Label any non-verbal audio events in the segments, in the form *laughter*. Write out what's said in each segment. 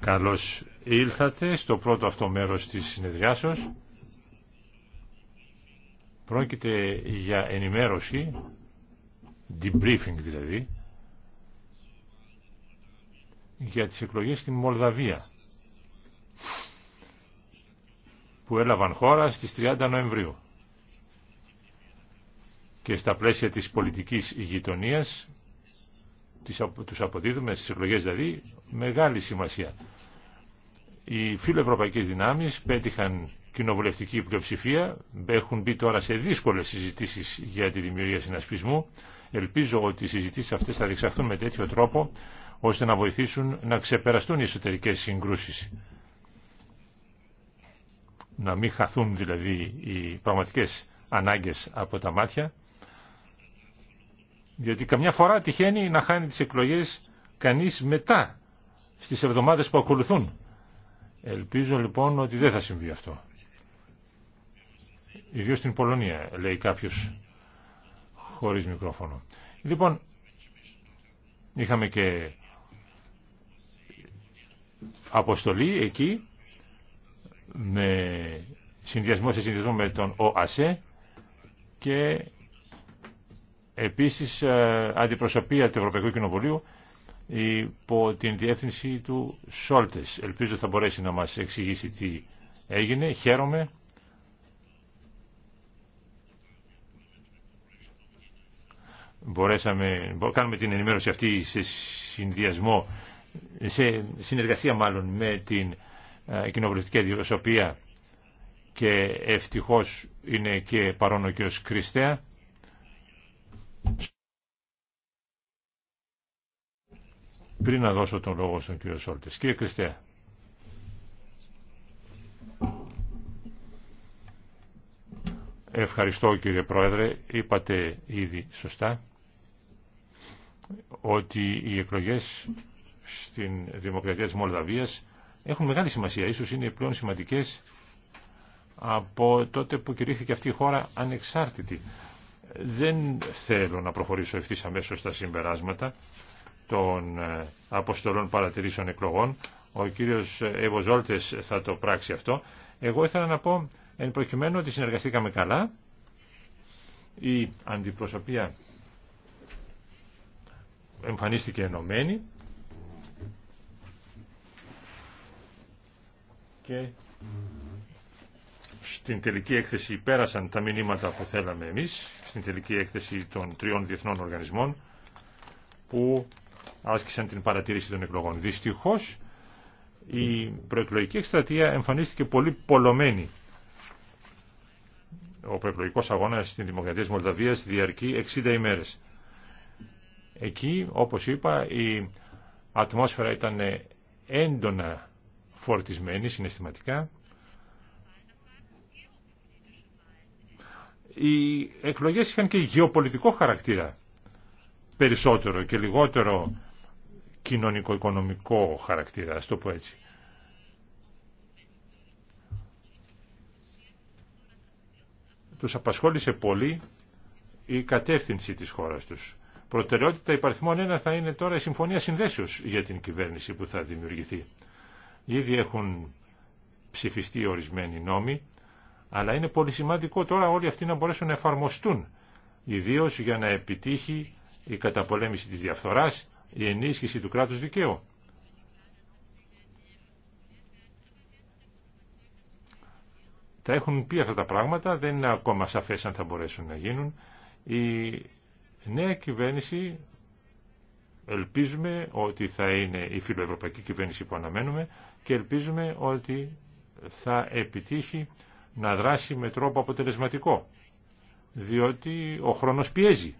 Καλώς ήλθατε στο πρώτο αυτό μέρος της συνεδριάσεως. Πρόκειται για ενημέρωση, debriefing δηλαδή, για τις εκλογές στην Μολδαβία που έλαβαν χώρα στις 30 Νοεμβρίου και στα πλαίσια της πολιτικής γειτονίας τους αποδίδουμε στις εκλογές δηλαδή μεγάλη σημασία. Οι φιλοευρωπαϊκές δυνάμεις πέτυχαν κοινοβουλευτική πλειοψηφία, έχουν μπει τώρα σε δύσκολες συζητήσεις για τη δημιουργία συνασπισμού. Ελπίζω ότι οι συζητήσεις αυτές θα διεξαχθούν με τέτοιο τρόπο ώστε να βοηθήσουν να ξεπεραστούν οι εσωτερικές συγκρούσεις. Να μην χαθούν δηλαδή οι πραγματικές ανάγκες από τα μάτια γιατί καμιά φορά τυχαίνει να χάνει τις εκλογές κανείς μετά, στις εβδομάδες που ακολουθούν. Ελπίζω λοιπόν ότι δεν θα συμβεί αυτό. Ιδίως στην Πολωνία, λέει κάποιος χωρίς μικρόφωνο. Λοιπόν, είχαμε και αποστολή εκεί με συνδυασμό σε συνδυασμό με τον ΟΑΣΕ και Επίσης, ε, αντιπροσωπεία του Ευρωπαϊκού Κοινοβουλίου υπό την διεύθυνση του Σόλτες. Ελπίζω θα μπορέσει να μας εξηγήσει τι έγινε. Χαίρομαι. Μπορέσαμε, κάνουμε την ενημέρωση αυτή σε συνδυασμό, σε συνεργασία μάλλον με την ε, κοινοβουλευτική αντιπροσωπεία και ευτυχώς είναι και παρόν ο κ. Κριστέα. Πριν να δώσω τον λόγο στον κύριο Σόλτης. Κύριε Κριστέα. Ευχαριστώ κύριε Πρόεδρε. Είπατε ήδη σωστά ότι οι εκλογές στην Δημοκρατία της Μολδαβίας έχουν μεγάλη σημασία. Ίσως είναι πλέον σημαντικές από τότε που κηρύχθηκε αυτή η χώρα ανεξάρτητη. Δεν θέλω να προχωρήσω ευθύ αμέσω στα συμπεράσματα των ε, αποστολών παρατηρήσεων εκλογών. Ο κύριος Ευωζόλτες θα το πράξει αυτό. Εγώ ήθελα να πω εν προκειμένου ότι συνεργαστήκαμε καλά. Η αντιπροσωπεία εμφανίστηκε ενωμένη και στην τελική έκθεση πέρασαν τα μηνύματα που θέλαμε εμείς στην τελική έκθεση των τριών διεθνών οργανισμών που άσκησαν την παρατήρηση των εκλογών. Δυστυχώ. η προεκλογική εκστρατεία εμφανίστηκε πολύ πολλωμένη. Ο προεκλογικό αγώνας στην Δημοκρατία της Μολδαβίας διαρκεί 60 ημέρες. Εκεί, όπως είπα, η ατμόσφαιρα ήταν έντονα φορτισμένη συναισθηματικά οι εκλογές είχαν και γεωπολιτικό χαρακτήρα περισσότερο και λιγότερο κοινωνικο-οικονομικό χαρακτήρα, ας το πω έτσι. Τους απασχόλησε πολύ η κατεύθυνση της χώρας τους. Προτεραιότητα υπαριθμών ένα θα είναι τώρα η Συμφωνία Συνδέσεως για την κυβέρνηση που θα δημιουργηθεί. Ήδη έχουν ψηφιστεί ορισμένοι νόμοι αλλά είναι πολύ σημαντικό τώρα όλοι αυτοί να μπορέσουν να εφαρμοστούν, ιδίω για να επιτύχει η καταπολέμηση της διαφθοράς, η ενίσχυση του κράτους δικαίου. Τα έχουν πει αυτά τα πράγματα, δεν είναι ακόμα σαφές αν θα μπορέσουν να γίνουν. Η νέα κυβέρνηση ελπίζουμε ότι θα είναι η φιλοευρωπαϊκή κυβέρνηση που αναμένουμε και ελπίζουμε ότι θα επιτύχει να δράσει με τρόπο αποτελεσματικό, διότι ο χρόνος πιέζει.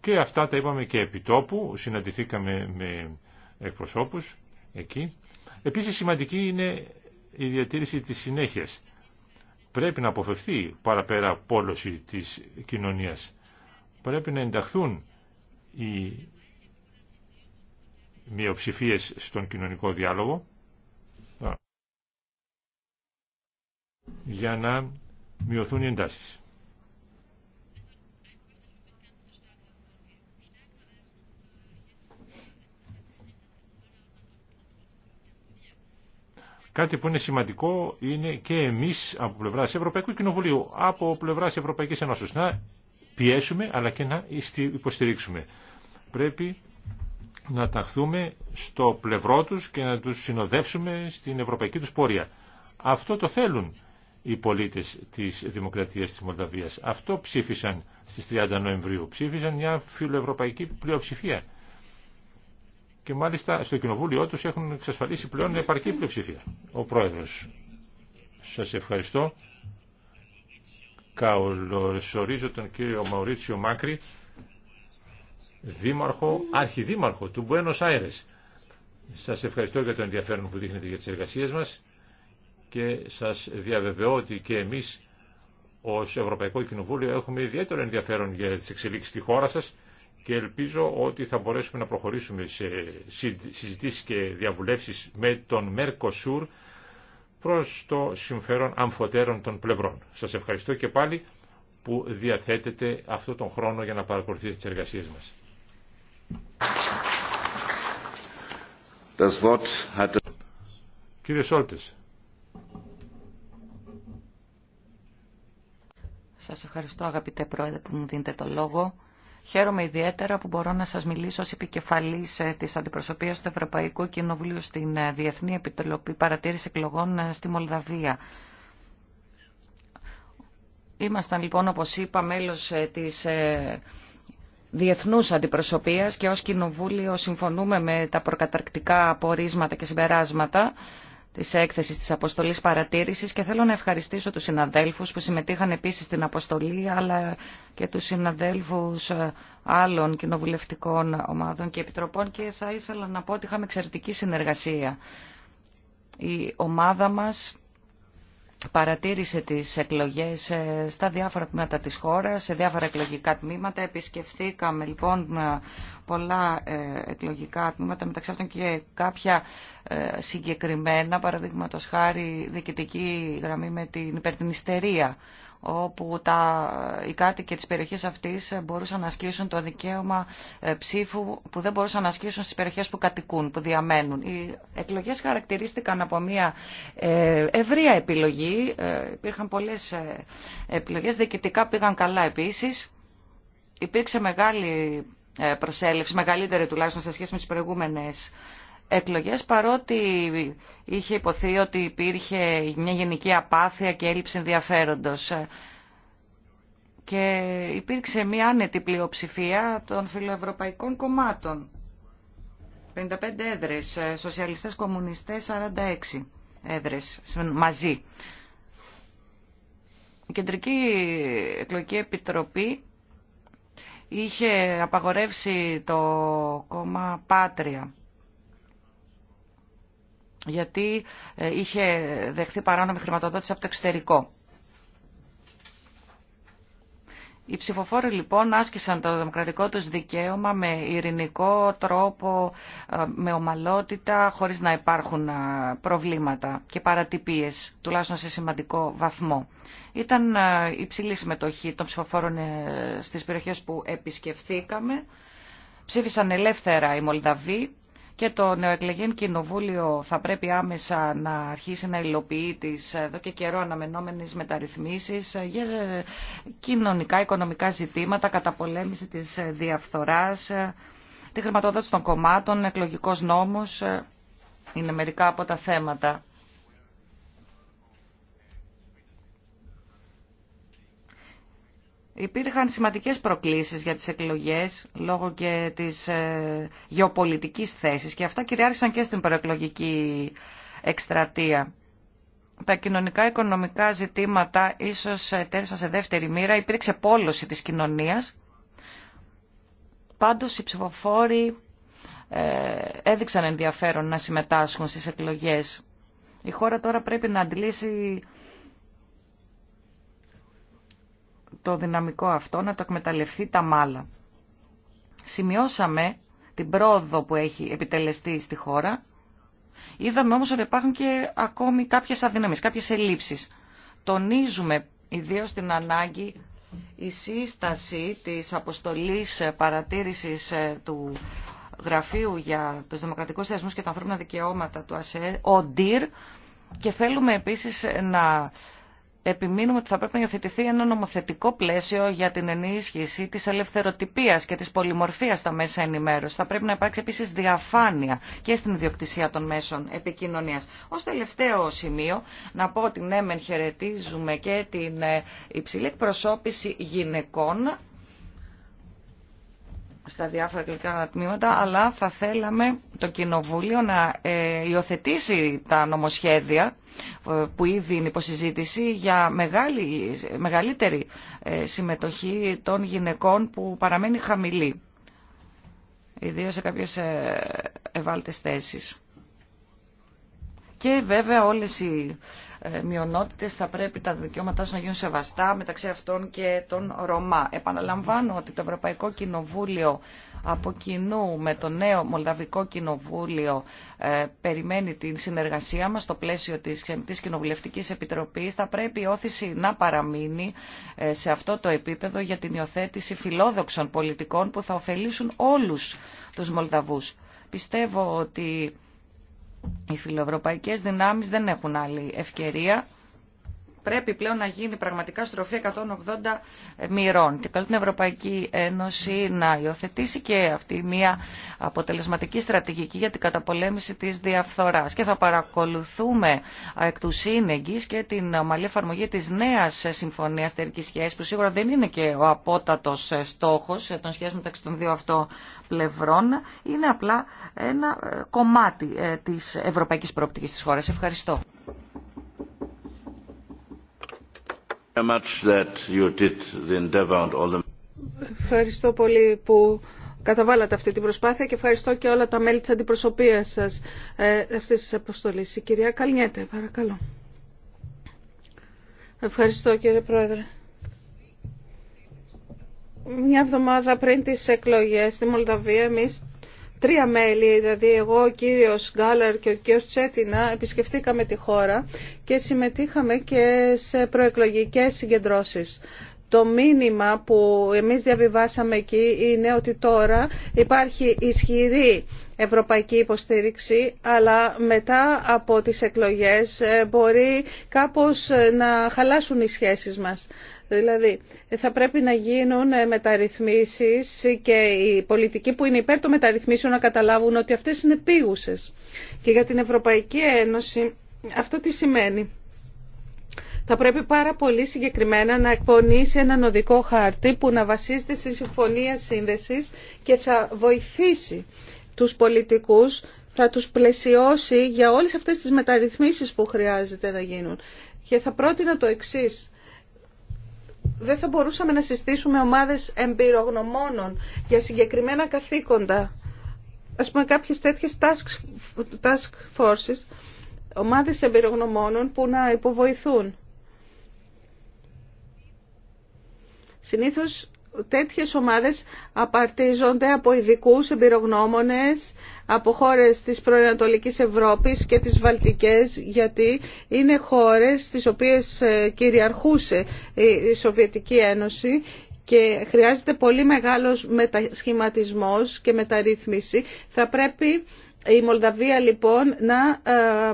Και αυτά τα είπαμε και επί τόπου, συναντηθήκαμε με εκπροσώπους εκεί. Επίσης σημαντική είναι η διατήρηση της συνέχειας. Πρέπει να αποφευθεί παραπέρα πόλωση της κοινωνίας. Πρέπει να ενταχθούν οι μειοψηφίες στον κοινωνικό διάλογο για να μειωθούν οι εντάσεις. Κάτι που είναι σημαντικό είναι και εμείς από πλευρά Ευρωπαϊκού Κοινοβουλίου, από πλευρά Ευρωπαϊκής Ένωση, να πιέσουμε αλλά και να υποστηρίξουμε. Πρέπει να ταχθούμε στο πλευρό τους και να τους συνοδεύσουμε στην ευρωπαϊκή τους πορεία. Αυτό το θέλουν οι πολίτες της Δημοκρατίας της Μολδαβίας. Αυτό ψήφισαν στις 30 Νοεμβρίου. Ψήφισαν μια φιλοευρωπαϊκή πλειοψηφία. Και μάλιστα στο κοινοβούλιο τους έχουν εξασφαλίσει πλέον επαρκή πλειοψηφία. Ο πρόεδρος. Σας ευχαριστώ. Καλωσορίζω τον κύριο Μαουρίτσιο Μάκρη δήμαρχο, αρχιδήμαρχο του Μπουένος Άιρες. Σας ευχαριστώ για το ενδιαφέρον που δείχνετε για τις εργασίες μας και σας διαβεβαιώ ότι και εμείς ως Ευρωπαϊκό Κοινοβούλιο έχουμε ιδιαίτερο ενδιαφέρον για τις εξελίξεις στη χώρα σας και ελπίζω ότι θα μπορέσουμε να προχωρήσουμε σε συζητήσεις και διαβουλεύσεις με τον Μέρκοσούρ προς το συμφέρον αμφωτέρων των πλευρών. Σας ευχαριστώ και πάλι που διαθέτετε αυτόν τον χρόνο για να παρακολουθείτε τις εργασίες μας. Das Wort Κύριε Σόλτες. Σας ευχαριστώ αγαπητέ πρόεδρε που μου δίνετε το λόγο. Χαίρομαι ιδιαίτερα που μπορώ να σας μιλήσω ως επικεφαλής ε, της αντιπροσωπείας του Ευρωπαϊκού Κοινοβουλίου στην ε, Διεθνή Επιτροπή Παρατήρηση Εκλογών ε, στη Μολδαβία. Ήμασταν λοιπόν, όπως είπα, μέλος ε, της ε, διεθνούς αντιπροσωπείας και ως Κοινοβούλιο συμφωνούμε με τα προκαταρκτικά απορίσματα και συμπεράσματα της έκθεσης της αποστολής παρατήρησης και θέλω να ευχαριστήσω τους συναδέλφους που συμμετείχαν επίσης στην αποστολή αλλά και τους συναδέλφους ε, άλλων κοινοβουλευτικών ομάδων και επιτροπών και θα ήθελα να πω ότι είχαμε εξαιρετική συνεργασία. Η ομάδα μας παρατήρησε τις εκλογές ε, στα διάφορα τμήματα της χώρας, σε διάφορα εκλογικά τμήματα. Επισκεφθήκαμε λοιπόν ε, πολλά ε, εκλογικά τμήματα, μεταξύ αυτών και κάποια συγκεκριμένα, παραδείγματος χάρη διοικητική γραμμή με την υπερτινιστερία όπου τα, οι κάτοικοι της περιοχής αυτής μπορούσαν να ασκήσουν το δικαίωμα ε, ψήφου που δεν μπορούσαν να ασκήσουν στις περιοχές που κατοικούν, που διαμένουν. Οι εκλογές χαρακτηρίστηκαν από μια ε, ευρεία επιλογή, ε, υπήρχαν πολλές επιλογές, διοικητικά πήγαν καλά επίσης. Υπήρξε μεγάλη προσέλευση, μεγαλύτερη τουλάχιστον σε σχέση με τις προηγούμενες εκλογές παρότι είχε υποθεί ότι υπήρχε μια γενική απάθεια και έλλειψη ενδιαφέροντος και υπήρξε μια άνετη πλειοψηφία των φιλοευρωπαϊκών κομμάτων. 55 έδρες, σοσιαλιστές κομμουνιστές 46 έδρες μαζί. Η Κεντρική Εκλογική Επιτροπή είχε απαγορεύσει το κόμμα Πάτρια γιατί ε, είχε δεχθεί παράνομη χρηματοδότηση από το εξωτερικό. Οι ψηφοφόροι λοιπόν άσκησαν το δημοκρατικό τους δικαίωμα με ειρηνικό τρόπο, ε, με ομαλότητα, χωρίς να υπάρχουν ε, προβλήματα και παρατυπίες, τουλάχιστον σε σημαντικό βαθμό. Ήταν υψηλή συμμετοχή των ψηφοφόρων στις περιοχές που επισκεφθήκαμε. Ψήφισαν ελεύθερα οι Μολδαβοί, και το νεοεκλεγέν κοινοβούλιο θα πρέπει άμεσα να αρχίσει να υλοποιεί τις ε, εδώ και καιρό αναμενόμενες μεταρρυθμίσεις ε, για ε, κοινωνικά, οικονομικά ζητήματα, καταπολέμηση της διαφθοράς, τη χρηματοδότηση των κομμάτων, εκλογικός νόμος, είναι μερικά από τα θέματα. Υπήρχαν σημαντικές προκλήσεις για τις εκλογές λόγω και της ε, γεωπολιτικής θέσης και αυτά κυριάρχησαν και στην προεκλογική εκστρατεία. Τα κοινωνικά οικονομικά ζητήματα ίσως τέθησαν σε δεύτερη μοίρα. Υπήρξε πόλωση της κοινωνίας. Πάντως οι ψηφοφόροι ε, έδειξαν ενδιαφέρον να συμμετάσχουν στις εκλογές. Η χώρα τώρα πρέπει να αντιλήσει το δυναμικό αυτό, να το εκμεταλλευτεί τα μάλα. Σημειώσαμε την πρόοδο που έχει επιτελεστεί στη χώρα. Είδαμε όμως ότι υπάρχουν και ακόμη κάποιες αδυναμίες, κάποιες ελλείψεις. Τονίζουμε ιδίως την ανάγκη η σύσταση της αποστολής παρατήρησης ε, του Γραφείου για τους Δημοκρατικούς Θεσμούς και τα Ανθρώπινα Δικαιώματα του ΑΣΕ, ο και θέλουμε επίσης να επιμείνουμε ότι θα πρέπει να υιοθετηθεί ένα νομοθετικό πλαίσιο για την ενίσχυση της ελευθεροτυπίας και της πολυμορφίας στα μέσα ενημέρωση. Θα πρέπει να υπάρξει επίσης διαφάνεια και στην ιδιοκτησία των μέσων επικοινωνίας. Ως τελευταίο σημείο να πω ότι ναι μεν χαιρετίζουμε και την ε, υψηλή εκπροσώπηση γυναικών στα διάφορα εκλογικά τμήματα, αλλά θα θέλαμε το Κοινοβούλιο να ε, υιοθετήσει τα νομοσχέδια ε, που ήδη είναι υποσυζήτηση για μεγάλη, μεγαλύτερη ε, συμμετοχή των γυναικών που παραμένει χαμηλή, ιδίως σε κάποιες ευάλωτες θέσεις. Και βέβαια όλες οι ε, μειονότητε, θα πρέπει τα δικαιώματά του να γίνουν σεβαστά μεταξύ αυτών και των Ρωμά. Επαναλαμβάνω ότι το Ευρωπαϊκό Κοινοβούλιο από κοινού με το νέο Μολδαβικό Κοινοβούλιο ε, περιμένει την συνεργασία μας στο πλαίσιο της κοινοβουλευτική Κοινοβουλευτικής Επιτροπής. Θα πρέπει η όθηση να παραμείνει ε, σε αυτό το επίπεδο για την υιοθέτηση φιλόδοξων πολιτικών που θα ωφελήσουν όλους τους Μολδαβούς. Πιστεύω ότι οι φιλοευρωπαϊκές δυνάμεις δεν έχουν άλλη ευκαιρία πρέπει πλέον να γίνει πραγματικά στροφή 180 μοιρών. Και καλεί την Ευρωπαϊκή Ένωση να υιοθετήσει και αυτή μια αποτελεσματική στρατηγική για την καταπολέμηση της διαφθοράς. Και θα παρακολουθούμε εκ του σύνεγγυς και την ομαλή εφαρμογή της νέας συμφωνίας τερικής σχέσης, που σίγουρα δεν είναι και ο απότατος στόχος των σχέσεων μεταξύ των δύο αυτών πλευρών. Είναι απλά ένα κομμάτι ε, της ευρωπαϊκής προοπτικής της χώρας. Ευχαριστώ. Ευχαριστώ πολύ που καταβάλατε αυτή την προσπάθεια και ευχαριστώ και όλα τα μέλη της αντιπροσωπείας σας ε, αυτής της αποστολής. Η κυρία Καλνιέτε, παρακαλώ. Ευχαριστώ κύριε Πρόεδρε. Μια εβδομάδα πριν τις εκλογές στη Μολδαβία εμείς Τρία μέλη, δηλαδή εγώ, ο κύριος Γκάλαρ και ο κύριος Τσέτινα, επισκεφτήκαμε τη χώρα και συμμετείχαμε και σε προεκλογικές συγκεντρώσεις. Το μήνυμα που εμείς διαβιβάσαμε εκεί είναι ότι τώρα υπάρχει ισχυρή ευρωπαϊκή υποστήριξη, αλλά μετά από τις εκλογές ε, μπορεί κάπως να χαλάσουν οι σχέσεις μας. Δηλαδή, θα πρέπει να γίνουν ε, μεταρρυθμίσεις και οι πολιτικοί που είναι υπέρ των μεταρρυθμίσεων να καταλάβουν ότι αυτές είναι πήγουσες. Και για την Ευρωπαϊκή Ένωση αυτό τι σημαίνει. Θα πρέπει πάρα πολύ συγκεκριμένα να εκπονήσει έναν οδικό χάρτη που να βασίζεται στη συμφωνία σύνδεσης και θα βοηθήσει τους πολιτικούς, θα τους πλαισιώσει για όλες αυτές τις μεταρρυθμίσεις που χρειάζεται να γίνουν. Και θα πρότεινα το εξής δεν θα μπορούσαμε να συστήσουμε ομάδες εμπειρογνωμόνων για συγκεκριμένα καθήκοντα. Ας πούμε κάποιες τέτοιες task, task forces, ομάδες εμπειρογνωμόνων που να υποβοηθούν. Συνήθως τέτοιες ομάδες απαρτίζονται από ειδικού εμπειρογνώμονες από χώρες της προανατολικής Ευρώπης και της Βαλτικές γιατί είναι χώρες στις οποίες ε, κυριαρχούσε η Σοβιετική Ένωση και χρειάζεται πολύ μεγάλος μετασχηματισμός και μεταρρύθμιση. Θα πρέπει η Μολδαβία λοιπόν να ε,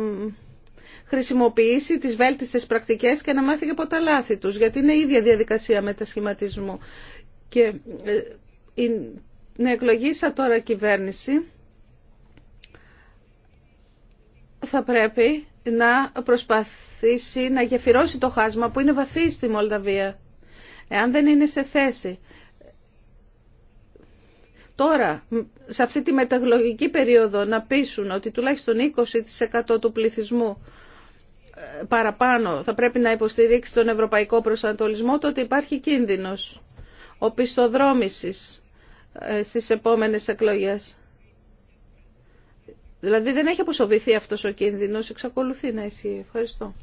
χρησιμοποιήσει τις βέλτιστες πρακτικές και να μάθει και από τα λάθη τους, γιατί είναι η ίδια διαδικασία μετασχηματισμού. Και ε, ε, η νεεκλογήσα τώρα κυβέρνηση θα πρέπει να προσπαθήσει να γεφυρώσει το χάσμα που είναι βαθύ στη Μολδαβία. Εάν δεν είναι σε θέση τώρα, σε αυτή τη μεταγλογική περίοδο, να πείσουν ότι τουλάχιστον 20% του πληθυσμού ε, παραπάνω θα πρέπει να υποστηρίξει τον ευρωπαϊκό προσανατολισμό, τότε υπάρχει κίνδυνος οπισθοδρόμησης ε, στις επόμενες εκλογές. Δηλαδή δεν έχει αποσοβηθεί αυτός ο κίνδυνος, εξακολουθεί να ισχύει. Ευχαριστώ.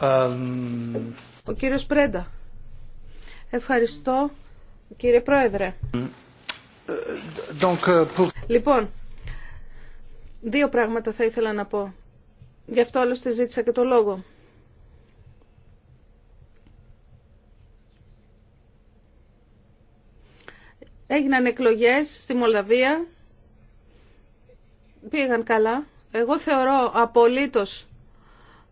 Um... Ο κύριος Πρέντα. Ευχαριστώ, κύριε Πρόεδρε. Donc, euh, pour... Λοιπόν, δύο πράγματα θα ήθελα να πω. Γι' αυτό άλλωστε ζήτησα και το λόγο. Έγιναν εκλογές στη Μολδαβία, πήγαν καλά. Εγώ θεωρώ απολύτως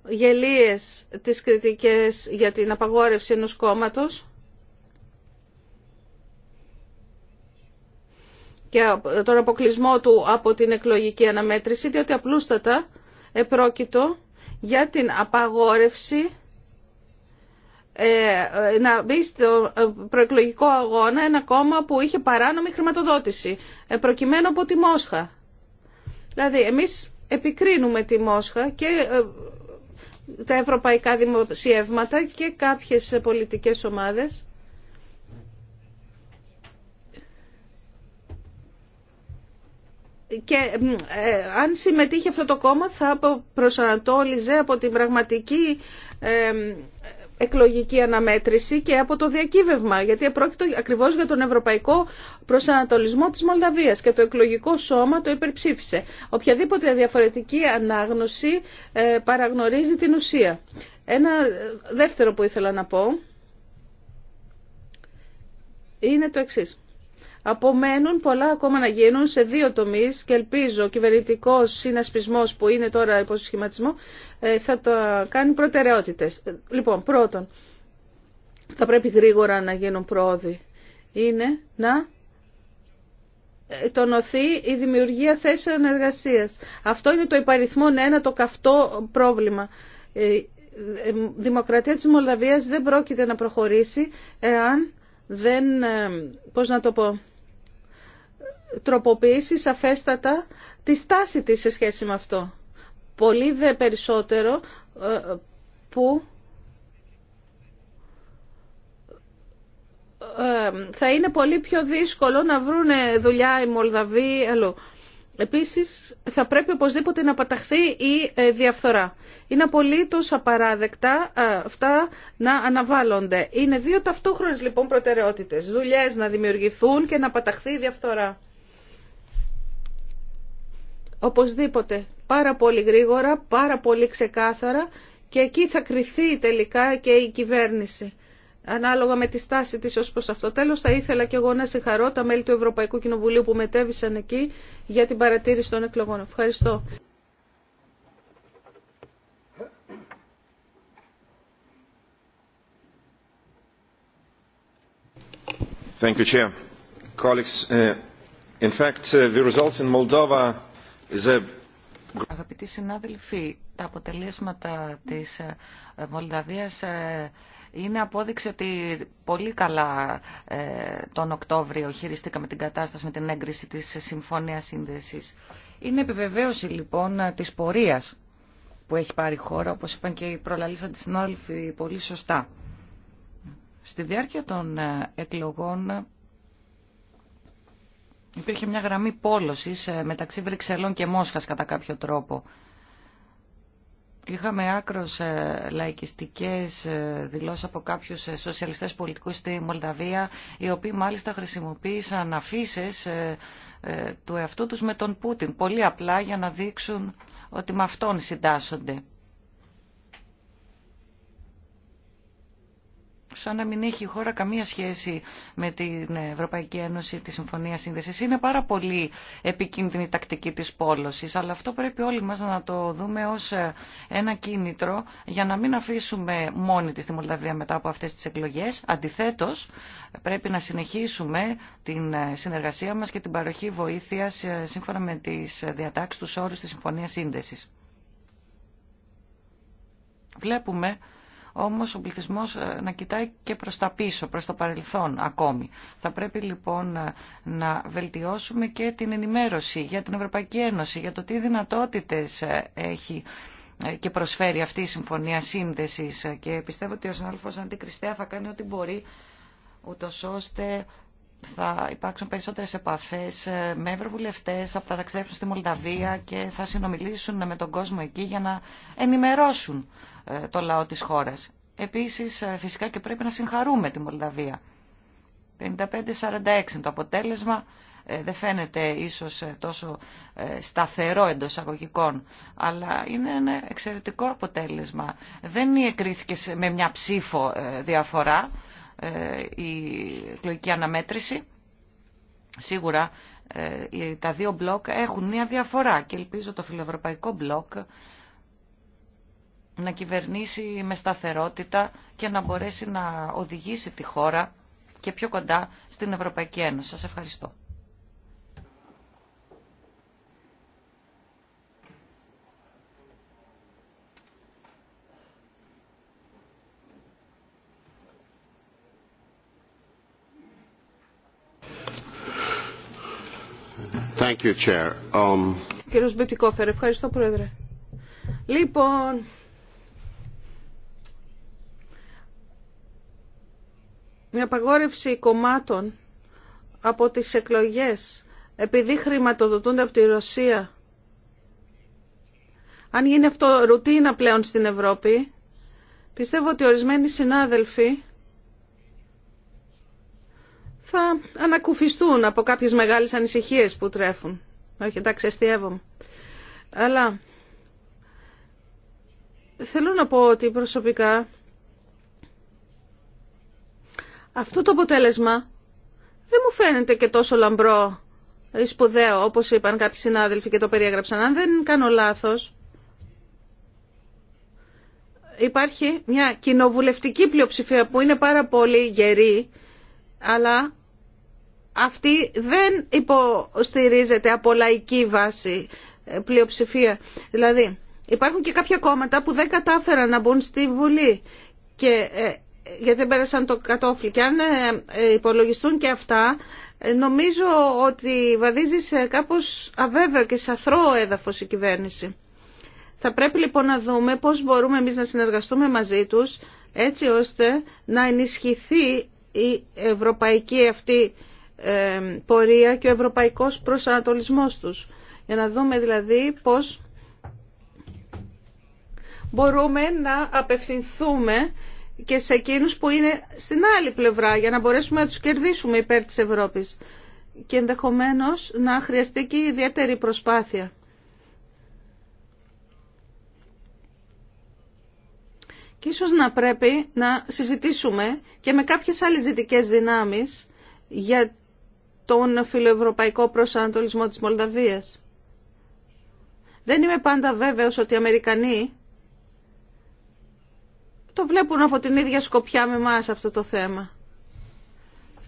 γελίες τις κριτικές για την απαγόρευση ενός κόμματος. και τον αποκλεισμό του από την εκλογική αναμέτρηση, διότι απλούστατα επρόκειτο για την απαγόρευση ε, ε, να μπει στο ε, προεκλογικό αγώνα ένα κόμμα που είχε παράνομη χρηματοδότηση, προκειμένου από τη Μόσχα. Δηλαδή, εμείς επικρίνουμε τη Μόσχα και τα ευρωπαϊκά δημοσιεύματα και κάποιες πολιτικές ομάδες. Και αν συμμετείχε αυτό το κόμμα θα προσανατόλιζε από την πραγματική εκλογική αναμέτρηση και από το διακύβευμα, γιατί επρόκειτο ακριβώς για τον ευρωπαϊκό προσανατολισμό της Μολδαβίας και το εκλογικό σώμα το υπερψήφισε. Οποιαδήποτε διαφορετική ανάγνωση ε, παραγνωρίζει την ουσία. Ένα ε, δεύτερο που ήθελα να πω είναι το εξής. Απομένουν πολλά ακόμα να γίνουν σε δύο τομείς και ελπίζω ο κυβερνητικός συνασπισμός που είναι τώρα υπό σχηματισμό ε, θα το κάνει προτεραιότητες. Λοιπόν, πρώτον, θα πρέπει γρήγορα να γίνουν πρόοδοι. Είναι να ε, τονωθεί η δημιουργία θέσεων εργασίας. Αυτό είναι το υπαριθμόν ένα το καυτό πρόβλημα. Η ε, δημοκρατία της Μολδαβίας δεν πρόκειται να προχωρήσει εάν δεν, να το πω, τροποποιήσει σαφέστατα τη στάση της σε σχέση με αυτό. Πολύ δε περισσότερο ε, που ε, θα είναι πολύ πιο δύσκολο να βρουν δουλειά οι Μολδαβοί αλλού. Επίσης θα πρέπει οπωσδήποτε να παταχθεί η ε, διαφθορά. Είναι απολύτως απαράδεκτα αυτά να αναβάλλονται. Είναι δύο ταυτόχρονες λοιπόν προτεραιότητες. Δουλειές να δημιουργηθούν και να παταχθεί η διαφθορά. Οπωσδήποτε. Πάρα πολύ γρήγορα, πάρα πολύ ξεκάθαρα και εκεί θα κριθεί τελικά και η κυβέρνηση. Ανάλογα με τη στάση της ως προς αυτό. Τέλος θα ήθελα και εγώ να συγχαρώ τα μέλη του Ευρωπαϊκού Κοινοβουλίου που μετέβησαν εκεί για την παρατήρηση των εκλογών. Ευχαριστώ. Thank you, Chair. Colleagues, uh, in fact, uh, the results in Moldova Αγαπητοί συνάδελφοι, τα αποτελέσματα της Μολδαβίας ε, ε, είναι απόδειξη ότι πολύ καλά ε, τον Οκτώβριο χειριστήκαμε την κατάσταση με την έγκριση της Συμφωνίας Σύνδεσης. Είναι επιβεβαίωση λοιπόν της πορείας που έχει πάρει η χώρα, όπως είπαν και οι προλαλήσαντες συνάδελφοι πολύ σωστά. Στη διάρκεια των εκλογών υπήρχε μια γραμμή πόλωσης ε, μεταξύ Βρυξελών και Μόσχας κατά κάποιο τρόπο. Είχαμε άκρος ε, λαϊκιστικές ε, δηλώσεις από κάποιους σοσιαλιστές πολιτικούς στη Μολδαβία, οι οποίοι μάλιστα χρησιμοποίησαν αφήσεις του εαυτού τους με τον Πούτιν, πολύ απλά για να δείξουν ότι με αυτόν συντάσσονται. σαν να μην έχει η χώρα καμία σχέση με την Ευρωπαϊκή Ένωση, τη Συμφωνία Σύνδεση. Είναι πάρα πολύ επικίνδυνη η τακτική τη πόλωση, αλλά αυτό πρέπει όλοι μα να το δούμε ω ένα κίνητρο για να μην αφήσουμε μόνη τη τη Μολδαβία μετά από αυτέ τι εκλογέ. Αντιθέτω, πρέπει να συνεχίσουμε την συνεργασία μα και την παροχή βοήθεια ε, σύμφωνα με τι διατάξει του όρου τη Συμφωνία Σύνδεση. Βλέπουμε όμως ο πληθυσμός ε, να κοιτάει και προς τα πίσω, προς το παρελθόν ακόμη. Θα πρέπει λοιπόν ε, να βελτιώσουμε και την ενημέρωση για την Ευρωπαϊκή Ένωση, για το τι δυνατότητες ε, έχει και προσφέρει αυτή η συμφωνία σύνδεσης και πιστεύω ότι ο συνάδελφος Αντικριστέα θα κάνει ό,τι μπορεί ούτως ώστε θα υπάρξουν περισσότερες επαφές ε, με ευρωβουλευτές από τα ταξιδέψουν στη Μολδαβία και θα συνομιλήσουν με τον κόσμο εκεί για να ενημερώσουν ε, το λαό της χώρας. Επίσης ε, φυσικά και πρέπει να συγχαρούμε τη Μολδαβία. 55-46 το αποτέλεσμα δεν φαίνεται ίσως τόσο σταθερό εντό αγωγικών, αλλά είναι ένα εξαιρετικό αποτέλεσμα. Δεν εκρίθηκε με μια ψήφο διαφορά, ε, η εκλογική αναμέτρηση. Σίγουρα ε, τα δύο μπλοκ έχουν μία διαφορά και ελπίζω το φιλοευρωπαϊκό μπλοκ να κυβερνήσει με σταθερότητα και να μπορέσει να οδηγήσει τη χώρα και πιο κοντά στην Ευρωπαϊκή Ένωση. Σας ευχαριστώ. Thank you, um, ευχαριστώ Πρόεδρε. Λοιπόν, μια απαγόρευση κομμάτων από τις εκλογές επειδή χρηματοδοτούνται από τη Ρωσία. Αν γίνει αυτό ρουτίνα πλέον στην Ευρώπη, πιστεύω ότι ορισμένοι συνάδελφοι θα ανακουφιστούν από κάποιες μεγάλες ανησυχίες που τρέφουν. Όχι, εντάξει, αστείευομαι. Αλλά θέλω να πω ότι προσωπικά αυτό το αποτέλεσμα δεν μου φαίνεται και τόσο λαμπρό ή σπουδαίο, όπως είπαν κάποιοι συνάδελφοι και το περιέγραψαν. Αν δεν κάνω λάθος, υπάρχει μια κοινοβουλευτική πλειοψηφία που είναι πάρα πολύ γερή, αλλά αυτή δεν υποστηρίζεται από λαϊκή βάση ε, πλειοψηφία. Δηλαδή υπάρχουν και κάποια κόμματα που δεν κατάφεραν να μπουν στη Βουλή και, ε, γιατί δεν πέρασαν το κατόφλι. Και αν ε, υπολογιστούν και αυτά νομίζω ότι βαδίζει σε κάπως αβέβαιο και σαθρό έδαφος η κυβέρνηση. Θα πρέπει λοιπόν να δούμε πώς μπορούμε εμείς να συνεργαστούμε μαζί τους έτσι ώστε να ενισχυθεί η ευρωπαϊκή αυτή πορεία και ο ευρωπαϊκός προσανατολισμός τους. Για να δούμε δηλαδή πώς μπορούμε να απευθυνθούμε και σε εκείνους που είναι στην άλλη πλευρά για να μπορέσουμε να τους κερδίσουμε υπέρ της Ευρώπης και ενδεχομένως να χρειαστεί και ιδιαίτερη προσπάθεια. Και ίσως να πρέπει να συζητήσουμε και με κάποιες άλλες δυτικές δυνάμεις για τον φιλοευρωπαϊκό προσανατολισμό της Μολδαβίας. Δεν είμαι πάντα βέβαιος ότι οι Αμερικανοί το βλέπουν από την ίδια σκοπιά με εμά αυτό το θέμα.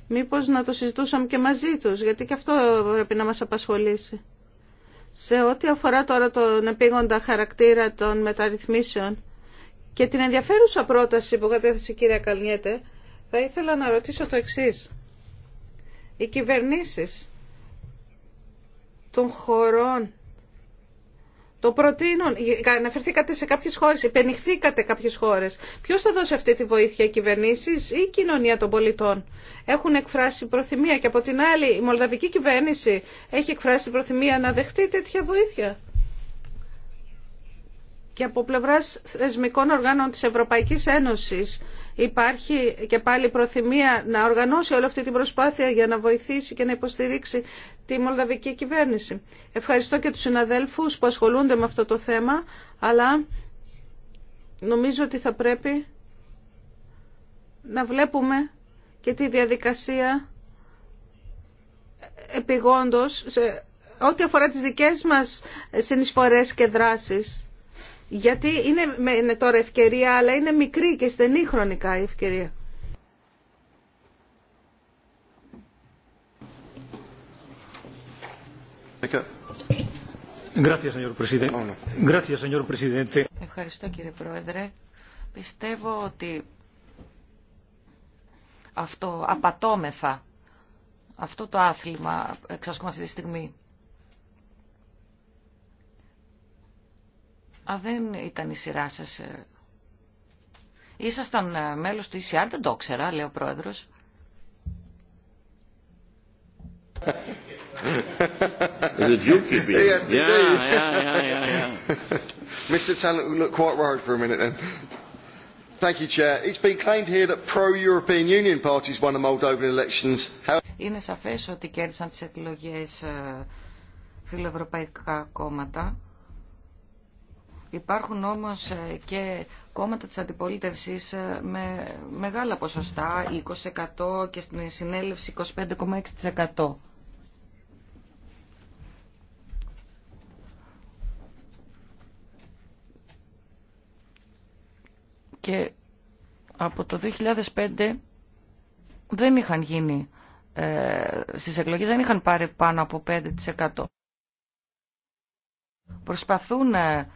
Μήπως να το συζητούσαμε και μαζί τους, γιατί και αυτό πρέπει να μας απασχολήσει. Σε ό,τι αφορά τώρα τον επίγοντα χαρακτήρα των μεταρρυθμίσεων και την ενδιαφέρουσα πρόταση που κατέθεσε η κυρία Καλνιέτε, θα ήθελα να ρωτήσω το εξής οι κυβερνήσεις των χωρών το προτείνουν. Αναφερθήκατε σε κάποιε χώρε, υπενηχθήκατε κάποιε χώρε. Ποιο θα δώσει αυτή τη βοήθεια, οι κυβερνήσει ή η κοινωνία των πολιτών. Έχουν εκφράσει προθυμία και από την άλλη η μολδαβική κυβέρνηση έχει εκφράσει προθυμία να δεχτεί τέτοια βοήθεια. Και από πλευρά θεσμικών οργάνων τη Ευρωπαϊκή Ένωση Υπάρχει και πάλι προθυμία να οργανώσει όλη αυτή την προσπάθεια για να βοηθήσει και να υποστηρίξει τη μολδαβική κυβέρνηση. Ευχαριστώ και τους συναδέλφους που ασχολούνται με αυτό το θέμα, αλλά νομίζω ότι θα πρέπει να βλέπουμε και τη διαδικασία επιγόντως ό,τι αφορά τις δικές μας συνεισφορές και δράσεις. Γιατί είναι, είναι τώρα ευκαιρία, αλλά είναι μικρή και στενή χρονικά η ευκαιρία. Oh, Ευχαριστώ κύριε Πρόεδρε. Πιστεύω ότι αυτό απατώμεθα, αυτό το άθλημα εξασκούμε αυτή τη στιγμή. Α, δεν ήταν η σειρά σα. Ήσασταν μέλο του ECR, δεν το ξέρα, λέει ο πρόεδρο. you, Kippy? Yeah, yeah, yeah, yeah, Mr. Tan, look quite worried for a minute then. Thank you, Chair. It's been claimed here that pro-European Union parties won the Moldovan elections. How... Είναι σαφές ότι κέρδισαν τις εκλογές φιλοευρωπαϊκά κόμματα. Υπάρχουν όμως ε, και κόμματα της αντιπολίτευσης ε, με μεγάλα ποσοστά, 20% και στην συνέλευση 25,6%. Και από το 2005 δεν είχαν γίνει, ε, στις εκλογές δεν είχαν πάρει πάνω από 5%. Προσπαθούν ε,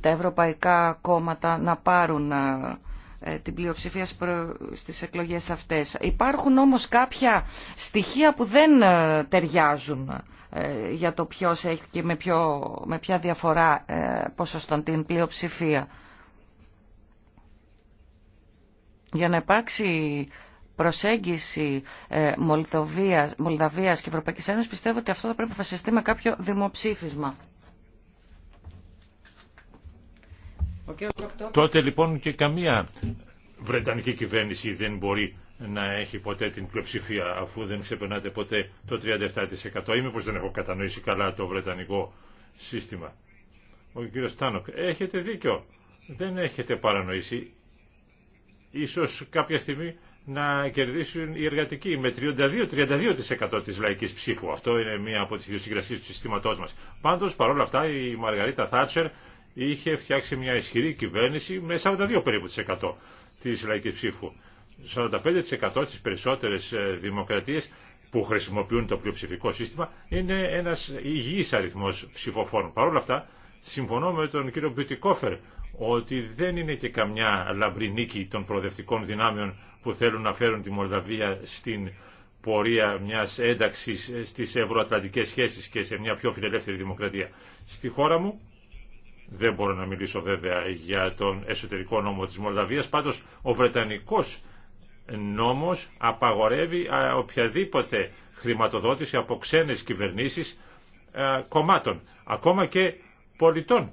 τα ευρωπαϊκά κόμματα να πάρουν ε, ε, την πλειοψηφία στις εκλογές αυτές. Υπάρχουν όμως κάποια στοιχεία που δεν ε, ταιριάζουν για το ποιος έχει και με, με ποια διαφορά ποσοστών την πλειοψηφία. Για να υπάρξει προσέγγιση Μολδαβίας, και Ευρωπαϊκής Ένωσης πιστεύω ότι αυτό θα πρέπει να βασιστεί με κάποιο δημοψήφισμα. Τότε λοιπόν και καμία Βρετανική κυβέρνηση δεν μπορεί να έχει ποτέ την πλειοψηφία αφού δεν ξεπερνάτε ποτέ το 37%. Ή μήπως δεν έχω κατανοήσει καλά το Βρετανικό σύστημα. Ο κύριος Τάνοκ, έχετε δίκιο. Δεν έχετε παρανοήσει. Ίσως κάποια στιγμή να κερδίσουν οι εργατικοί με 32-32% της λαϊκής ψήφου. Αυτό είναι μία από τις ιδιοσυγκρασίες του συστήματός μας. Πάντως, παρόλα αυτά, η Μαργαρίτα Θάτσερ είχε φτιάξει μια ισχυρή κυβέρνηση με 42 περίπου της εκατό της λαϊκής ψήφου. 45% της περισσότερες ε, δημοκρατίες που χρησιμοποιούν το πλειοψηφικό σύστημα είναι ένας υγιής αριθμός ψηφοφόρων. Παρ' όλα αυτά, συμφωνώ με τον κύριο Μπιουτικόφερ ότι δεν είναι και καμιά λαμπρή νίκη των προοδευτικών δυνάμεων που θέλουν να φέρουν τη Μολδαβία στην πορεία μιας ένταξης ε, στις ευρωατλαντικές σχέσεις και σε μια πιο φιλελεύθερη δημοκρατία. Στη χώρα μου δεν μπορώ να μιλήσω βέβαια για τον εσωτερικό νόμο της Μολδαβίας, πάντως ο Βρετανικός νόμος απαγορεύει οποιαδήποτε χρηματοδότηση από ξένες κυβερνήσεις κομμάτων, ακόμα και πολιτών.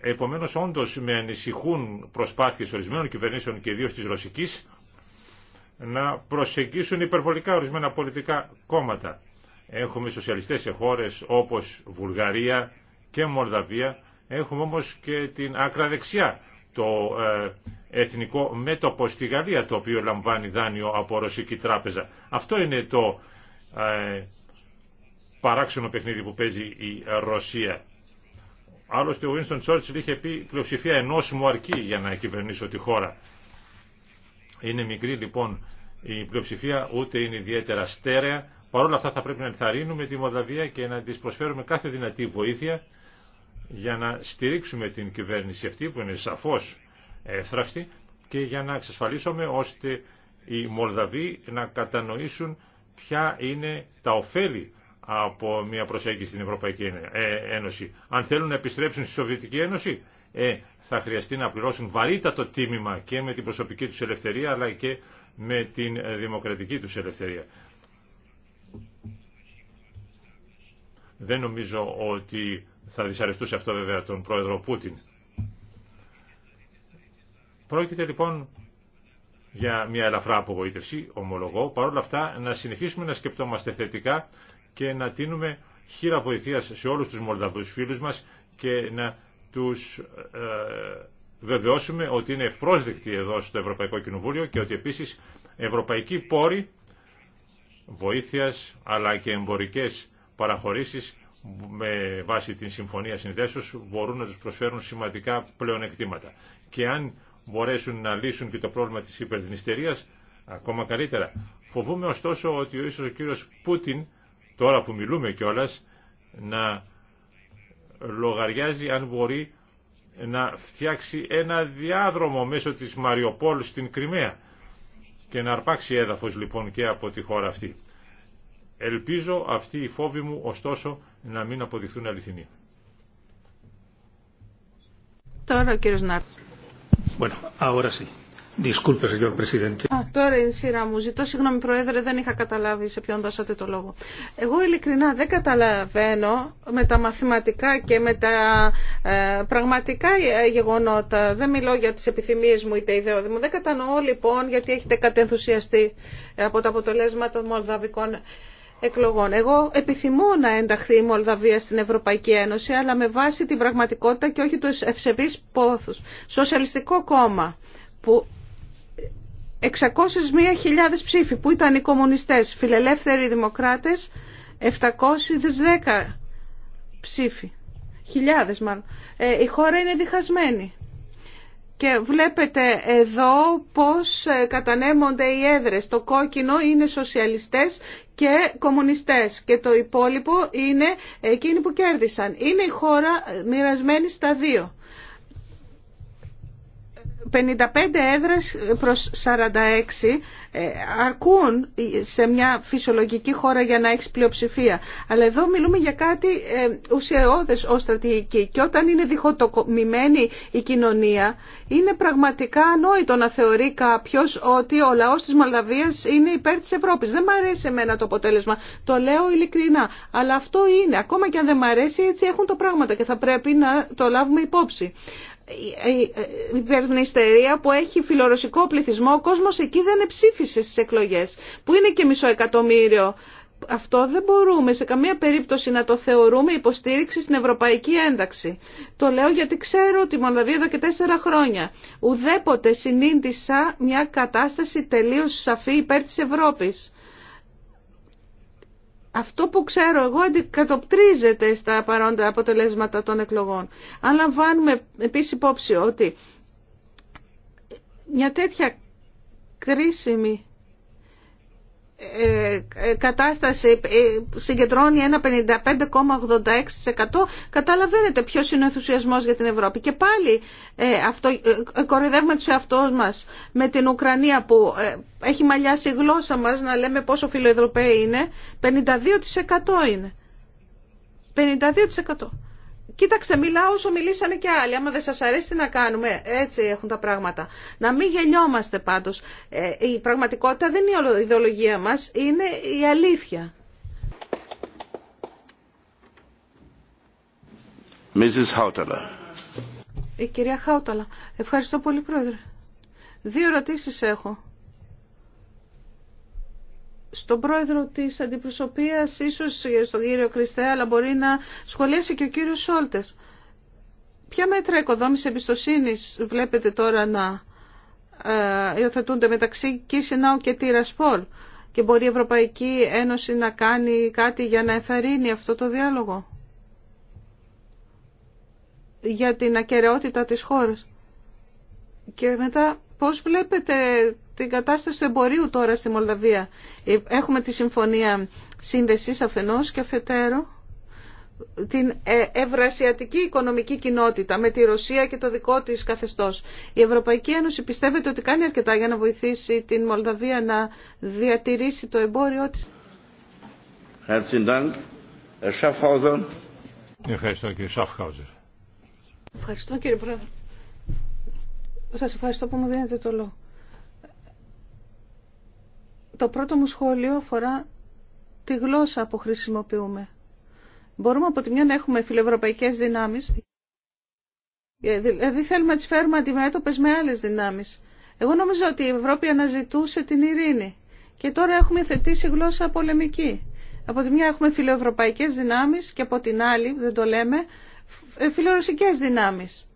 Επομένως όντως με ανησυχούν προσπάθειες ορισμένων κυβερνήσεων και ιδίως της Ρωσικής να προσεγγίσουν υπερβολικά ορισμένα πολιτικά κόμματα. Έχουμε σοσιαλιστές σε χώρες όπως Βουλγαρία και Μολδαβία Έχουμε όμως και την άκρα δεξιά, το ε, εθνικό μέτωπο στη Γαλλία, το οποίο λαμβάνει δάνειο από ρωσική τράπεζα. Αυτό είναι το ε, παράξενο παιχνίδι που παίζει η Ρωσία. Άλλωστε ο Winston Churchill είχε πει πλειοψηφία ενός μου αρκεί για να κυβερνήσω τη χώρα. Είναι μικρή λοιπόν η πλειοψηφία, ούτε είναι ιδιαίτερα στέρεα. Παρ' όλα αυτά θα πρέπει να ενθαρρύνουμε τη Μολδαβία και να της προσφέρουμε κάθε δυνατή βοήθεια για να στηρίξουμε την κυβέρνηση αυτή που είναι σαφώς εύθραυστη και για να εξασφαλίσουμε ώστε οι Μολδαβοί να κατανοήσουν ποια είναι τα ωφέλη από μια προσέγγιση στην Ευρωπαϊκή ε, Ένωση. Αν θέλουν να επιστρέψουν στη Σοβιετική Ένωση, ε, θα χρειαστεί να πληρώσουν βαρύτατο τίμημα και με την προσωπική τους ελευθερία, αλλά και με την δημοκρατική τους ελευθερία. Δεν νομίζω ότι θα δυσαρεστούσε αυτό βέβαια τον πρόεδρο Πούτιν. Πρόκειται λοιπόν για μια ελαφρά απογοήτευση, ομολογώ, παρόλα αυτά να συνεχίσουμε να σκεπτόμαστε θετικά και να τίνουμε χείρα βοηθείας σε όλους τους Μολδαβούς φίλους μας και να τους ε, βεβαιώσουμε ότι είναι ευπρόσδεκτοι εδώ στο Ευρωπαϊκό Κοινοβούλιο και ότι επίσης ευρωπαϊκοί πόροι βοήθειας αλλά και εμπορικές παραχωρήσεις με βάση την Συμφωνία Συνδέσεως μπορούν να τους προσφέρουν σημαντικά πλεονεκτήματα. Και αν μπορέσουν να λύσουν και το πρόβλημα της υπερδνηστερίας, ακόμα καλύτερα. Φοβούμε ωστόσο ότι ο ίσως ο κύριος Πούτιν, τώρα που μιλούμε κιόλα, να λογαριάζει αν μπορεί να φτιάξει ένα διάδρομο μέσω της Μαριοπόλ στην Κρυμαία και να αρπάξει έδαφος λοιπόν και από τη χώρα αυτή. Ελπίζω αυτή η φόβη μου ωστόσο να μην αποδειχθούν αληθινοί. Τώρα ο κύριος Νάρτ. Bueno, ahora sí. Disculpe, señor presidente. Α, τώρα είναι η σειρά μου. Ζητώ συγγνώμη, Πρόεδρε, δεν είχα καταλάβει σε ποιον δώσατε το λόγο. Εγώ ειλικρινά δεν καταλαβαίνω με τα μαθηματικά και με τα ε, πραγματικά ε, γεγονότα. Δεν μιλώ για τι επιθυμίε μου ή τα ιδεώδη μου. Δεν κατανοώ λοιπόν γιατί έχετε κατενθουσιαστεί από τα αποτελέσματα των μολδαβικών εκλογών. Εγώ επιθυμώ να ενταχθεί η Μολδαβία στην Ευρωπαϊκή Ένωση, αλλά με βάση την πραγματικότητα και όχι τους ευσεβείς πόθους. Σοσιαλιστικό κόμμα που 601.000 ψήφοι που ήταν οι κομμουνιστές, φιλελεύθεροι δημοκράτες 710 ψήφοι. Χιλιάδες μάλλον. Ε, η χώρα είναι διχασμένη. Και βλέπετε εδώ πώς ε, κατανέμονται οι έδρες. Το κόκκινο είναι σοσιαλιστές και κομμουνιστές και το υπόλοιπο είναι εκείνοι που κέρδισαν. Είναι η χώρα ε, μοιρασμένη στα δύο. 55 έδρες προς 46 ε, αρκούν σε μια φυσιολογική χώρα για να έχει πλειοψηφία. Αλλά εδώ μιλούμε για κάτι ε, ουσιαώδες ως στρατηγική. Και όταν είναι διχοτομημένη η κοινωνία, είναι πραγματικά ανόητο να θεωρεί κάποιο ότι ο λαός της Μαλδαβίας είναι υπέρ της Ευρώπης. Δεν μ' αρέσει εμένα το αποτέλεσμα. Το λέω ειλικρινά. Αλλά αυτό είναι. Ακόμα και αν δεν μ' αρέσει, έτσι έχουν τα πράγματα και θα πρέπει να το λάβουμε υπόψη ιστερία που έχει φιλορωσικό πληθυσμό, ο κόσμος εκεί δεν ψήφισε στις εκλογές, που είναι και μισό εκατομμύριο. Αυτό δεν μπορούμε σε καμία περίπτωση να το θεωρούμε υποστήριξη στην ευρωπαϊκή ένταξη. Το λέω γιατί ξέρω ότι Μολδαβία εδώ και τέσσερα χρόνια ουδέποτε συνήντησα μια κατάσταση τελείως σαφή υπέρ της Ευρώπης αυτό που ξέρω εγώ αντικατοπτρίζεται στα παρόντα αποτελέσματα των εκλογών. Αν λαμβάνουμε επίσης υπόψη ότι μια τέτοια κρίσιμη ε, κατάσταση ε, συγκεντρώνει ένα 55,86% καταλαβαίνετε ποιος είναι ο ενθουσιασμός για την Ευρώπη και πάλι ε, αυτό, κορυδεύουμε τους εαυτούς μας με την Ουκρανία που έχει μαλλιάσει η γλώσσα μας να λέμε πόσο φιλοευρωπαίοι είναι 52% είναι 52% Κοίταξε, μιλάω όσο μιλήσανε και άλλοι. Άμα δεν σας αρέσει τι να κάνουμε. Έτσι έχουν τα πράγματα. Να μην γελιόμαστε πάντως. Ε, η πραγματικότητα δεν είναι η ιδεολογία μας, είναι η αλήθεια. Mrs. Η κυρία Χάουταλα. Ευχαριστώ πολύ, Πρόεδρε. Δύο ερωτήσεις έχω στον πρόεδρο της αντιπροσωπείας, ίσως στον κύριο Κριστέ, αλλά μπορεί να σχολιάσει και ο κύριος Σόλτες. Ποια μέτρα οικοδόμηση εμπιστοσύνη βλέπετε τώρα να ε, υιοθετούνται μεταξύ Κίσιναου και Τυρασπόλ και μπορεί η Ευρωπαϊκή Ένωση να κάνει κάτι για να εθαρρύνει αυτό το διάλογο για την ακαιρεότητα της χώρας. Και μετά πώς βλέπετε την κατάσταση του εμπορίου τώρα στη Μολδαβία. Ε, έχουμε τη συμφωνία σύνδεσης αφενός και αφετέρου την ε, ευρασιατική οικονομική κοινότητα με τη Ρωσία και το δικό της καθεστώς. Η Ευρωπαϊκή Ένωση πιστεύεται ότι κάνει αρκετά για να βοηθήσει την Μολδαβία να διατηρήσει το εμπόριό της. Ευχαριστώ κύριε Σαφχάουζερ. Ευχαριστώ κύριε Πρόεδρε. Σας ευχαριστώ που μου δίνετε το λόγο. Το πρώτο μου σχόλιο αφορά τη γλώσσα που χρησιμοποιούμε. Μπορούμε από τη μια να έχουμε φιλευρωπαϊκές δυνάμεις, ε, δηλαδή θέλουμε να τις φέρουμε αντιμέτωπες με άλλες δυνάμεις. Εγώ νομίζω ότι η Ευρώπη αναζητούσε την ειρήνη και τώρα έχουμε θετήσει γλώσσα πολεμική. Από τη μια έχουμε φιλοευρωπαϊκές δυνάμεις και από την άλλη, δεν το λέμε, ε, φιλορωσικές δυνάμεις.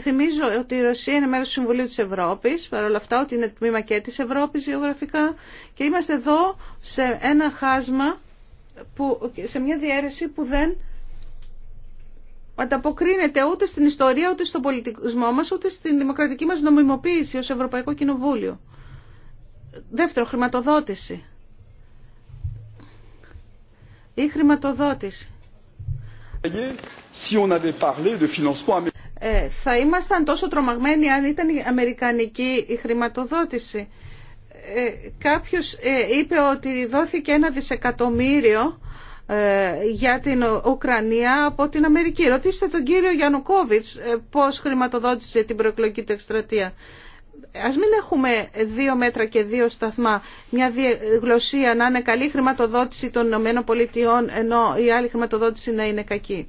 Θυμίζω ότι η Ρωσία είναι μέρος του Συμβουλίου της Ευρώπης, παρόλα αυτά ότι είναι τμήμα και της Ευρώπης γεωγραφικά και είμαστε εδώ σε ένα χάσμα, που, σε μια διαίρεση που δεν ανταποκρίνεται ούτε στην ιστορία, ούτε στον πολιτισμό μας, ούτε στην δημοκρατική μας νομιμοποίηση ως Ευρωπαϊκό Κοινοβούλιο. Δεύτερο, χρηματοδότηση. Η χρηματοδότηση. Ε, θα ήμασταν τόσο τρομαγμένοι αν ήταν η αμερικανική η χρηματοδότηση. Ε, κάποιος ε, είπε ότι δόθηκε ένα δισεκατομμύριο για την Ουκρανία από την Αμερική. Ρωτήστε τον κύριο Γιαννουκόβιτς πώς χρηματοδότησε την προεκλογική του εκστρατεία. Ας μην έχουμε δύο μέτρα και δύο σταθμά. Μια γλωσσία να είναι καλή χρηματοδότηση των Ηνωμένων ενώ η άλλη χρηματοδότηση να είναι κακή.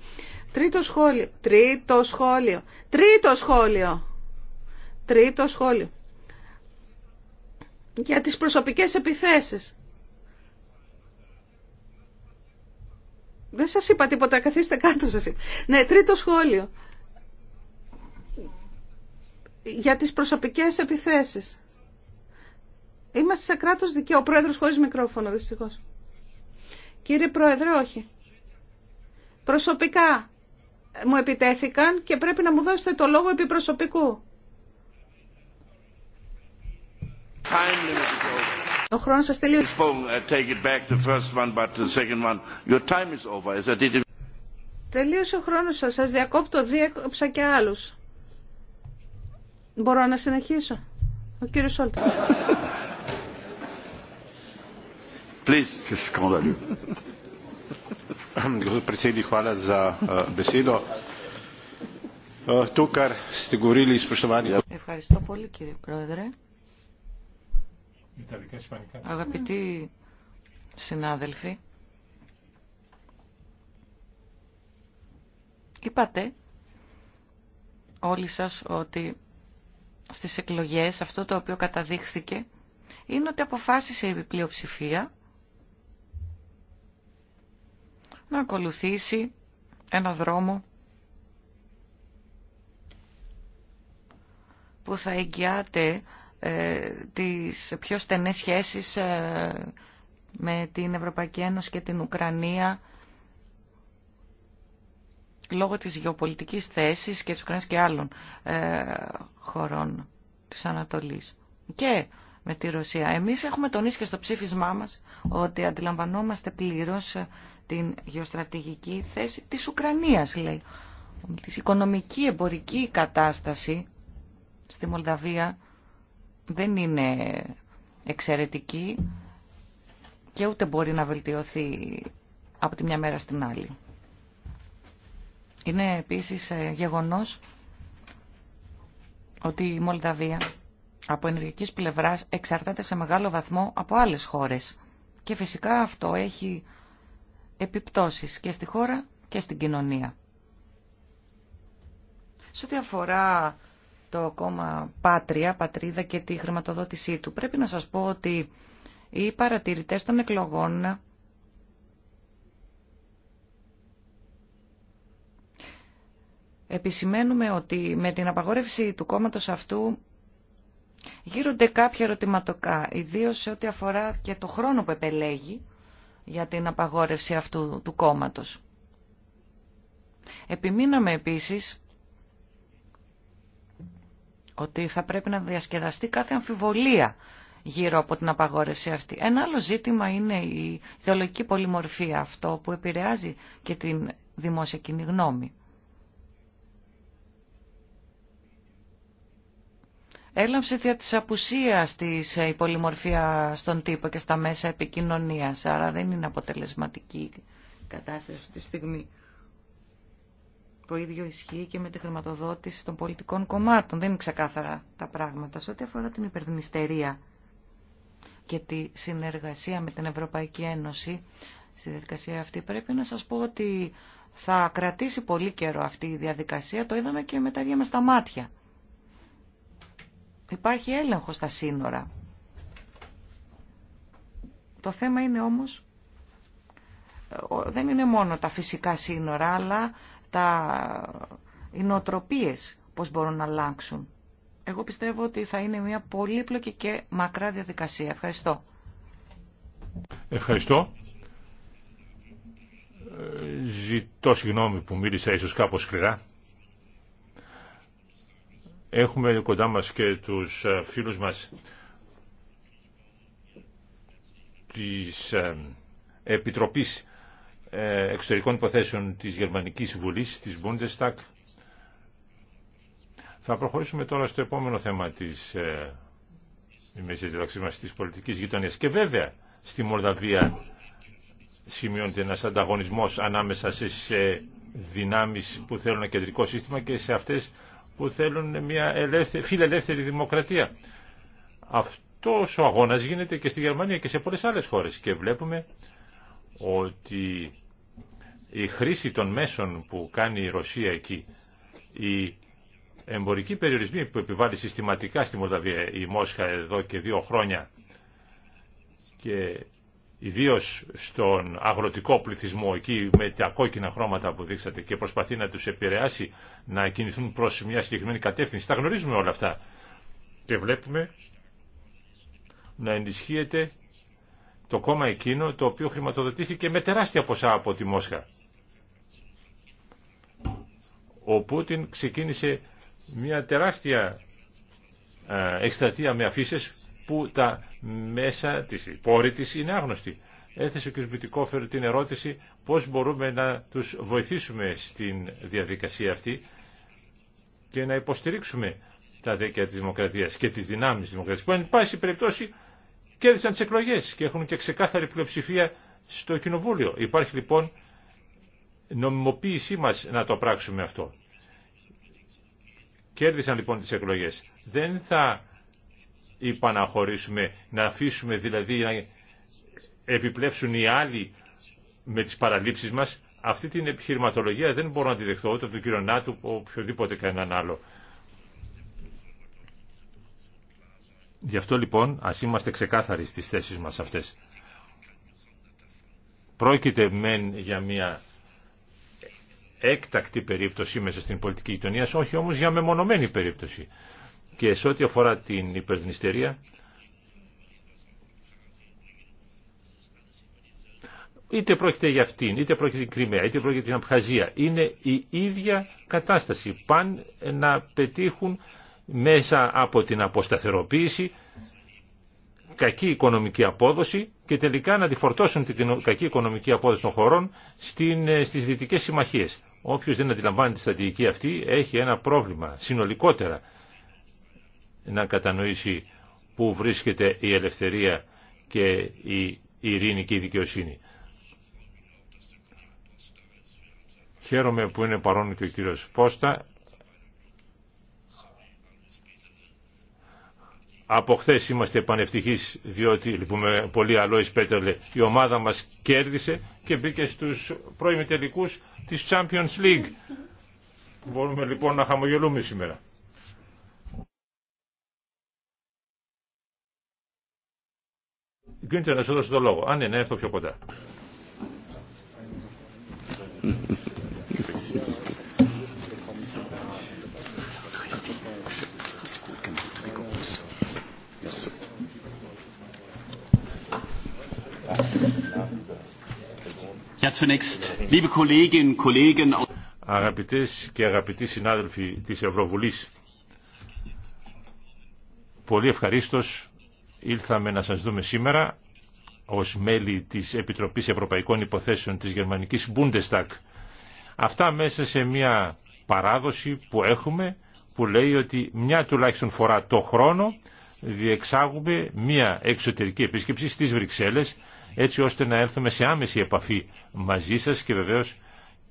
Τρίτο σχόλιο. Τρίτο σχόλιο. Τρίτο σχόλιο. Τρίτο σχόλιο. Για τις προσωπικές επιθέσεις. Δεν σας είπα τίποτα, καθίστε κάτω σας Ναι, τρίτο σχόλιο. Για τις προσωπικές επιθέσεις. Είμαστε σε κράτος δικαίου. Ο πρόεδρος χωρίς μικρόφωνο, δυστυχώς. Κύριε πρόεδρε, όχι. Προσωπικά, μου επιτέθηκαν και πρέπει να μου δώσετε το λόγο επί προσωπικού. Ο χρόνος σας τελείωσε. Τελείωσε ο χρόνος σας. Σας διακόπτω, διέκοψα και άλλους. Μπορώ να συνεχίσω. Ο κύριος Σόλτα. Please. *clears throat* Ευχαριστώ πολύ κύριε Πρόεδρε. Αγαπητοί συνάδελφοι, είπατε όλοι σας ότι στις εκλογές αυτό το οποίο καταδείχθηκε είναι ότι αποφάσισε η πλειοψηφία να ακολουθήσει ένα δρόμο που θα εγγυάται ε, τις πιο στενές σχέσεις ε, με την Ευρωπαϊκή Ένωση και την Ουκρανία λόγω της γεωπολιτικής θέσης και της Ουκρανίας και άλλων ε, χωρών της Ανατολής. Και με τη Ρωσία. Εμείς έχουμε τονίσει και στο ψήφισμά μας ότι αντιλαμβανόμαστε πλήρως την γεωστρατηγική θέση της Ουκρανίας, λέει. Της οικονομική εμπορική κατάσταση στη Μολδαβία δεν είναι εξαιρετική και ούτε μπορεί να βελτιωθεί από τη μια μέρα στην άλλη. Είναι επίσης ε, γεγονός ότι η Μολδαβία από ενεργικής πλευράς εξαρτάται σε μεγάλο βαθμό από άλλες χώρες. Και φυσικά αυτό έχει επιπτώσεις και στη χώρα και στην κοινωνία. Σε ό,τι αφορά το κόμμα Πάτρια, Πατρίδα και τη χρηματοδότησή του, πρέπει να σας πω ότι οι παρατηρητές των εκλογών επισημαίνουμε ότι με την απαγόρευση του κόμματος αυτού Γύρονται κάποια ερωτηματοκά, ιδίως σε ό,τι αφορά και το χρόνο που επελέγει για την απαγόρευση αυτού του κόμματος. Επιμείναμε επίσης ότι θα πρέπει να διασκεδαστεί κάθε αμφιβολία γύρω από την απαγόρευση αυτή. Ένα άλλο ζήτημα είναι η ιδεολογική πολυμορφία, αυτό που επηρεάζει και την δημόσια κοινή γνώμη. Έλαμψη δια της απουσίας της ε, η πολυμορφία στον τύπο και στα μέσα επικοινωνίας, άρα δεν είναι αποτελεσματική κατάσταση αυτή τη στιγμή. Το ίδιο ισχύει και με τη χρηματοδότηση των πολιτικών κομμάτων. Δεν είναι ξεκάθαρα τα πράγματα. Σε ό,τι αφορά την υπερδυνιστερία και τη συνεργασία με την Ευρωπαϊκή Ένωση, στη διαδικασία αυτή πρέπει να σας πω ότι θα κρατήσει πολύ καιρό αυτή η διαδικασία. Το είδαμε και με τα ίδια μας τα μάτια. Υπάρχει έλεγχο στα σύνορα. Το θέμα είναι όμως, δεν είναι μόνο τα φυσικά σύνορα, αλλά τα... οι πώς μπορούν να αλλάξουν. Εγώ πιστεύω ότι θα είναι μια πολύπλοκη και μακρά διαδικασία. Ευχαριστώ. Ευχαριστώ. Ε, ζητώ συγγνώμη που μίλησα ίσως κάπως σκληρά. Έχουμε κοντά μας και τους ε, φίλους μας της ε, Επιτροπής ε, Εξωτερικών Υποθέσεων της Γερμανικής Βουλής, της Bundestag. Θα προχωρήσουμε τώρα στο επόμενο θέμα της μέσης διδαξής μας της πολιτικής γειτονίας. Και βέβαια στη Μολδαβία σημειώνεται ένας ανταγωνισμός ανάμεσα σε δυνάμεις που θέλουν ένα κεντρικό σύστημα και σε αυτές που θέλουν μια ελεύθερη, φιλελεύθερη δημοκρατία. Αυτό ο αγώνα γίνεται και στη Γερμανία και σε πολλές άλλες χώρες και βλέπουμε ότι η χρήση των μέσων που κάνει η Ρωσία εκεί, η εμπορική περιορισμοί που επιβάλλει συστηματικά στη Μολδαβία η Μόσχα εδώ και δύο χρόνια και Ιδίω στον αγροτικό πληθυσμό εκεί με τα κόκκινα χρώματα που δείξατε και προσπαθεί να τους επηρεάσει να κινηθούν προς μια συγκεκριμένη κατεύθυνση. Τα γνωρίζουμε όλα αυτά και βλέπουμε να ενισχύεται το κόμμα εκείνο το οποίο χρηματοδοτήθηκε με τεράστια ποσά από τη Μόσχα. Ο Πούτιν ξεκίνησε μια τεράστια ε, εκστρατεία με αφήσει που τα μέσα της πόρη είναι άγνωστοι. Έθεσε ο κ. Μπιτικόφερ την ερώτηση πώς μπορούμε να τους βοηθήσουμε στην διαδικασία αυτή και να υποστηρίξουμε τα δίκαια της δημοκρατίας και τις δυνάμεις της δημοκρατίας που εν πάση περιπτώσει κέρδισαν τις εκλογές και έχουν και ξεκάθαρη πλειοψηφία στο κοινοβούλιο. Υπάρχει λοιπόν νομιμοποίησή μας να το πράξουμε αυτό. Κέρδισαν λοιπόν τις εκλογές. Δεν θα ή να να αφήσουμε δηλαδή να επιπλέψουν οι άλλοι με τις παραλήψεις μας, αυτή την επιχειρηματολογία δεν μπορώ να τη δεχθώ ούτε από τον κύριο Νάτου, οποιοδήποτε κανέναν άλλο. Γι' αυτό λοιπόν ας είμαστε ξεκάθαροι στις θέσεις μας αυτές. Πρόκειται μεν για μια έκτακτη περίπτωση μέσα στην πολιτική γειτονία, όχι όμως για μεμονωμένη περίπτωση. Και σε ό,τι αφορά την υπερδνηστερία, είτε πρόκειται για αυτήν, είτε πρόκειται για την Κρυμαία, είτε πρόκειται για την Απχαζία, είναι η ίδια κατάσταση. Παν να πετύχουν μέσα από την αποσταθεροποίηση κακή οικονομική απόδοση και τελικά να φορτώσουν την κακή οικονομική απόδοση των χωρών ε, στις δυτικές συμμαχίες. Όποιος δεν αντιλαμβάνει τη στρατηγική αυτή έχει ένα πρόβλημα συνολικότερα να κατανοήσει πού βρίσκεται η ελευθερία και η ειρήνη και η δικαιοσύνη. Χαίρομαι που είναι παρόν και ο κύριος Πόστα. Από χθε είμαστε πανευτυχείς διότι λυπούμε πολύ Αλόης Πέτερλε η ομάδα μας κέρδισε και μπήκε στους πρώην τελικούς της Champions League. Μπορούμε λοιπόν να χαμογελούμε σήμερα. Γκίντερ, να σου δώσω το λόγο. Αν ναι, να έρθω πιο κοντά. Αγαπητές και αγαπητοί συνάδελφοι της Ευρωβουλής, πολύ ευχαρίστως ήλθαμε να σας δούμε σήμερα ως μέλη της Επιτροπής Ευρωπαϊκών Υποθέσεων της Γερμανικής Bundestag. Αυτά μέσα σε μια παράδοση που έχουμε που λέει ότι μια τουλάχιστον φορά το χρόνο διεξάγουμε μια εξωτερική επίσκεψη στις Βρυξέλλες έτσι ώστε να έρθουμε σε άμεση επαφή μαζί σας και βεβαίως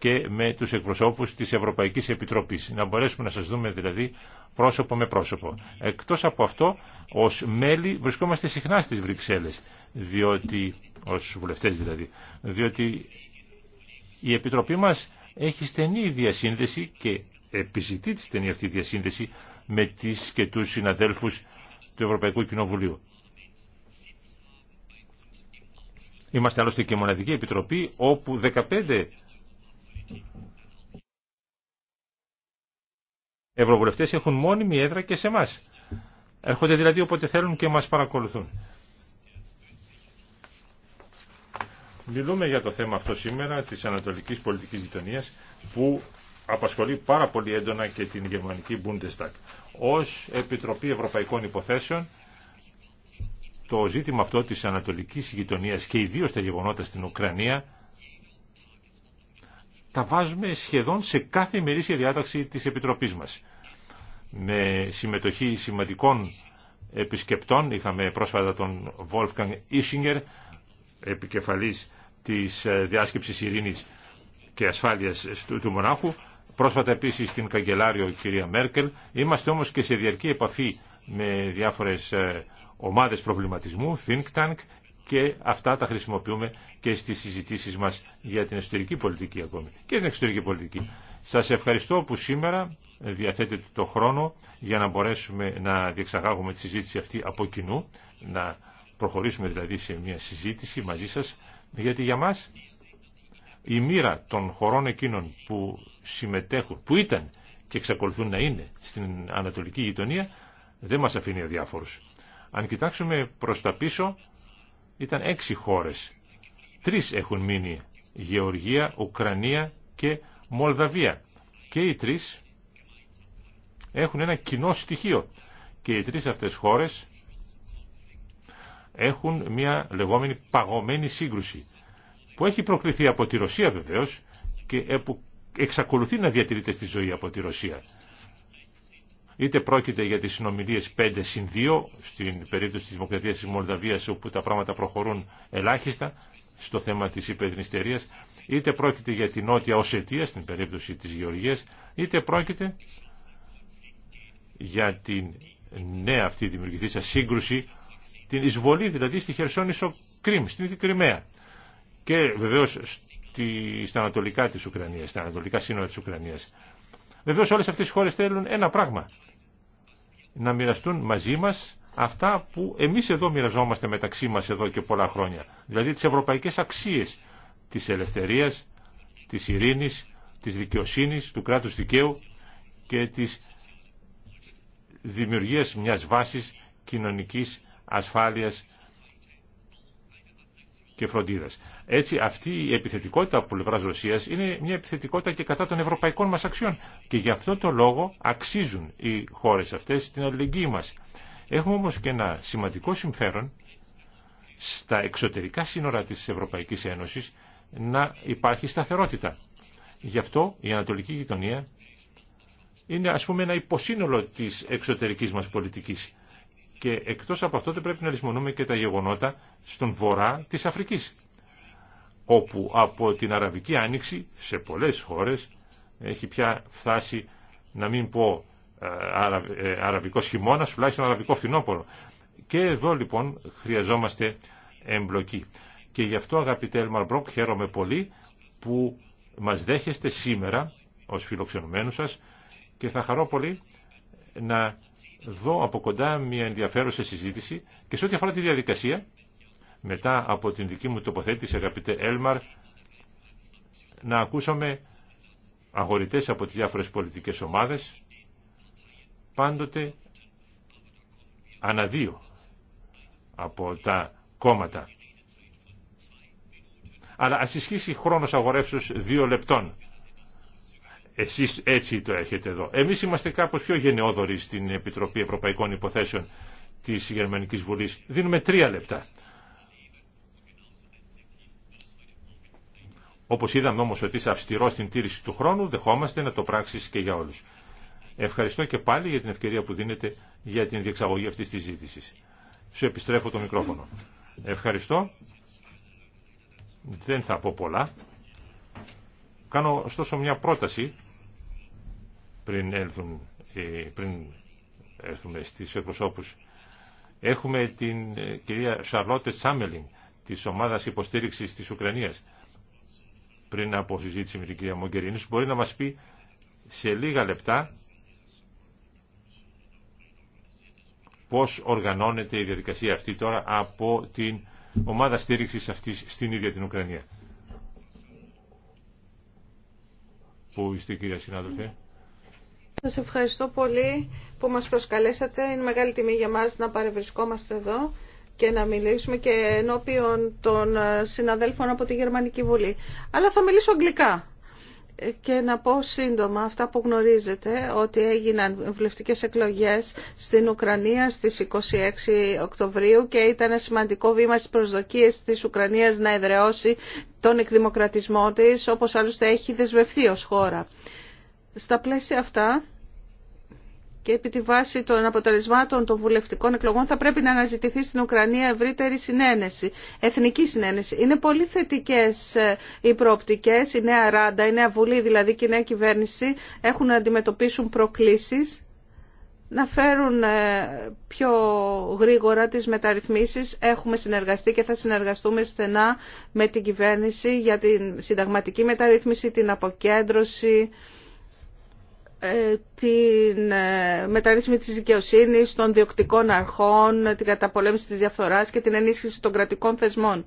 και με τους εκπροσώπους της Ευρωπαϊκής Επιτροπής. Να μπορέσουμε να σας δούμε δηλαδή πρόσωπο με πρόσωπο. Εκτός από αυτό, ως μέλη βρισκόμαστε συχνά στις Βρυξέλλες, διότι, ως βουλευτές δηλαδή, διότι η Επιτροπή μας έχει στενή διασύνδεση και επιζητεί τη στενή αυτή διασύνδεση με τις και τους συναδέλφους του Ευρωπαϊκού Κοινοβουλίου. Είμαστε άλλωστε και μοναδική επιτροπή όπου 15 οι Ευρωβουλευτές έχουν μόνιμη έδρα και σε εμά. Έρχονται δηλαδή όποτε θέλουν και μας παρακολουθούν. Μιλούμε για το θέμα αυτό σήμερα της ανατολικής πολιτικής γειτονίας που απασχολεί πάρα πολύ έντονα και την γερμανική Bundestag. Ως Επιτροπή Ευρωπαϊκών Υποθέσεων το ζήτημα αυτό της ανατολικής γειτονίας και ιδίως τα γεγονότα στην Ουκρανία τα βάζουμε σχεδόν σε κάθε ημερήσια διάταξη της Επιτροπής μας. Με συμμετοχή σημαντικών επισκεπτών, είχαμε πρόσφατα τον Wolfgang Ischinger, επικεφαλής της ε, διάσκεψης ειρήνης και ασφάλειας του Μονάχου, πρόσφατα επίσης την καγκελάριο κυρία Μέρκελ. Είμαστε όμως και σε διαρκή επαφή με διάφορες ε, ομάδες προβληματισμού, think tank, και αυτά τα χρησιμοποιούμε και στις συζητήσεις μας για την εσωτερική πολιτική ακόμη και την εξωτερική πολιτική. Σας ευχαριστώ που σήμερα διαθέτετε το χρόνο για να μπορέσουμε να διεξαγάγουμε τη συζήτηση αυτή από κοινού, να προχωρήσουμε δηλαδή σε μια συζήτηση μαζί σας, γιατί για μας η μοίρα των χωρών εκείνων που συμμετέχουν, που ήταν και εξακολουθούν να είναι στην ανατολική γειτονία, δεν μας αφήνει αδιάφορους. Αν κοιτάξουμε προς τα πίσω, ήταν έξι χώρες. Τρεις έχουν μείνει, Γεωργία, Ουκρανία και Μολδαβία. Και οι τρεις έχουν ένα κοινό στοιχείο. Και οι τρεις αυτές χώρες έχουν μια λεγόμενη παγωμένη σύγκρουση που έχει προκληθεί από τη Ρωσία βεβαίως και που εξακολουθεί να διατηρείται στη ζωή από τη Ρωσία είτε πρόκειται για τις συνομιλίες 5 2 στην περίπτωση της Δημοκρατίας της Μολδαβίας όπου τα πράγματα προχωρούν ελάχιστα στο θέμα της υπεδνηστερίας είτε πρόκειται για την Νότια Οσετία στην περίπτωση της Γεωργίας είτε πρόκειται για την νέα αυτή δημιουργηθήσα σύγκρουση την εισβολή δηλαδή στη Χερσόνησο Κρίμ, στην Κρυμαία και βεβαίως στα ανατολικά της Ουκρανίας, στα ανατολικά σύνορα της Ουκρανίας. Βεβαίω, όλε αυτέ οι χώρε θέλουν ένα πράγμα. Να μοιραστούν μαζί μας αυτά που εμείς εδώ μοιραζόμαστε μεταξύ μας εδώ και πολλά χρόνια. Δηλαδή τις ευρωπαϊκές αξίες της ελευθερίας, της Ειρήνη, της δικαιοσύνης, του κράτους δικαίου και της δημιουργίας μιας βάσης κοινωνικής ασφάλειας και Έτσι αυτή η επιθετικότητα από πλευρά Ρωσία είναι μια επιθετικότητα και κατά των ευρωπαϊκών μας αξιών και γι' αυτό το λόγο αξίζουν οι χώρες αυτές την αλληλεγγύη μας. Έχουμε όμως και ένα σημαντικό συμφέρον στα εξωτερικά σύνορα τη Ευρωπαϊκής Ένωσης να υπάρχει σταθερότητα. Γι' αυτό η Ανατολική Γειτονία είναι ας πούμε ένα υποσύνολο της εξωτερικής μας πολιτικής. Και εκτός από αυτό δεν πρέπει να λησμονούμε και τα γεγονότα στον βορρά της Αφρικής, όπου από την Αραβική Άνοιξη σε πολλές χώρες έχει πια φτάσει να μην πω ε, ε, αραβικός χειμώνας, τουλάχιστον αραβικό φθινόπωρο. Και εδώ λοιπόν χρειαζόμαστε εμπλοκή. Και γι' αυτό αγαπητέ Έλμαρ Μπρόκ χαίρομαι πολύ που μας δέχεστε σήμερα ως φιλοξενουμένους σας και θα χαρώ πολύ να δω από κοντά μια ενδιαφέρουσα συζήτηση και σε ό,τι αφορά τη διαδικασία, μετά από την δική μου τοποθέτηση, αγαπητέ Έλμαρ, να ακούσαμε αγορητές από τις διάφορες πολιτικές ομάδες, πάντοτε αναδύο από τα κόμματα. Αλλά ας ισχύσει χρόνος αγορεύσεως δύο λεπτών. Εσείς έτσι το έχετε εδώ. Εμείς είμαστε κάπως πιο γενναιόδοροι στην Επιτροπή Ευρωπαϊκών Υποθέσεων της Γερμανικής Βουλής. Δίνουμε τρία λεπτά. Όπως είδαμε όμως ότι είσαι αυστηρό στην τήρηση του χρόνου, δεχόμαστε να το πράξεις και για όλους. Ευχαριστώ και πάλι για την ευκαιρία που δίνετε για την διεξαγωγή αυτής της ζήτησης. Σου επιστρέφω το μικρόφωνο. Ευχαριστώ. Δεν θα πω πολλά. Κάνω ωστόσο μια πρόταση πριν, έλθουν, πριν έρθουμε στις εκπροσώπους. Έχουμε την ε, κυρία Σαρλότε Σάμελιν της ομάδας υποστήριξης της Ουκρανίας πριν από συζήτηση με την κυρία Μογκερίνη μπορεί να μας πει σε λίγα λεπτά πώς οργανώνεται η διαδικασία αυτή τώρα από την ομάδα στήριξης αυτής στην ίδια την Ουκρανία. Πού είστε κυρία συνάδελφε. Σας ευχαριστώ πολύ που μας προσκαλέσατε. Είναι μεγάλη τιμή για μας να παρευρισκόμαστε εδώ και να μιλήσουμε και ενώπιον των συναδέλφων από τη Γερμανική Βουλή. Αλλά θα μιλήσω αγγλικά ε, και να πω σύντομα αυτά που γνωρίζετε ότι έγιναν βουλευτικές εκλογές στην Ουκρανία στις 26 Οκτωβρίου και ήταν ένα σημαντικό βήμα στις προσδοκίες της Ουκρανίας να εδραιώσει τον εκδημοκρατισμό της όπως άλλωστε έχει δεσμευθεί ως χώρα. Στα πλαίσια αυτά και επί τη βάση των αποτελεσμάτων των βουλευτικών εκλογών θα πρέπει να αναζητηθεί στην Ουκρανία ευρύτερη συνένεση, εθνική συνένεση. Είναι πολύ θετικέ ε, οι προοπτικέ, η νέα ράντα, η νέα βουλή δηλαδή και η νέα κυβέρνηση έχουν να αντιμετωπίσουν προκλήσει να φέρουν ε, πιο γρήγορα τις μεταρρυθμίσεις. Έχουμε συνεργαστεί και θα συνεργαστούμε στενά με την κυβέρνηση για την συνταγματική μεταρρύθμιση, την αποκέντρωση, ε, την ε, μεταρρύθμιση της δικαιοσύνη, των διοκτικών αρχών, την καταπολέμηση της διαφθοράς και την ενίσχυση των κρατικών θεσμών.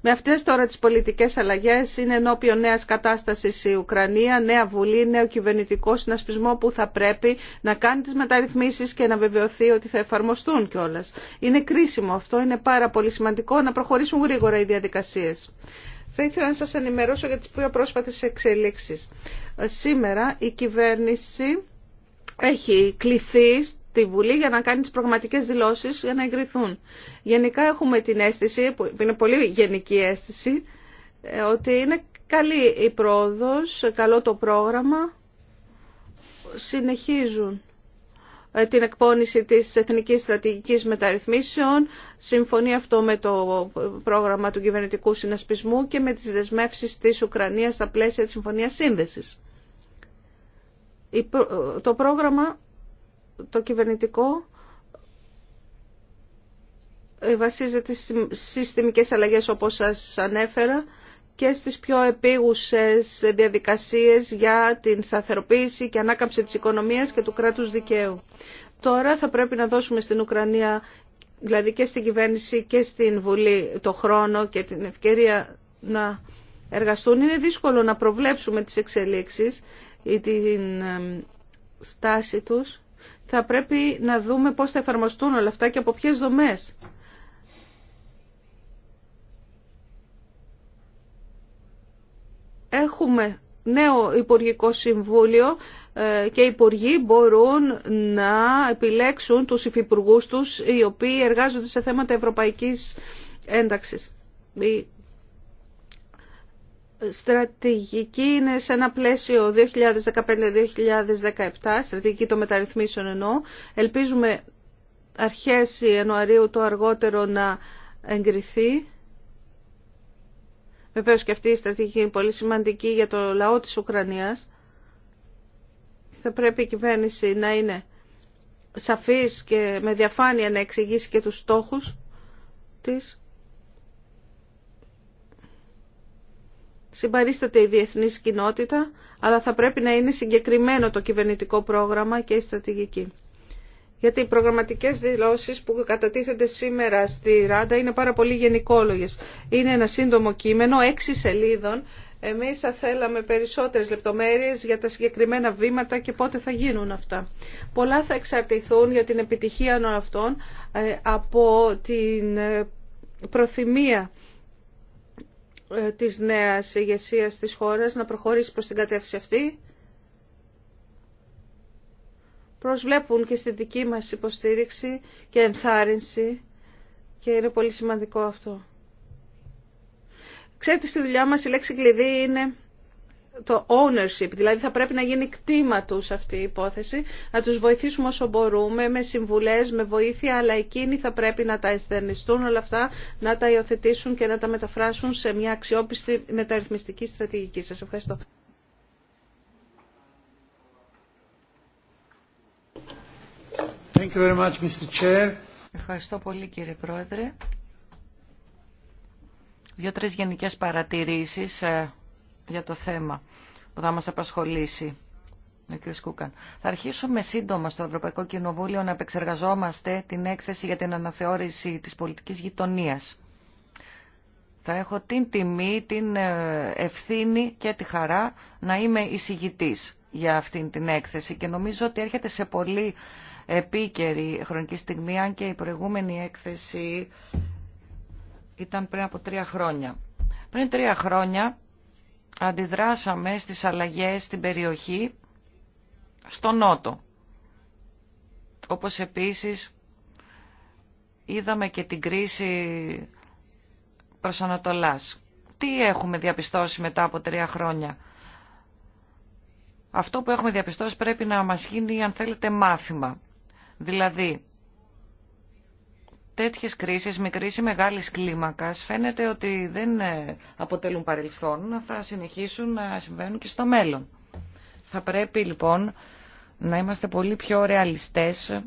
Με αυτές τώρα τις πολιτικές αλλαγές είναι ενώπιον νέας κατάστασης η Ουκρανία, νέα βουλή, νέο κυβερνητικό συνασπισμό που θα πρέπει να κάνει τις μεταρρυθμίσεις και να βεβαιωθεί ότι θα εφαρμοστούν κιόλα. Είναι κρίσιμο αυτό, είναι πάρα πολύ σημαντικό να προχωρήσουν γρήγορα οι διαδικασίες. Θα ήθελα να σας ενημερώσω για τις πιο πρόσφατες εξελίξεις. Ε, σήμερα η κυβέρνηση έχει κληθεί στη Βουλή για να κάνει τις πραγματικές δηλώσεις για να εγκριθούν. Γενικά έχουμε την αίσθηση, που είναι πολύ γενική αίσθηση, ε, ότι είναι καλή η πρόοδος, καλό το πρόγραμμα, συνεχίζουν ε, την εκπόνηση της Εθνικής Στρατηγικής Μεταρρυθμίσεων, συμφωνεί αυτό με το πρόγραμμα του κυβερνητικού συνασπισμού και με τις δεσμεύσεις της Ουκρανίας στα πλαίσια της Συμφωνίας Σύνδεσης. Ε, το πρόγραμμα, το κυβερνητικό, ε, βασίζεται στις συστημικές αλλαγές όπως σας ανέφερα και στις πιο επίγουσες διαδικασίες για την σταθεροποίηση και ανάκαμψη της οικονομίας και του κράτους δικαίου. Τώρα θα πρέπει να δώσουμε στην Ουκρανία, δηλαδή και στην κυβέρνηση και στην Βουλή, το χρόνο και την ευκαιρία να εργαστούν. Είναι δύσκολο να προβλέψουμε τις εξελίξεις ή την στάση τους. Θα πρέπει να δούμε πώς θα εφαρμοστούν όλα αυτά και από ποιες δομές. έχουμε νέο Υπουργικό Συμβούλιο ε, και οι Υπουργοί μπορούν να επιλέξουν τους υφυπουργούς τους οι οποίοι εργάζονται σε θέματα ευρωπαϊκής ένταξης. Η στρατηγική είναι σε ένα πλαίσιο 2015-2017, στρατηγική των μεταρρυθμίσεων εννοώ. Ελπίζουμε αρχές Ιανουαρίου το αργότερο να εγκριθεί Βεβαίως και αυτή η στρατηγική είναι πολύ σημαντική για το λαό της Ουκρανίας. Θα πρέπει η κυβέρνηση να είναι σαφής και με διαφάνεια να εξηγήσει και τους στόχους της. Συμπαρίσταται η διεθνής κοινότητα, αλλά θα πρέπει να είναι συγκεκριμένο το κυβερνητικό πρόγραμμα και η στρατηγική. Γιατί οι προγραμματικές δηλώσεις που κατατίθενται σήμερα στη Ράντα είναι πάρα πολύ γενικόλογες. Είναι ένα σύντομο κείμενο, έξι σελίδων. Εμείς θα θέλαμε περισσότερες λεπτομέρειες για τα συγκεκριμένα βήματα και πότε θα γίνουν αυτά. Πολλά θα εξαρτηθούν για την επιτυχία όλων αυτών ε, από την ε, προθυμία ε, της νέας ηγεσίας της χώρας να προχωρήσει προς την κατεύθυνση αυτή προσβλέπουν και στη δική μας υποστήριξη και ενθάρρυνση και είναι πολύ σημαντικό αυτό. Ξέρετε, στη δουλειά μας η λέξη κλειδί είναι το ownership, δηλαδή θα πρέπει να γίνει κτήμα τους αυτή η υπόθεση, να τους βοηθήσουμε όσο μπορούμε, με συμβουλές, με βοήθεια, αλλά εκείνοι θα πρέπει να τα εσθενιστούν όλα αυτά, να τα υιοθετήσουν και να τα μεταφράσουν σε μια αξιόπιστη μεταρρυθμιστική στρατηγική. Σας ευχαριστώ. Ευχαριστώ πολύ κύριε Πρόεδρε. Δύο-τρεις γενικές παρατηρήσεις ε, για το θέμα που θα μας απασχολήσει. Θα αρχίσουμε σύντομα στο Ευρωπαϊκό Κοινοβούλιο να επεξεργαζόμαστε την έκθεση για την αναθεώρηση της πολιτικής γειτονίας. Θα έχω την τιμή, την ε, ευθύνη και τη χαρά να είμαι εισηγητής για αυτήν την έκθεση και νομίζω ότι έρχεται σε πολύ επίκαιρη χρονική στιγμή, αν και η προηγούμενη έκθεση ήταν πριν από τρία χρόνια. Πριν τρία χρόνια αντιδράσαμε στις αλλαγές στην περιοχή, στο Νότο. Όπως επίσης είδαμε και την κρίση προς Ανατολάς. Τι έχουμε διαπιστώσει μετά από τρία χρόνια. Αυτό που έχουμε διαπιστώσει πρέπει να μας γίνει, αν θέλετε, μάθημα. Δηλαδή, τέτοιες κρίσεις, μικρής ή μεγάλης κλίμακας, φαίνεται ότι δεν ε, αποτελούν παρελθόν, θα συνεχίσουν να συμβαίνουν και στο μέλλον. Θα πρέπει λοιπόν να είμαστε πολύ πιο ρεαλιστές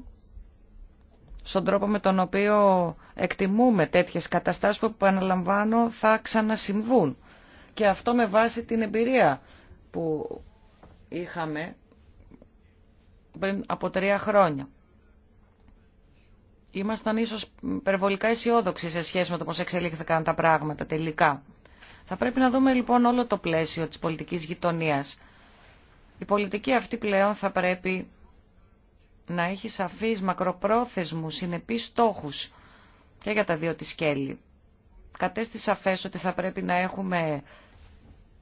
στον τρόπο με τον οποίο εκτιμούμε τέτοιες καταστάσεις που επαναλαμβάνω θα ξανασυμβούν. Και αυτό με βάση την εμπειρία που είχαμε πριν από τρία χρόνια ήμασταν ίσως υπερβολικά αισιόδοξοι σε σχέση με το πώς εξελίχθηκαν τα πράγματα τελικά. Θα πρέπει να δούμε λοιπόν όλο το πλαίσιο της πολιτικής γειτονίας. Η πολιτική αυτή πλέον θα πρέπει να έχει σαφείς μακροπρόθεσμους, συνεπείς στόχους και για τα δύο τη σκέλη. Κατέστη σαφές ότι θα πρέπει να έχουμε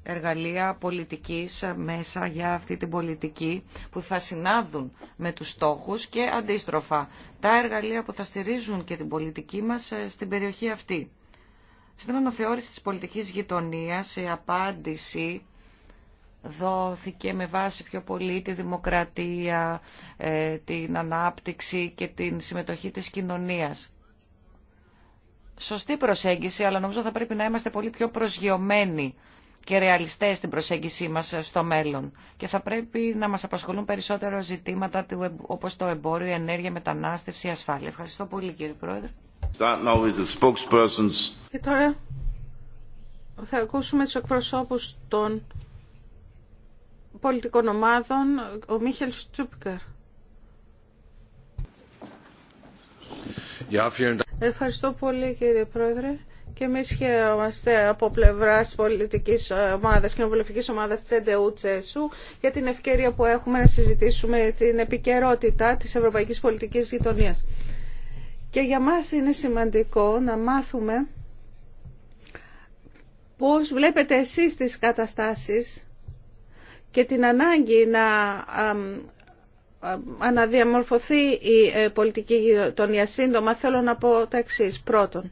εργαλεία πολιτικής μέσα για αυτή την πολιτική που θα συνάδουν με τους στόχους και αντίστροφα τα εργαλεία που θα στηρίζουν και την πολιτική μας ε, στην περιοχή αυτή. Στην αναθεώρηση της πολιτικής γειτονίας η απάντηση δόθηκε με βάση πιο πολύ τη δημοκρατία, ε, την ανάπτυξη και την συμμετοχή της κοινωνίας. Σωστή προσέγγιση, αλλά νομίζω θα πρέπει να είμαστε πολύ πιο προσγειωμένοι και ρεαλιστές στην προσέγγιση μας στο μέλλον. Και θα πρέπει να μας απασχολούν περισσότερο ζητήματα όπως το εμπόριο, η ενέργεια, μετανάστευση, η ασφάλεια. Ευχαριστώ πολύ κύριε Πρόεδρε. Και τώρα θα ακούσουμε τους εκπροσώπους των πολιτικών ομάδων, ο Μίχελ Στούπκερ. Ευχαριστώ πολύ κύριε Πρόεδρε. Και εμεί χαιρόμαστε από πλευρά πολιτική ομάδα κοινοβουλευτική ομάδα τη ΕΝΤΕΟΥ Τσέσου για την ευκαιρία που έχουμε να συζητήσουμε την επικαιρότητα τη ευρωπαϊκή πολιτική γειτονία. Και για μας είναι σημαντικό να μάθουμε πώς βλέπετε εσείς τις καταστάσεις και την ανάγκη να αναδιαμορφωθεί η ε, πολιτική γειτονία. Σύντομα θέλω να πω τα εξής. Πρώτον,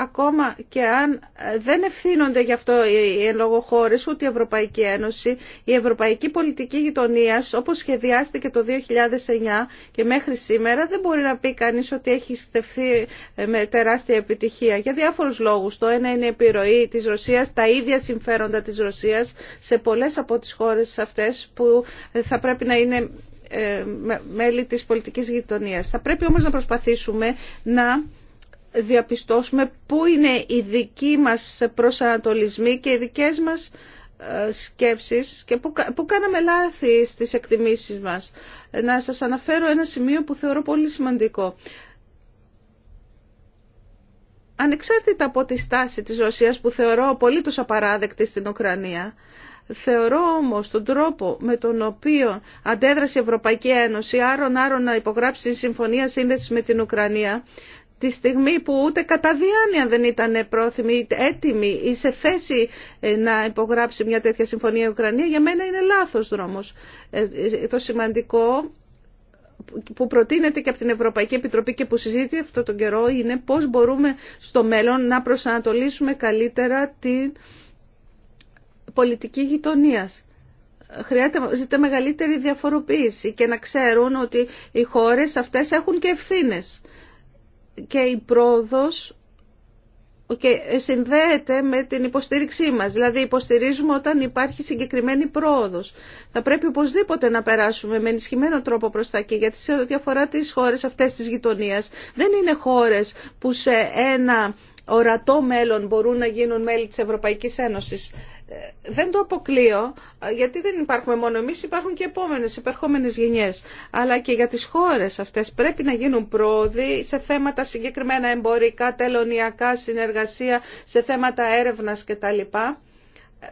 ακόμα και αν ε, δεν ευθύνονται γι' αυτό οι εν λόγω ούτε η Ευρωπαϊκή Ένωση, η Ευρωπαϊκή Πολιτική γειτονία, όπως σχεδιάστηκε το 2009 και μέχρι σήμερα, δεν μπορεί να πει κανείς ότι έχει στεφθεί ε, με τεράστια επιτυχία. Για διάφορους λόγους. Το ένα είναι η επιρροή της Ρωσίας, τα ίδια συμφέροντα της Ρωσίας σε πολλές από τις χώρες αυτές που ε, θα πρέπει να είναι μέλη της πολιτικής γειτονίας. Θα πρέπει όμως να προσπαθήσουμε να διαπιστώσουμε πού είναι οι δικοί μας προσανατολισμοί και οι δικές μας ε, σκέψεις και που, κάναμε λάθη στις εκτιμήσεις μας. Να σας αναφέρω ένα σημείο που θεωρώ πολύ σημαντικό. Ανεξάρτητα από τη στάση της Ρωσίας που θεωρώ απολύτως απαράδεκτη στην Ουκρανία, θεωρώ όμως τον τρόπο με τον οποίο αντέδρασε η Ευρωπαϊκή Ένωση άρον άρον να υπογράψει συμφωνία σύνδεσης με την Ουκρανία, τη στιγμή που ούτε κατά διάνοια δεν ήταν πρόθυμη, έτοιμη ή σε θέση ε, να υπογράψει μια τέτοια συμφωνία η Ουκρανία, για μένα είναι λάθος δρόμος. Ε, ε, το σημαντικό που προτείνεται και από την Ευρωπαϊκή Επιτροπή και που συζήτησε αυτόν τον καιρό είναι πώς μπορούμε στο μέλλον να προσανατολίσουμε καλύτερα την πολιτική γειτονίας χρειάζεται μεγαλύτερη διαφοροποίηση και να ξέρουν ότι οι χώρες αυτές έχουν και ευθύνες και η πρόοδος και συνδέεται με την υποστήριξή μας. Δηλαδή υποστηρίζουμε όταν υπάρχει συγκεκριμένη πρόοδος. Θα πρέπει οπωσδήποτε να περάσουμε με ενισχυμένο τρόπο προς τα εκεί, γιατί σε ό,τι αφορά τις χώρες αυτές της γειτονίας, δεν είναι χώρες που σε ένα ορατό μέλλον μπορούν να γίνουν μέλη της Ευρωπαϊκής Ένωσης. Ε, δεν το αποκλείω, ε, γιατί δεν υπάρχουμε μόνο εμείς, υπάρχουν και επόμενες, υπερχόμενες γενιές. Αλλά και για τις χώρες αυτές πρέπει να γίνουν πρόοδοι σε θέματα συγκεκριμένα εμπορικά, τελωνιακά, συνεργασία, σε θέματα έρευνας κτλ. Ε,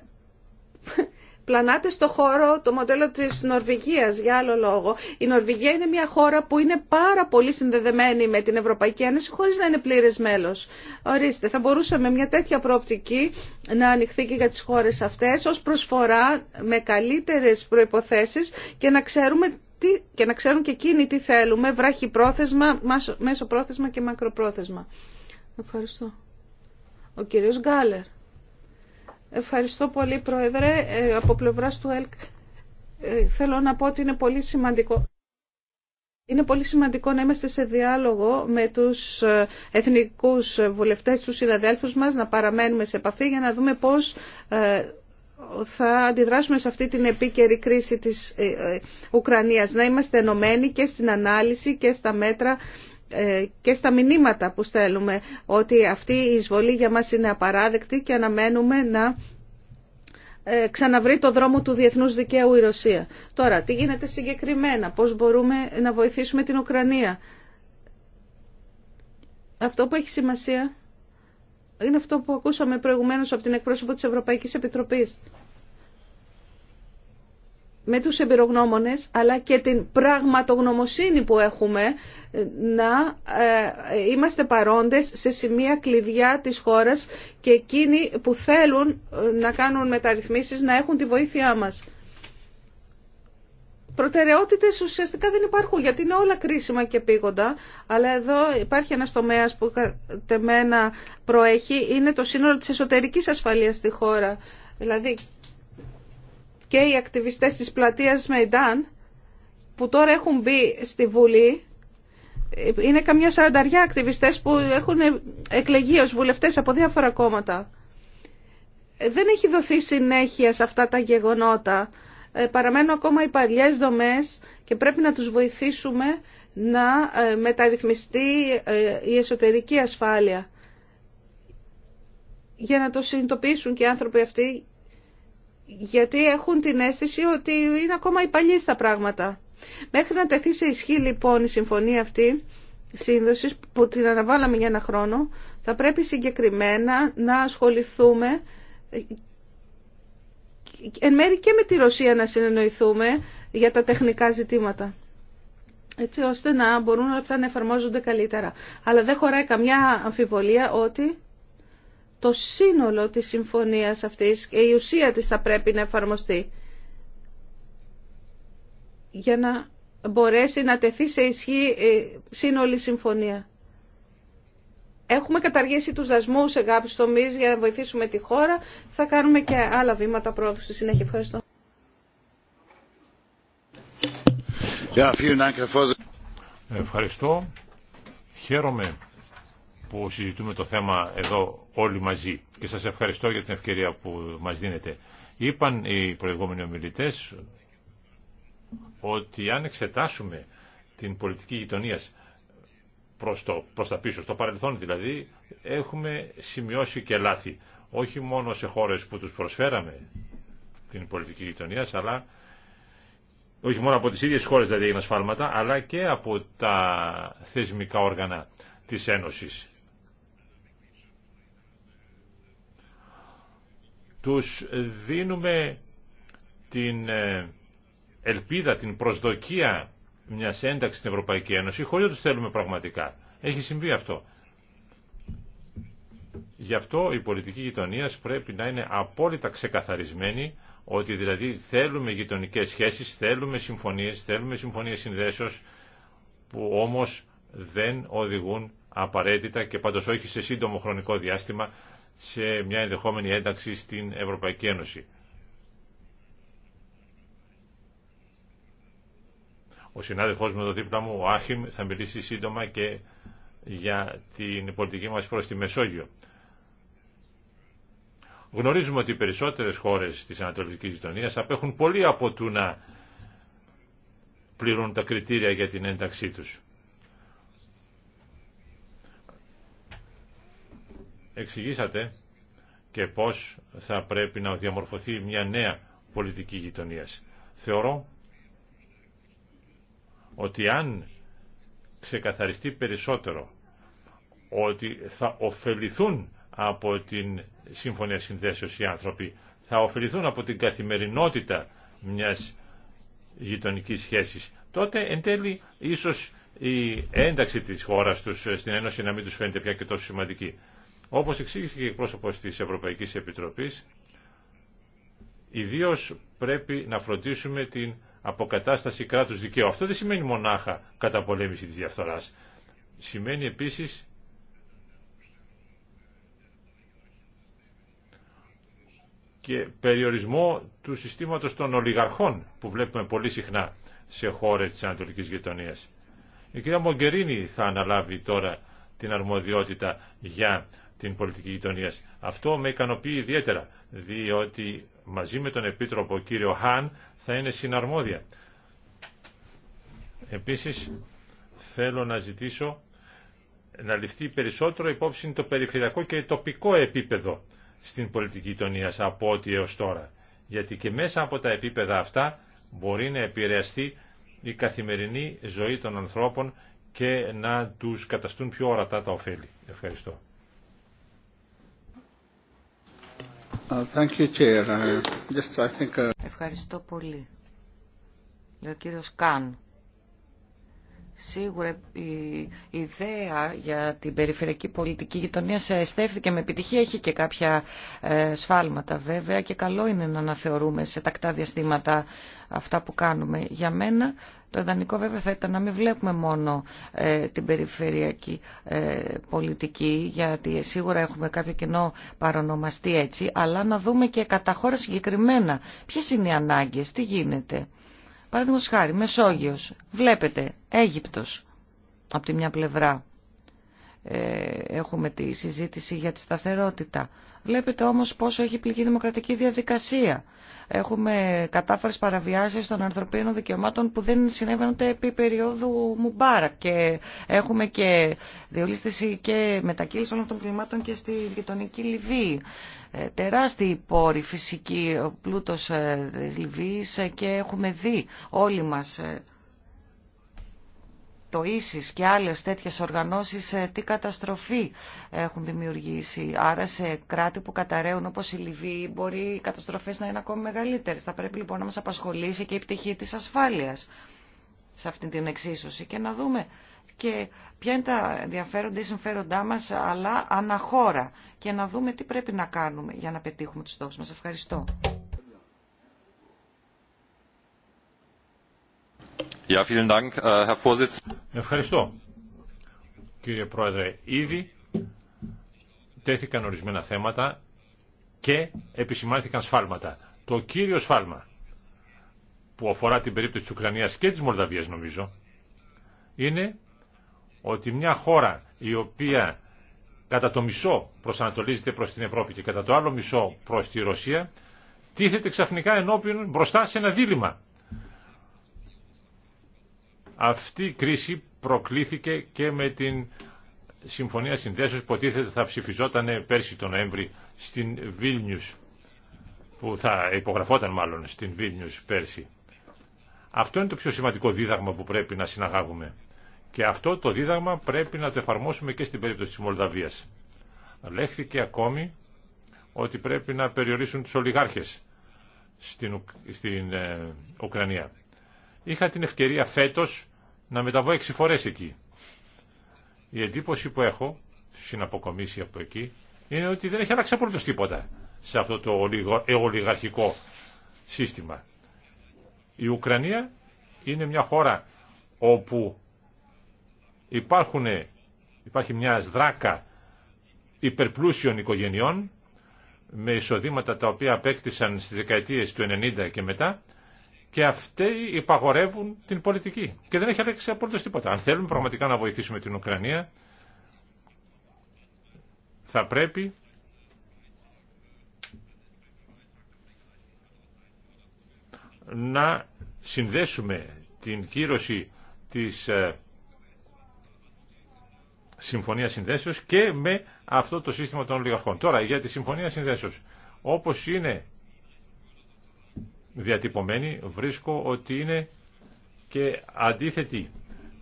πλανάτε στο χώρο το μοντέλο της Νορβηγίας για άλλο λόγο. Η Νορβηγία είναι μια χώρα που είναι πάρα πολύ συνδεδεμένη με την Ευρωπαϊκή Ένωση χωρίς να είναι πλήρες μέλος. Ορίστε, θα μπορούσαμε μια τέτοια προοπτική να ανοιχθεί και για τις χώρες αυτές ως προσφορά με καλύτερες προϋποθέσεις και να ξέρουμε ξέρουν και εκείνοι τι θέλουμε, βράχη πρόθεσμα, μέσο πρόθεσμα και μακροπρόθεσμα. Ευχαριστώ. Ο κύριος Γκάλερ. Ευχαριστώ πολύ, Πρόεδρε. Ε, από πλευράς του ΕΛΚ ε, θέλω να πω ότι είναι πολύ σημαντικό. Είναι πολύ σημαντικό να είμαστε σε διάλογο με τους ε, εθνικούς βουλευτές, τους συναδέλφους μας, να παραμένουμε σε επαφή για να δούμε πώς θα αντιδράσουμε σε αυτή την επίκαιρη κρίση της Ουκρανίας. Να είμαστε ενωμένοι και στην ανάλυση και στα μέτρα ε, και στα μηνύματα που στέλνουμε ότι αυτή η εισβολή για μας είναι απαράδεκτη και αναμένουμε να ε, ξαναβρει το δρόμο του διεθνούς δικαίου η Ρωσία. Τώρα, τι γίνεται συγκεκριμένα, πώς μπορούμε να βοηθήσουμε την Ουκρανία. Αυτό που έχει σημασία είναι αυτό που ακούσαμε προηγουμένως από την εκπρόσωπο της Ευρωπαϊκής Επιτροπής με τους εμπειρογνώμονες αλλά και την πραγματογνωμοσύνη που έχουμε ε, να ε, είμαστε παρόντες σε σημεία κλειδιά της χώρας και εκείνοι που θέλουν ε, να κάνουν μεταρρυθμίσεις να έχουν τη βοήθειά μας. Προτεραιότητες ουσιαστικά δεν υπάρχουν γιατί είναι όλα κρίσιμα και πήγοντα αλλά εδώ υπάρχει ένας τομέας που κατεμένα προέχει είναι το σύνολο της εσωτερικής ασφαλείας στη χώρα. Δηλαδή και οι ακτιβιστές της πλατείας Μεϊντάν που τώρα έχουν μπει στη Βουλή είναι καμιά σαρανταριά ακτιβιστές που έχουν εκλεγεί ως βουλευτές από διάφορα κόμματα. Δεν έχει δοθεί συνέχεια σε αυτά τα γεγονότα. Ε, παραμένουν ακόμα οι παλιές δομές και πρέπει να τους βοηθήσουμε να ε, μεταρρυθμιστεί ε, η εσωτερική ασφάλεια για να το συνειδητοποιήσουν και οι άνθρωποι αυτοί γιατί έχουν την αίσθηση ότι είναι ακόμα υπαλλήλοι στα πράγματα. Μέχρι να τεθεί σε ισχύ λοιπόν η συμφωνία αυτή σύνδεση που την αναβάλαμε για ένα χρόνο, θα πρέπει συγκεκριμένα να ασχοληθούμε εν μέρει και με τη Ρωσία να συνεννοηθούμε για τα τεχνικά ζητήματα έτσι ώστε να μπορούν αυτά να εφαρμόζονται καλύτερα. Αλλά δεν χωράει καμιά αμφιβολία ότι το σύνολο της συμφωνίας αυτής και η ουσία της θα πρέπει να εφαρμοστεί για να μπορέσει να τεθεί σε ισχύ σύνολη συμφωνία. Έχουμε καταργήσει τους δασμούς σε κάποιους τομείς για να βοηθήσουμε τη χώρα. Θα κάνουμε και άλλα βήματα πρόοδου στη συνέχεια. Ευχαριστώ. Ευχαριστώ. Χαίρομαι που συζητούμε το θέμα εδώ όλοι μαζί και σας ευχαριστώ για την ευκαιρία που μας δίνετε. Είπαν οι προηγούμενοι ομιλητές ότι αν εξετάσουμε την πολιτική γειτονίας προς, το, προς τα πίσω, στο παρελθόν δηλαδή, έχουμε σημειώσει και λάθη. Όχι μόνο σε χώρες που τους προσφέραμε την πολιτική γειτονία, αλλά όχι μόνο από τις ίδιες χώρες δηλαδή έγιναν σφάλματα, αλλά και από τα θεσμικά όργανα της Ένωσης. τους δίνουμε την ε, ελπίδα, την προσδοκία μιας ένταξης στην Ευρωπαϊκή Ένωση χωρί να τους θέλουμε πραγματικά. Έχει συμβεί αυτό. Γι' αυτό η πολιτική γειτονία πρέπει να είναι απόλυτα ξεκαθαρισμένη ότι δηλαδή θέλουμε γειτονικέ σχέσεις, θέλουμε συμφωνίες, θέλουμε συμφωνίες συνδέσεως που όμως δεν οδηγούν απαραίτητα και πάντως όχι σε σύντομο χρονικό διάστημα σε μια ενδεχόμενη ένταξη στην Ευρωπαϊκή Ένωση. Ο συνάδελφός μου εδώ δίπλα μου, ο Άχιμ, θα μιλήσει σύντομα και για την πολιτική μας προς τη Μεσόγειο. Γνωρίζουμε ότι οι περισσότερες χώρες της Ανατολικής Γειτονίας απέχουν πολύ από του να πληρώνουν τα κριτήρια για την ένταξή τους. εξηγήσατε και πώς θα πρέπει να διαμορφωθεί μια νέα πολιτική γειτονίας. Θεωρώ ότι αν ξεκαθαριστεί περισσότερο ότι θα ωφεληθούν από την Σύμφωνια Συνδέσεως οι άνθρωποι, θα ωφεληθούν από την καθημερινότητα μιας γειτονικής σχέσης, τότε εν τέλει ίσως η ένταξη της χώρας τους στην Ένωση να μην τους φαίνεται πια και τόσο σημαντική. Όπως εξήγησε και η πρόσωπο της Ευρωπαϊκής Επιτροπής, ιδίως πρέπει να φροντίσουμε την αποκατάσταση κράτους δικαίου. Αυτό δεν σημαίνει μονάχα καταπολέμηση της διαφθοράς. Σημαίνει επίσης και περιορισμό του συστήματος των ολιγαρχών που βλέπουμε πολύ συχνά σε χώρες της Ανατολικής Γειτονίας. Η κυρία Μογκερίνη θα αναλάβει τώρα την αρμοδιότητα για την πολιτική γειτονία. Αυτό με ικανοποιεί ιδιαίτερα, διότι μαζί με τον Επίτροπο κύριο Χάν θα είναι συναρμόδια. Επίσης, θέλω να ζητήσω να ληφθεί περισσότερο υπόψη το περιφερειακό και τοπικό επίπεδο στην πολιτική γειτονία από ό,τι έως τώρα. Γιατί και μέσα από τα επίπεδα αυτά μπορεί να επηρεαστεί η καθημερινή ζωή των ανθρώπων και να τους καταστούν πιο ορατά τα ωφέλη. Ευχαριστώ. Uh, uh, uh, Ευχαριστώ πολύ ο κύριο Σκάν. Σίγουρα η ιδέα για την περιφερειακή πολιτική γειτονία ε, στέφθηκε με επιτυχία. Έχει και κάποια ε, σφάλματα βέβαια και καλό είναι να αναθεωρούμε σε τακτά διαστήματα αυτά που κάνουμε. Για μένα το ιδανικό βέβαια θα ήταν να μην βλέπουμε μόνο ε, την περιφερειακή πολιτική γιατί σίγουρα έχουμε κάποιο κοινό παρονομαστή έτσι αλλά να δούμε και κατά χώρα συγκεκριμένα ποιες είναι οι ανάγκες, τι γίνεται. Παραδείγματο χάρη, Μεσόγειος, βλέπετε, Αίγυπτος από τη μια πλευρά ε, έχουμε τη συζήτηση για τη σταθερότητα. Βλέπετε όμως πόσο έχει πληγεί η δημοκρατική διαδικασία. Έχουμε κατάφαρες παραβιάσεις των ανθρωπίνων δικαιωμάτων που δεν συνέβαιναν ούτε επί περίοδου Μουμπάρα και έχουμε και διολίσθηση και μετακύληση όλων των κλιμάτων και στη γειτονική Λιβύη. Ε, τεράστιοι πόροι φυσικοί, πλούτος ε, ε, και έχουμε δει όλοι μας το ίσις και άλλες τέτοιες οργανώσεις ε, τι καταστροφή έχουν δημιουργήσει. Άρα σε κράτη που καταραίουν όπως η Λιβύη μπορεί οι καταστροφές να είναι ακόμη μεγαλύτερες. Θα πρέπει λοιπόν να μας απασχολήσει και η πτυχή της ασφάλειας σε αυτή την εξίσωση και να δούμε και ποια είναι τα ενδιαφέροντα ή συμφέροντά μας αλλά αναχώρα και να δούμε τι πρέπει να κάνουμε για να πετύχουμε τους στόχους μας. Ευχαριστώ. Äh, Ευχαριστώ. Κύριε Πρόεδρε, ήδη τέθηκαν ορισμένα θέματα και επισημάνθηκαν σφάλματα. Το κύριο σφάλμα που αφορά την περίπτωση της Ουκρανίας και της Μολδαβίας νομίζω είναι ότι μια χώρα η οποία κατά το μισό προσανατολίζεται προς την Ευρώπη και κατά το άλλο μισό προς τη Ρωσία τίθεται ξαφνικά ενώπιον μπροστά σε ένα δίλημα αυτή η κρίση προκλήθηκε και με την Συμφωνία Συνδέσεως που θα ψηφιζόταν πέρσι τον Νοέμβρη στην Βίλνιους, που θα υπογραφόταν μάλλον στην Βίλνιους πέρσι. Αυτό είναι το πιο σημαντικό δίδαγμα που πρέπει να συναγάγουμε. Και αυτό το δίδαγμα πρέπει να το εφαρμόσουμε και στην περίπτωση της Μολδαβίας. Λέχθηκε ακόμη ότι πρέπει να περιορίσουν τους ολιγάρχες στην, ε, Ουκρανία. Είχα την ευκαιρία φέτος να μεταβώ έξι φορές εκεί. Η εντύπωση που έχω, συναποκομίσει από εκεί, είναι ότι δεν έχει αλλάξει απολύτως τίποτα σε αυτό το ε, ολιγαρχικό σύστημα. Η Ουκρανία είναι μια χώρα όπου υπάρχουν, υπάρχει μια σδράκα υπερπλούσιων οικογενειών με εισοδήματα τα οποία απέκτησαν στις δεκαετίες του 90 και μετά και αυτοί υπαγορεύουν την πολιτική. Και δεν έχει αλλάξει απολύτω τίποτα. Αν θέλουμε πραγματικά να βοηθήσουμε την Ουκρανία, θα πρέπει να συνδέσουμε την κύρωση της ε, Συμφωνίας Συνδέσεως και με αυτό το σύστημα των ολιγαρχών. Τώρα, για τη Συμφωνία Συνδέσεως, όπως είναι διατυπωμένη βρίσκω ότι είναι και αντίθετη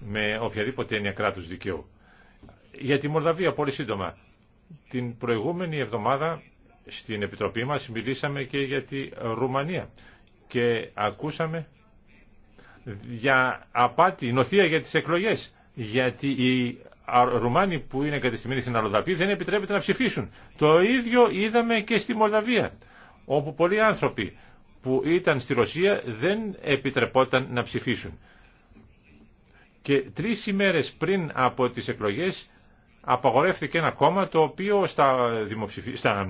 με οποιαδήποτε έννοια κράτους δικαίου. Για τη Μολδαβία, πολύ σύντομα. Την προηγούμενη εβδομάδα στην Επιτροπή μας μιλήσαμε και για τη Ρουμανία και ακούσαμε για απάτη, νοθεία για τις εκλογές, γιατί οι Ρουμάνοι που είναι κατεστημένοι στην Αλοδαπή δεν επιτρέπεται να ψηφίσουν. Το ίδιο είδαμε και στη Μολδαβία, όπου πολλοί άνθρωποι που ήταν στη Ρωσία δεν επιτρεπόταν να ψηφίσουν. Και τρεις ημέρες πριν από τις εκλογές απαγορεύτηκε ένα κόμμα το οποίο στα δημοψηφι... Ε,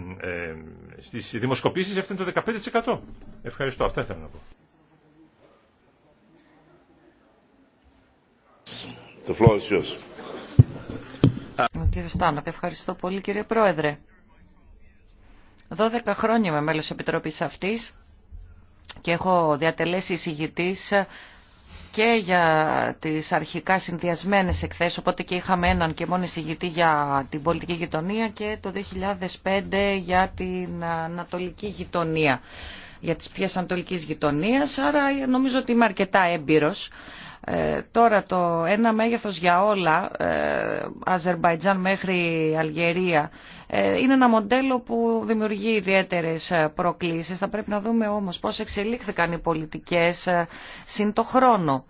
στις δημοσκοπήσεις έφτανε το 15%. Ευχαριστώ. Αυτά ήθελα να πω. Το κύριε ευχαριστώ πολύ κύριε Πρόεδρε. 12 χρόνια είμαι μέλος της Επιτροπής αυτής και έχω διατελέσει εισηγητής και για τις αρχικά συνδυασμένες εκθέσεις, οπότε και είχαμε έναν και μόνο εισηγητή για την πολιτική γειτονία και το 2005 για την ανατολική γειτονία, για τις πτυχές ανατολικής γειτονίας, άρα νομίζω ότι είμαι αρκετά έμπειρος ε, τώρα το ένα μέγεθος για όλα, ε, Αζερμπαϊτζάν μέχρι Αλγερία, ε, είναι ένα μοντέλο που δημιουργεί ιδιαίτερες προκλήσεις. Θα πρέπει να δούμε όμως πώς εξελίχθηκαν οι πολιτικές συν το χρόνο.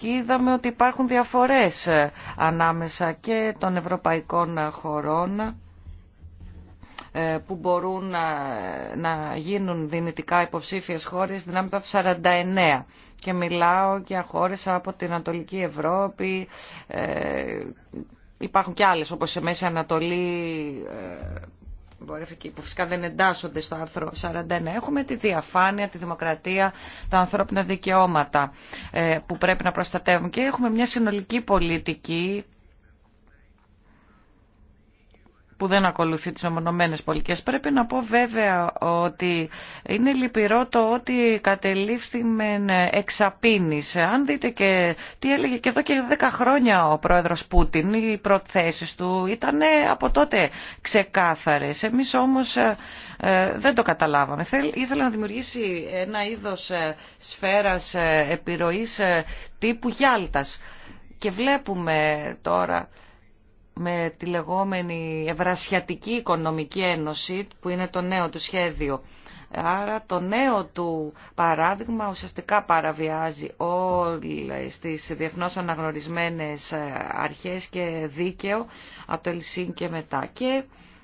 Και είδαμε ότι υπάρχουν διαφορές ανάμεσα και των ευρωπαϊκών χωρών ε, που μπορούν να, να γίνουν δυνητικά υποψήφιες χώρες δυνάμετα του 49. Και μιλάω για χώρες από την Ανατολική Ευρώπη, ε, υπάρχουν και άλλες όπως σε Μέση Ανατολή, ε, που φυσικά δεν εντάσσονται στο άρθρο 49. Έχουμε τη διαφάνεια, τη δημοκρατία, τα ανθρώπινα δικαιώματα ε, που πρέπει να προστατεύουν και έχουμε μια συνολική πολιτική που δεν ακολουθεί τις ομονωμένε πολιτικές. Πρέπει να πω βέβαια ότι είναι λυπηρό το ότι κατελήφθη με εξαπίνηση. Αν δείτε και τι έλεγε και εδώ και 10 χρόνια ο πρόεδρος Πούτιν, οι προθέσεις του ήταν από τότε ξεκάθαρες. Εμείς όμως ε, ε, δεν το καταλάβαμε. Ήθελε να δημιουργήσει ένα είδος ε, σφαίρας επιρροής τύπου Γιάλτας. Και βλέπουμε τώρα με τη λεγόμενη Ευρασιατική Οικονομική Ένωση που είναι το νέο του σχέδιο. Άρα το νέο του παράδειγμα ουσιαστικά παραβιάζει όλες τις διεθνώς αναγνωρισμένες αρχές και δίκαιο από το Ελσίν και μετά. Και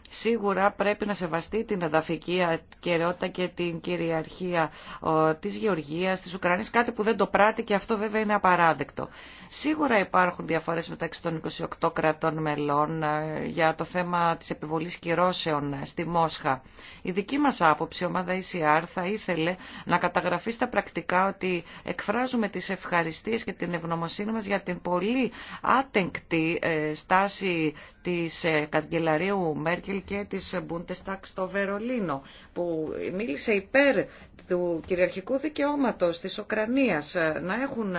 σίγουρα πρέπει να σεβαστεί την εδαφική ακαιρεότητα και την κυριαρχία της Γεωργίας, της Ουκρανίας, κάτι που δεν το πράττει και αυτό βέβαια είναι απαράδεκτο. Σίγουρα υπάρχουν διαφορές μεταξύ των 28 κρατών μελών ε, για το θέμα της επιβολής κυρώσεων ε, στη Μόσχα. Η δική μας άποψη, η ομάδα ECR, θα ήθελε να καταγραφεί στα πρακτικά ότι εκφράζουμε τις ευχαριστίες και την ευγνωμοσύνη μας για την πολύ άτεγκτη ε, στάση της καγκελαρίου Μέρκελ και της Bundestag στο Βερολίνο που μίλησε υπέρ του κυριαρχικού δικαιώματος της Οκρανίας ε, να έχουν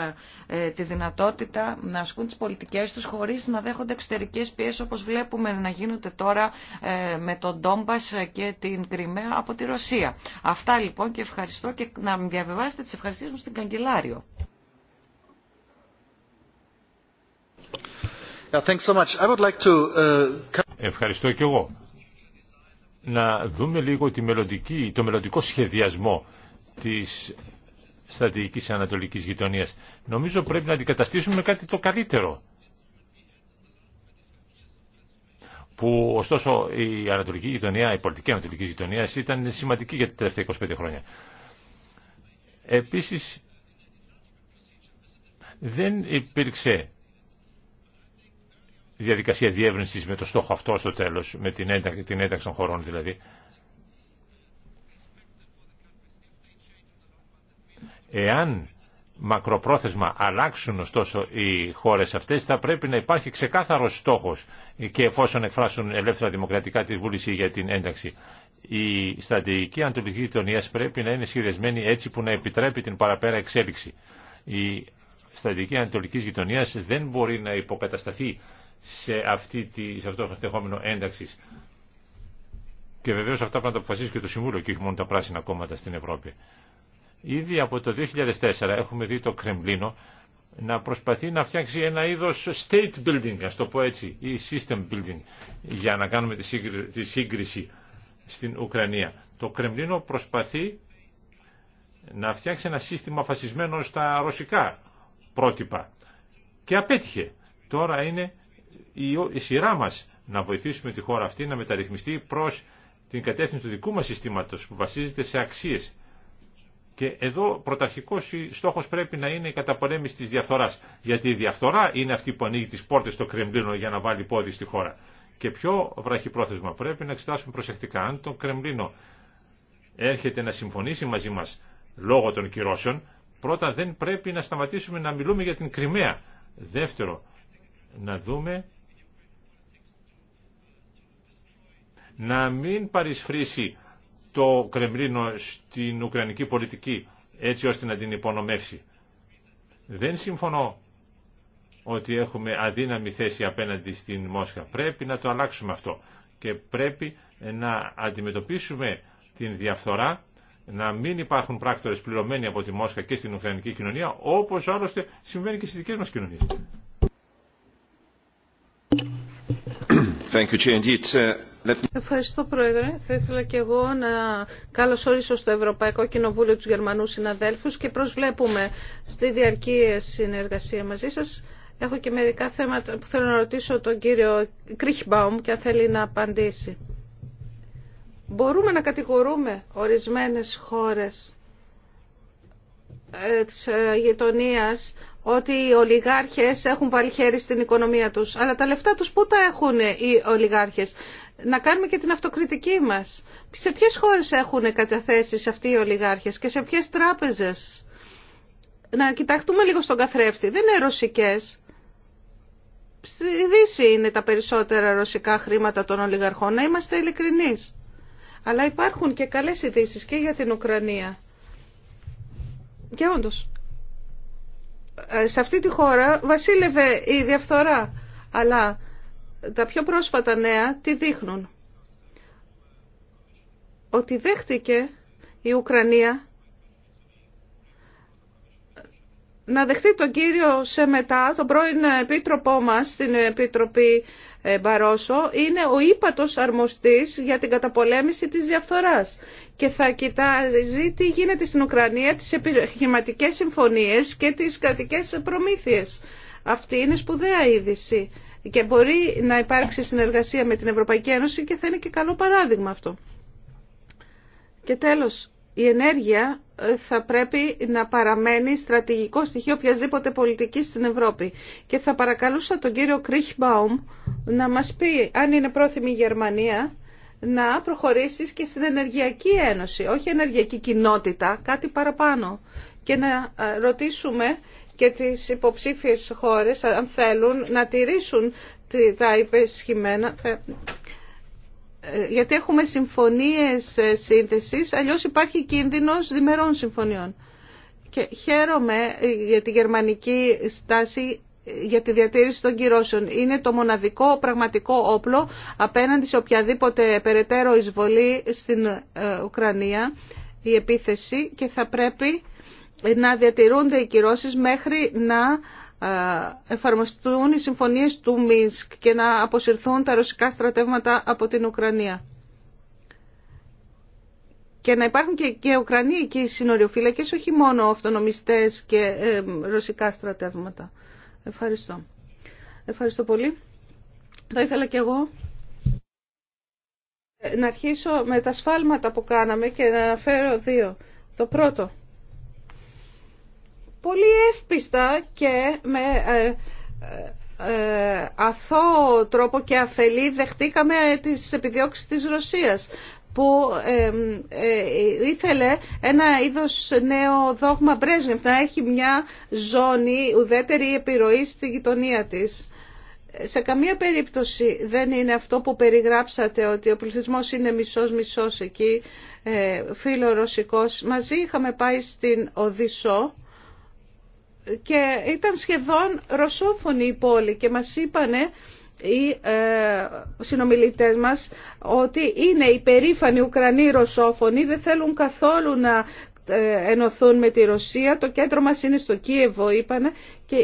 ε, τη δυνατότητα να ασκούν τις πολιτικές τους χωρίς να δέχονται εξωτερικές πιέσεις όπως βλέπουμε να γίνονται τώρα ε, με τον Ντόμπας και την Κρυμαία από τη Ρωσία. Αυτά λοιπόν και ευχαριστώ και να διαβεβάσετε τις ευχαριστίες μου στην Καγκελάριο. Uh, ευχαριστώ και εγώ να δούμε λίγο τη το μελλοντικό σχεδιασμό της στρατηγικής ανατολικής γειτονίας. Νομίζω πρέπει να αντικαταστήσουμε κάτι το καλύτερο. Που ωστόσο η ανατολική γειτονία, η πολιτική ανατολική γειτονία ήταν σημαντική για τα τελευταία 25 χρόνια. Επίσης δεν υπήρξε διαδικασία διεύρυνσης με το στόχο αυτό στο τέλος, με την ένταξη, την ένταξη των χωρών δηλαδή. Εάν μακροπρόθεσμα αλλάξουν ωστόσο οι χώρες αυτές θα πρέπει να υπάρχει ξεκάθαρος στόχος και εφόσον εκφράσουν ελεύθερα δημοκρατικά τη βούληση για την ένταξη. Η στρατηγική ανατολική γειτονία πρέπει να είναι σχεδιασμένη έτσι που να επιτρέπει την παραπέρα εξέλιξη. Η στρατηγική ανατολική γειτονία δεν μπορεί να υποκατασταθεί σε, αυτό το ενδεχόμενο ένταξη. Και βεβαίω αυτά πρέπει να τα αποφασίσει και το Συμβούλιο και όχι μόνο τα πράσινα κόμματα στην Ευρώπη. Ήδη από το 2004 έχουμε δει το Κρεμλίνο να προσπαθεί να φτιάξει ένα είδος state building, ας το πω έτσι, ή system building, για να κάνουμε τη σύγκριση στην Ουκρανία. Το Κρεμλίνο προσπαθεί να φτιάξει ένα σύστημα φασισμένο στα ρωσικά πρότυπα. Και απέτυχε. Τώρα είναι η σειρά μας να βοηθήσουμε τη χώρα αυτή να μεταρρυθμιστεί προς την κατεύθυνση του δικού μας συστήματος που βασίζεται σε αξίες. Και εδώ πρωταρχικός στόχος πρέπει να είναι η καταπολέμηση της διαφθοράς. Γιατί η διαφθορά είναι αυτή που ανοίγει τις πόρτες στο Κρεμλίνο για να βάλει πόδι στη χώρα. Και πιο βραχυπρόθεσμα πρέπει να εξετάσουμε προσεκτικά. Αν το Κρεμλίνο έρχεται να συμφωνήσει μαζί μας λόγω των κυρώσεων, πρώτα δεν πρέπει να σταματήσουμε να μιλούμε για την Κρυμαία. Δεύτερο, να δούμε να μην παρισφρήσει το Κρεμλίνο στην Ουκρανική πολιτική έτσι ώστε να την υπονομεύσει. Δεν συμφωνώ ότι έχουμε αδύναμη θέση απέναντι στην Μόσχα. Πρέπει να το αλλάξουμε αυτό και πρέπει να αντιμετωπίσουμε την διαφθορά να μην υπάρχουν πράκτορες πληρωμένοι από τη Μόσχα και στην Ουκρανική κοινωνία, όπως άλλωστε συμβαίνει και στις δικές μας κοινωνίες. Uh, Ευχαριστώ Πρόεδρε. Θα ήθελα και εγώ να καλωσορίσω στο Ευρωπαϊκό Κοινοβούλιο τους Γερμανούς συναδέλφους και προσβλέπουμε στη διαρκή συνεργασία μαζί σας. Έχω και μερικά θέματα που θέλω να ρωτήσω τον κύριο Κρίχμπαουμ και αν θέλει να απαντήσει. Μπορούμε να κατηγορούμε ορισμένες χώρες ε, της ε, γειτονίας ότι οι ολιγάρχες έχουν βάλει χέρι στην οικονομία τους. Αλλά τα λεφτά τους πού τα έχουν οι ολιγάρχες. Να κάνουμε και την αυτοκριτική μας. Σε ποιες χώρες έχουν καταθέσει αυτοί οι ολιγάρχες και σε ποιες τράπεζες. Να κοιταχτούμε λίγο στον καθρέφτη. Δεν είναι ρωσικές. Στη Δύση είναι τα περισσότερα ρωσικά χρήματα των ολιγαρχών. Να είμαστε ειλικρινείς. Αλλά υπάρχουν και καλές ειδήσει και για την Ουκρανία και όντως, ε, σε αυτή τη χώρα βασίλευε η διαφθορά, αλλά τα πιο πρόσφατα νέα τι δείχνουν. Ότι δέχτηκε η Ουκρανία να δεχτεί τον κύριο σε μετά, τον πρώην επίτροπό μας στην Επίτροπη ε, Μπαρόσο, είναι ο ύπατος αρμοστής για την καταπολέμηση της διαφθοράς και θα κοιτάζει τι γίνεται στην Ουκρανία, τις επιχειρηματικές συμφωνίες και τις κρατικές προμήθειες. Αυτή είναι σπουδαία είδηση και μπορεί να υπάρξει συνεργασία με την Ευρωπαϊκή Ένωση και θα είναι και καλό παράδειγμα αυτό. Και τέλος, η ενέργεια ε, θα πρέπει να παραμένει στρατηγικό στοιχείο οποιασδήποτε πολιτική στην Ευρώπη. Και θα παρακαλούσα τον κύριο Κρίχμπαουμ να μας πει αν είναι πρόθυμη η Γερμανία να προχωρήσεις και στην Ενεργειακή Ένωση, όχι Ενεργειακή Κοινότητα, κάτι παραπάνω. Και να ε, ρωτήσουμε και τις υποψήφιες χώρες, αν θέλουν, να τηρήσουν τα υπεσχημένα. Ε, γιατί έχουμε συμφωνίες ε, σύνθεσης, αλλιώς υπάρχει κίνδυνος διμερών συμφωνιών. Και χαίρομαι για τη γερμανική στάση για τη διατήρηση των κυρώσεων. Είναι το μοναδικό πραγματικό όπλο απέναντι σε οποιαδήποτε περαιτέρω εισβολή στην ε, Ουκρανία η επίθεση και θα πρέπει να διατηρούνται οι κυρώσεις μέχρι να ε, εφαρμοστούν οι συμφωνίες του Μίνσκ και να αποσυρθούν τα ρωσικά στρατεύματα από την Ουκρανία. Και να υπάρχουν και, και οι συνοριοφύλακες, όχι μόνο αυτονομιστές και ε, ρωσικά στρατεύματα. Ευχαριστώ. Ευχαριστώ πολύ. Θα ήθελα και εγώ να αρχίσω με τα σφάλματα που κάναμε και να αναφέρω δύο. Το πρώτο. Πολύ εύπιστα και με ε, ε, ε αθώο τρόπο και αφελή δεχτήκαμε τις επιδιώξεις της Ρωσίας που ε, ήθελε ένα είδος νέο δόγμα πρέσβευ να έχει μια ζώνη ουδέτερη επιρροή στη γειτονία της. Σε καμία περίπτωση δεν είναι αυτό που περιγράψατε ότι ο πληθυσμός είναι μισός-μισός εκεί, ε, φίλο ρωσικός. Μαζί είχαμε πάει στην Οδυσσό και ήταν σχεδόν ρωσόφωνη η πόλη και μας είπανε οι ε, συνομιλητές μας ότι είναι υπερήφανοι Ουκρανοί Ρωσόφωνοι, δεν θέλουν καθόλου να ε, ενωθούν με τη Ρωσία. Το κέντρο μας είναι στο Κίεβο, είπανε, και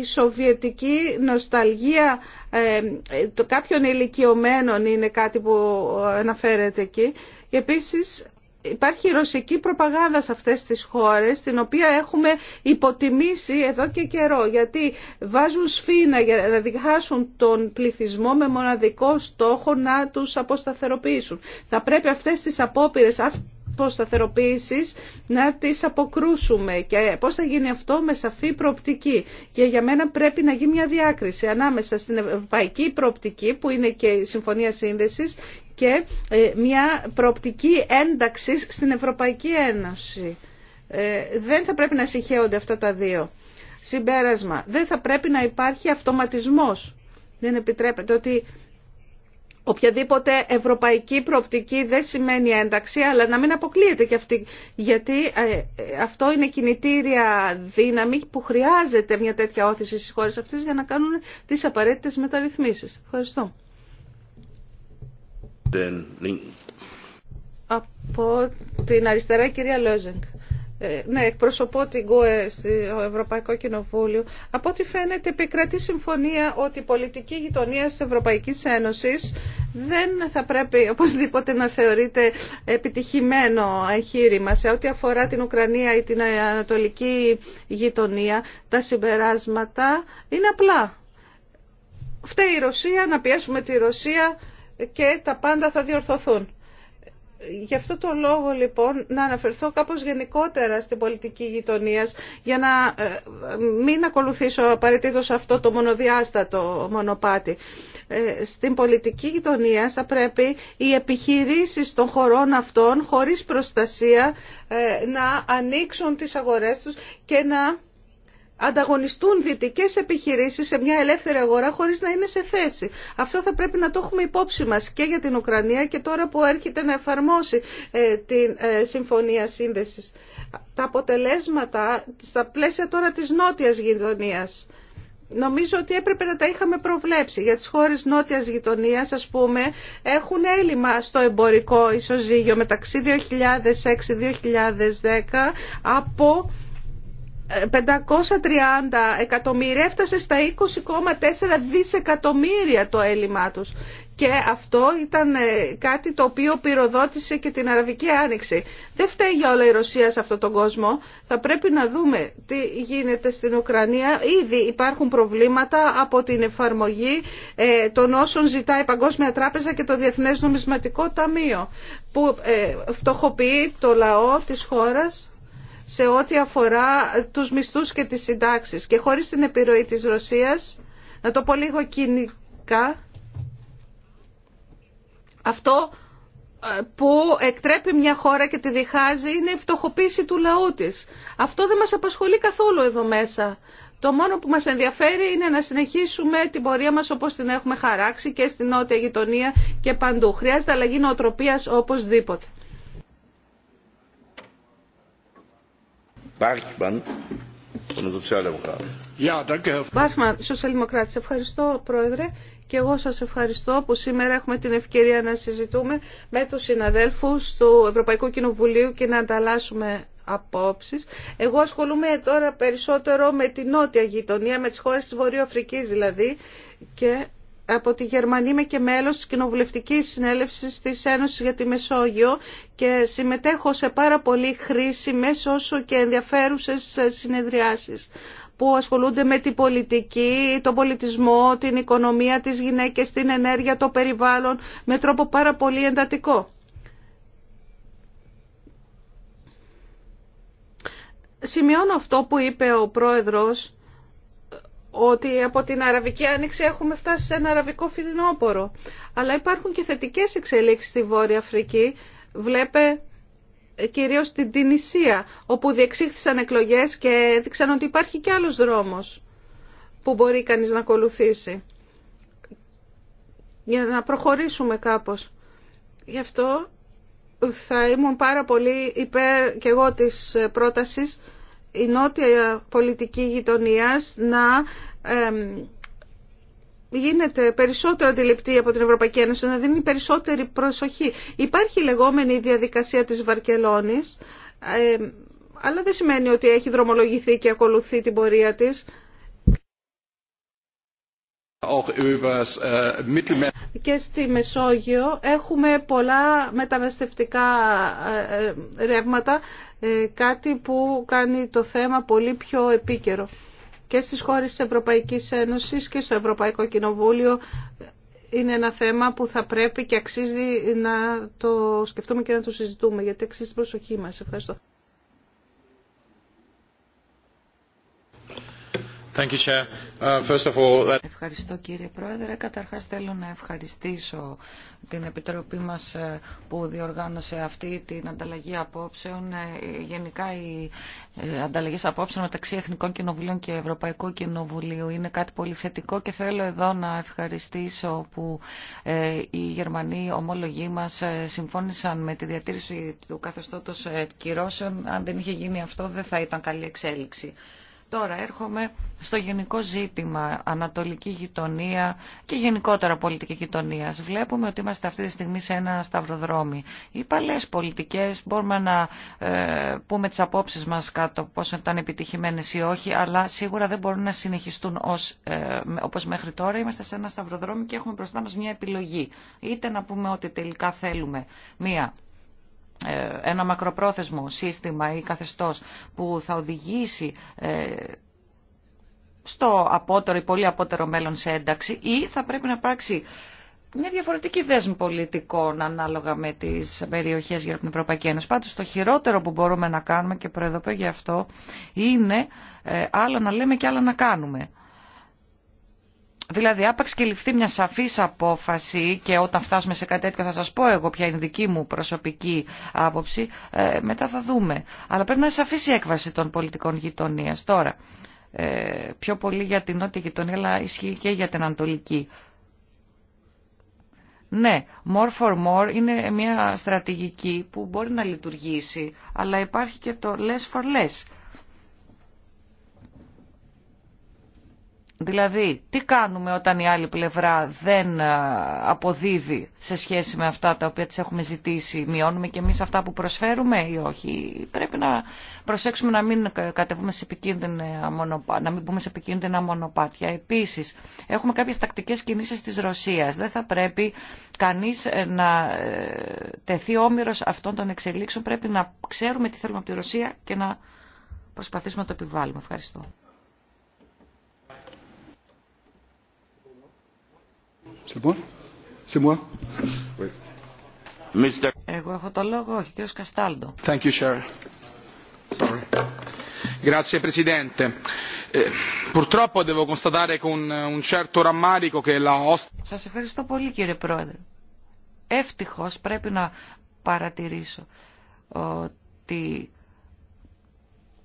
η σοβιετική νοσταλγία ε, το κάποιων ηλικιωμένων είναι κάτι που αναφέρεται εκεί. Και επίσης υπάρχει ρωσική προπαγάνδα σε αυτές τις χώρες την οποία έχουμε υποτιμήσει εδώ και καιρό γιατί βάζουν σφήνα για να διχάσουν τον πληθυσμό με μοναδικό στόχο να τους αποσταθεροποιήσουν. Θα πρέπει αυτές τις απόπειρες αποσταθεροποίησης να τις αποκρούσουμε και πώς θα γίνει αυτό με σαφή προοπτική. Και για μένα πρέπει να γίνει μια διάκριση ανάμεσα στην ευρωπαϊκή προοπτική που είναι και η Συμφωνία Σύνδεσης και ε, μια προοπτική ένταξης στην Ευρωπαϊκή Ένωση. Ε, δεν θα πρέπει να συγχέονται αυτά τα δύο. Συμπέρασμα. Δεν θα πρέπει να υπάρχει αυτοματισμός. Δεν επιτρέπεται ότι οποιαδήποτε ευρωπαϊκή προοπτική δεν σημαίνει ένταξη, αλλά να μην αποκλείεται και αυτή, γιατί ε, αυτό είναι κινητήρια δύναμη που χρειάζεται μια τέτοια όθηση στις χώρες αυτές για να κάνουν τις απαραίτητες μεταρρυθμίσεις. Ευχαριστώ. Από την αριστερά κυρία Λόζενγκ. Ε, ναι, εκπροσωπώ την ΚΟΕ στο Ευρωπαϊκό Κοινοβούλιο. Από ό,τι φαίνεται επικρατεί συμφωνία ότι η πολιτική γειτονία τη Ευρωπαϊκή Ένωση δεν θα πρέπει οπωσδήποτε να θεωρείται επιτυχημένο εγχείρημα σε ό,τι αφορά την Ουκρανία ή την Ανατολική γειτονία. Τα συμπεράσματα είναι απλά. Φταίει η Ρωσία, να πιέσουμε τη Ρωσία και τα πάντα θα διορθωθούν. Γι' αυτό το λόγο λοιπόν να αναφερθώ κάπως γενικότερα στην πολιτική γειτονίας για να ε, μην ακολουθήσω απαραίτητο αυτό το μονοδιάστατο μονοπάτι. Ε, στην πολιτική γειτονία θα πρέπει οι επιχειρήσεις των χωρών αυτών χωρίς προστασία ε, να ανοίξουν τις αγορές τους και να ανταγωνιστούν δυτικέ επιχειρήσει σε μια ελεύθερη αγορά χωρί να είναι σε θέση. Αυτό θα πρέπει να το έχουμε υπόψη μα και για την Ουκρανία και τώρα που έρχεται να εφαρμόσει ε, την ε, Συμφωνία σύνδεση. Τα αποτελέσματα στα πλαίσια τώρα τη νότια γειτονία. νομίζω ότι έπρεπε να τα είχαμε προβλέψει. Για τις χώρες νότιας γειτονίας, ας πούμε, έχουν έλλειμμα στο εμπορικό ισοζύγιο μεταξύ 2006-2010 από 530 εκατομμύρια έφτασε στα 20,4 δισεκατομμύρια το έλλειμμά τους. Και αυτό ήταν ε, κάτι το οποίο πυροδότησε και την Αραβική Άνοιξη. Δεν φταίει για όλα η Ρωσία σε αυτόν τον κόσμο. Θα πρέπει να δούμε τι γίνεται στην Ουκρανία. Ήδη υπάρχουν προβλήματα από την εφαρμογή ε, των όσων ζητάει η Παγκόσμια Τράπεζα και το Διεθνές Νομισματικό Ταμείο που ε, φτωχοποιεί το λαό της χώρας σε ό,τι αφορά τους μισθούς και τις συντάξεις. Και χωρίς την επιρροή της Ρωσίας, να το πω λίγο κοινικά, αυτό ε, που εκτρέπει μια χώρα και τη διχάζει είναι η φτωχοποίηση του λαού της. Αυτό δεν μας απασχολεί καθόλου εδώ μέσα. Το μόνο που μας ενδιαφέρει είναι να συνεχίσουμε την πορεία μας όπως την έχουμε χαράξει και στην νότια γειτονία και παντού. Χρειάζεται αλλαγή νοοτροπίας οπωσδήποτε. Μπάρχμαν, Σοσιαλδημοκράτη. Ευχαριστώ, Πρόεδρε. Και εγώ σας ευχαριστώ που σήμερα έχουμε την ευκαιρία να συζητούμε με τους συναδέλφους του Ευρωπαϊκού Κοινοβουλίου και να ανταλλάσσουμε απόψεις. Εγώ ασχολούμαι τώρα περισσότερο με την νότια γειτονία, με τις χώρες της Βορειοαφρικής δηλαδή και από τη Γερμανία είμαι και μέλος της Κοινοβουλευτικής συνέλευση της Ένωσης για τη Μεσόγειο και συμμετέχω σε πάρα πολύ χρήσιμες όσο και ενδιαφέρουσες συνεδριάσεις που ασχολούνται με την πολιτική, τον πολιτισμό, την οικονομία, τις γυναίκες, την ενέργεια, το περιβάλλον με τρόπο πάρα πολύ εντατικό. Σημειώνω αυτό που είπε ο πρόεδρος ότι από την Αραβική Άνοιξη έχουμε φτάσει σε ένα αραβικό φιδινόπορο. Αλλά υπάρχουν και θετικές εξελίξεις στη Βόρεια Αφρική. Βλέπε ε, κυρίως την Τινησία, όπου διεξήχθησαν εκλογές και έδειξαν ότι υπάρχει και άλλος δρόμος που μπορεί κανείς να ακολουθήσει για να προχωρήσουμε κάπως. Γι' αυτό θα ήμουν πάρα πολύ υπέρ και εγώ της πρότασης η νότια πολιτική γειτονίας να γίνεται περισσότερο αντιληπτή από την Ευρωπαϊκή Ένωση, να δίνει περισσότερη προσοχή. Υπάρχει η λεγόμενη διαδικασία της Βαρκελόνης, αλλά δεν σημαίνει ότι έχει δρομολογηθεί και ακολουθεί την πορεία της. Äh, και στη Μεσόγειο έχουμε πολλά μεταναστευτικά ε, ε, ρεύματα, ε, κάτι που κάνει το θέμα πολύ πιο επίκαιρο. Και στις χώρες της Ευρωπαϊκής Ένωσης και στο Ευρωπαϊκό Κοινοβούλιο είναι ένα θέμα που θα πρέπει και αξίζει να το σκεφτούμε και να το συζητούμε, γιατί αξίζει την προσοχή μας. Ευχαριστώ. Uh, Ευχαριστώ κύριε Πρόεδρε. Καταρχάς θέλω να ευχαριστήσω την Επιτροπή μας ε, που διοργάνωσε αυτή την ανταλλαγή απόψεων. Ε, γενικά οι ε, ανταλλαγέ απόψεων μεταξύ Εθνικών Κοινοβουλίων και Ευρωπαϊκού Κοινοβουλίου είναι κάτι πολύ θετικό και θέλω εδώ να ευχαριστήσω που οι Γερμανοί ομολογοί μας συμφώνησαν με τη διατήρηση του καθεστώτος κυρώσεων. Αν δεν είχε γίνει αυτό δεν θα ήταν καλή εξέλιξη. Τώρα έρχομαι στο γενικό ζήτημα ανατολική γειτονία και γενικότερα πολιτική γειτονία. Βλέπουμε ότι είμαστε αυτή τη στιγμή σε ένα σταυροδρόμι. Οι παλέ πολιτικέ μπορούμε να ε, πούμε τι απόψει μα κάτω πόσο ήταν επιτυχημένε ή όχι, αλλά σίγουρα δεν μπορούν να συνεχιστούν ε, όπω μέχρι τώρα. Είμαστε σε ένα σταυροδρόμι και έχουμε μπροστά μα μια επιλογή. Είτε να πούμε ότι τελικά θέλουμε μια ε, ένα μακροπρόθεσμο σύστημα ή καθεστώς που θα οδηγήσει ε, στο απότερο ή πολύ απότερο μέλλον σε ένταξη ή θα πρέπει να υπάρξει μια διαφορετική δέσμη πολιτικών ανάλογα με τις περιοχές για την Ευρωπαϊκή Ένωση. Πάντως το χειρότερο που μπορούμε να κάνουμε και προεδοπέ για αυτό είναι ε, άλλο να λέμε και άλλο να κάνουμε. Δηλαδή, άπαξ και ληφθεί μια σαφής απόφαση και όταν φτάσουμε σε κάτι τέτοιο θα σας πω εγώ ποια είναι δική μου προσωπική άποψη, ε, μετά θα δούμε. Αλλά πρέπει να είναι σαφής η έκβαση των πολιτικών γειτονία. Τώρα, ε, πιο πολύ για την νότια γειτονία, αλλά ισχύει και για την ανατολική. Ναι, more for more είναι μια στρατηγική που μπορεί να λειτουργήσει, αλλά υπάρχει και το less for less. Δηλαδή, τι κάνουμε όταν η άλλη πλευρά δεν ε, αποδίδει σε σχέση με αυτά τα οποία τις έχουμε ζητήσει. Μειώνουμε και εμείς αυτά που προσφέρουμε ή όχι. Πρέπει να προσέξουμε να μην κατεβούμε σε να μην μπούμε σε επικίνδυνα μονοπάτια. Επίσης, έχουμε κάποιες τακτικές κινήσεις της Ρωσίας. Δεν θα πρέπει κανείς ε, να ε, τεθεί όμοιρος αυτών των εξελίξεων. Πρέπει να ξέρουμε τι θέλουμε από τη Ρωσία και να προσπαθήσουμε να το επιβάλλουμε. Ευχαριστώ. Εγώ έχω το λόγο, όχι, κύριος Καστάλντο. Σα ε, eh, Σας ευχαριστώ πολύ κύριε Πρόεδρε. Ευτυχώς πρέπει να παρατηρήσω ότι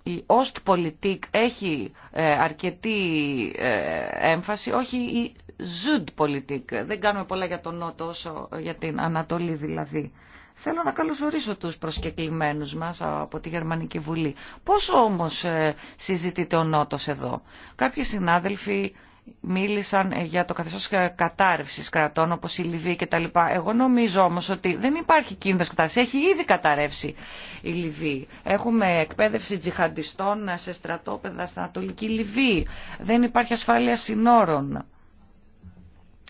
η Ostpolitik έχει ε, αρκετή ε, έμφαση, όχι η Ζουντ πολιτικ. Δεν κάνουμε πολλά για τον Νότο όσο για την Ανατολή δηλαδή. Θέλω να καλωσορίσω τους προσκεκλημένους μας από τη Γερμανική Βουλή. Πόσο όμως ε, συζητείται ο Νότος εδώ. Κάποιοι συνάδελφοι μίλησαν ε, για το καθεστώς ε, κατάρρευσης κρατών όπως η Λιβύη και τα λοιπά. Εγώ νομίζω όμως ότι δεν υπάρχει κίνδυνος κατάρρευσης. Έχει ήδη καταρρεύσει η Λιβύη. Έχουμε εκπαίδευση τζιχαντιστών σε στρατόπεδα στην Ανατολική Λιβύη. Δεν υπάρχει ασφάλεια συνόρων.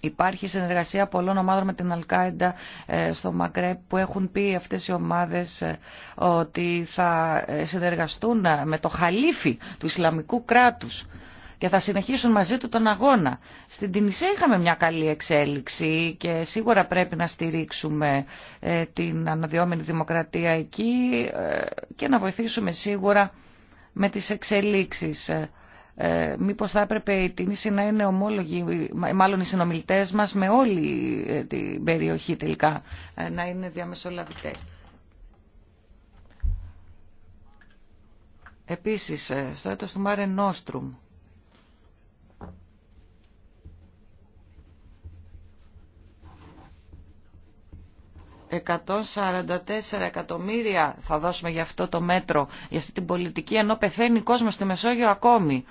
Υπάρχει συνεργασία πολλών ομάδων με την Αλκάιντα ε, στο Μαγκρέπ που έχουν πει αυτές οι ομάδες ε, ότι θα ε, συνεργαστούν με το χαλίφι του Ισλαμικού κράτους και θα συνεχίσουν μαζί του τον αγώνα. Στην Τινισέ είχαμε μια καλή εξέλιξη και σίγουρα πρέπει να στηρίξουμε την αναδυόμενη δημοκρατία εκεί και να βοηθήσουμε σίγουρα με τις εξελίξεις ε, μήπως θα έπρεπε η τίνηση να είναι ομόλογη, μάλλον οι συνομιλητέ μας με όλη ε, την περιοχή τελικά, ε, να είναι διαμεσολαβητές. Επίσης, ε, στο έτος του Μάρε Νόστρουμ, ...144 εκατομμύρια θα δώσουμε για αυτό το μέτρο, για αυτή την πολιτική... ...ενώ πεθαίνει κόσμο κόσμος στη Μεσόγειο ακόμη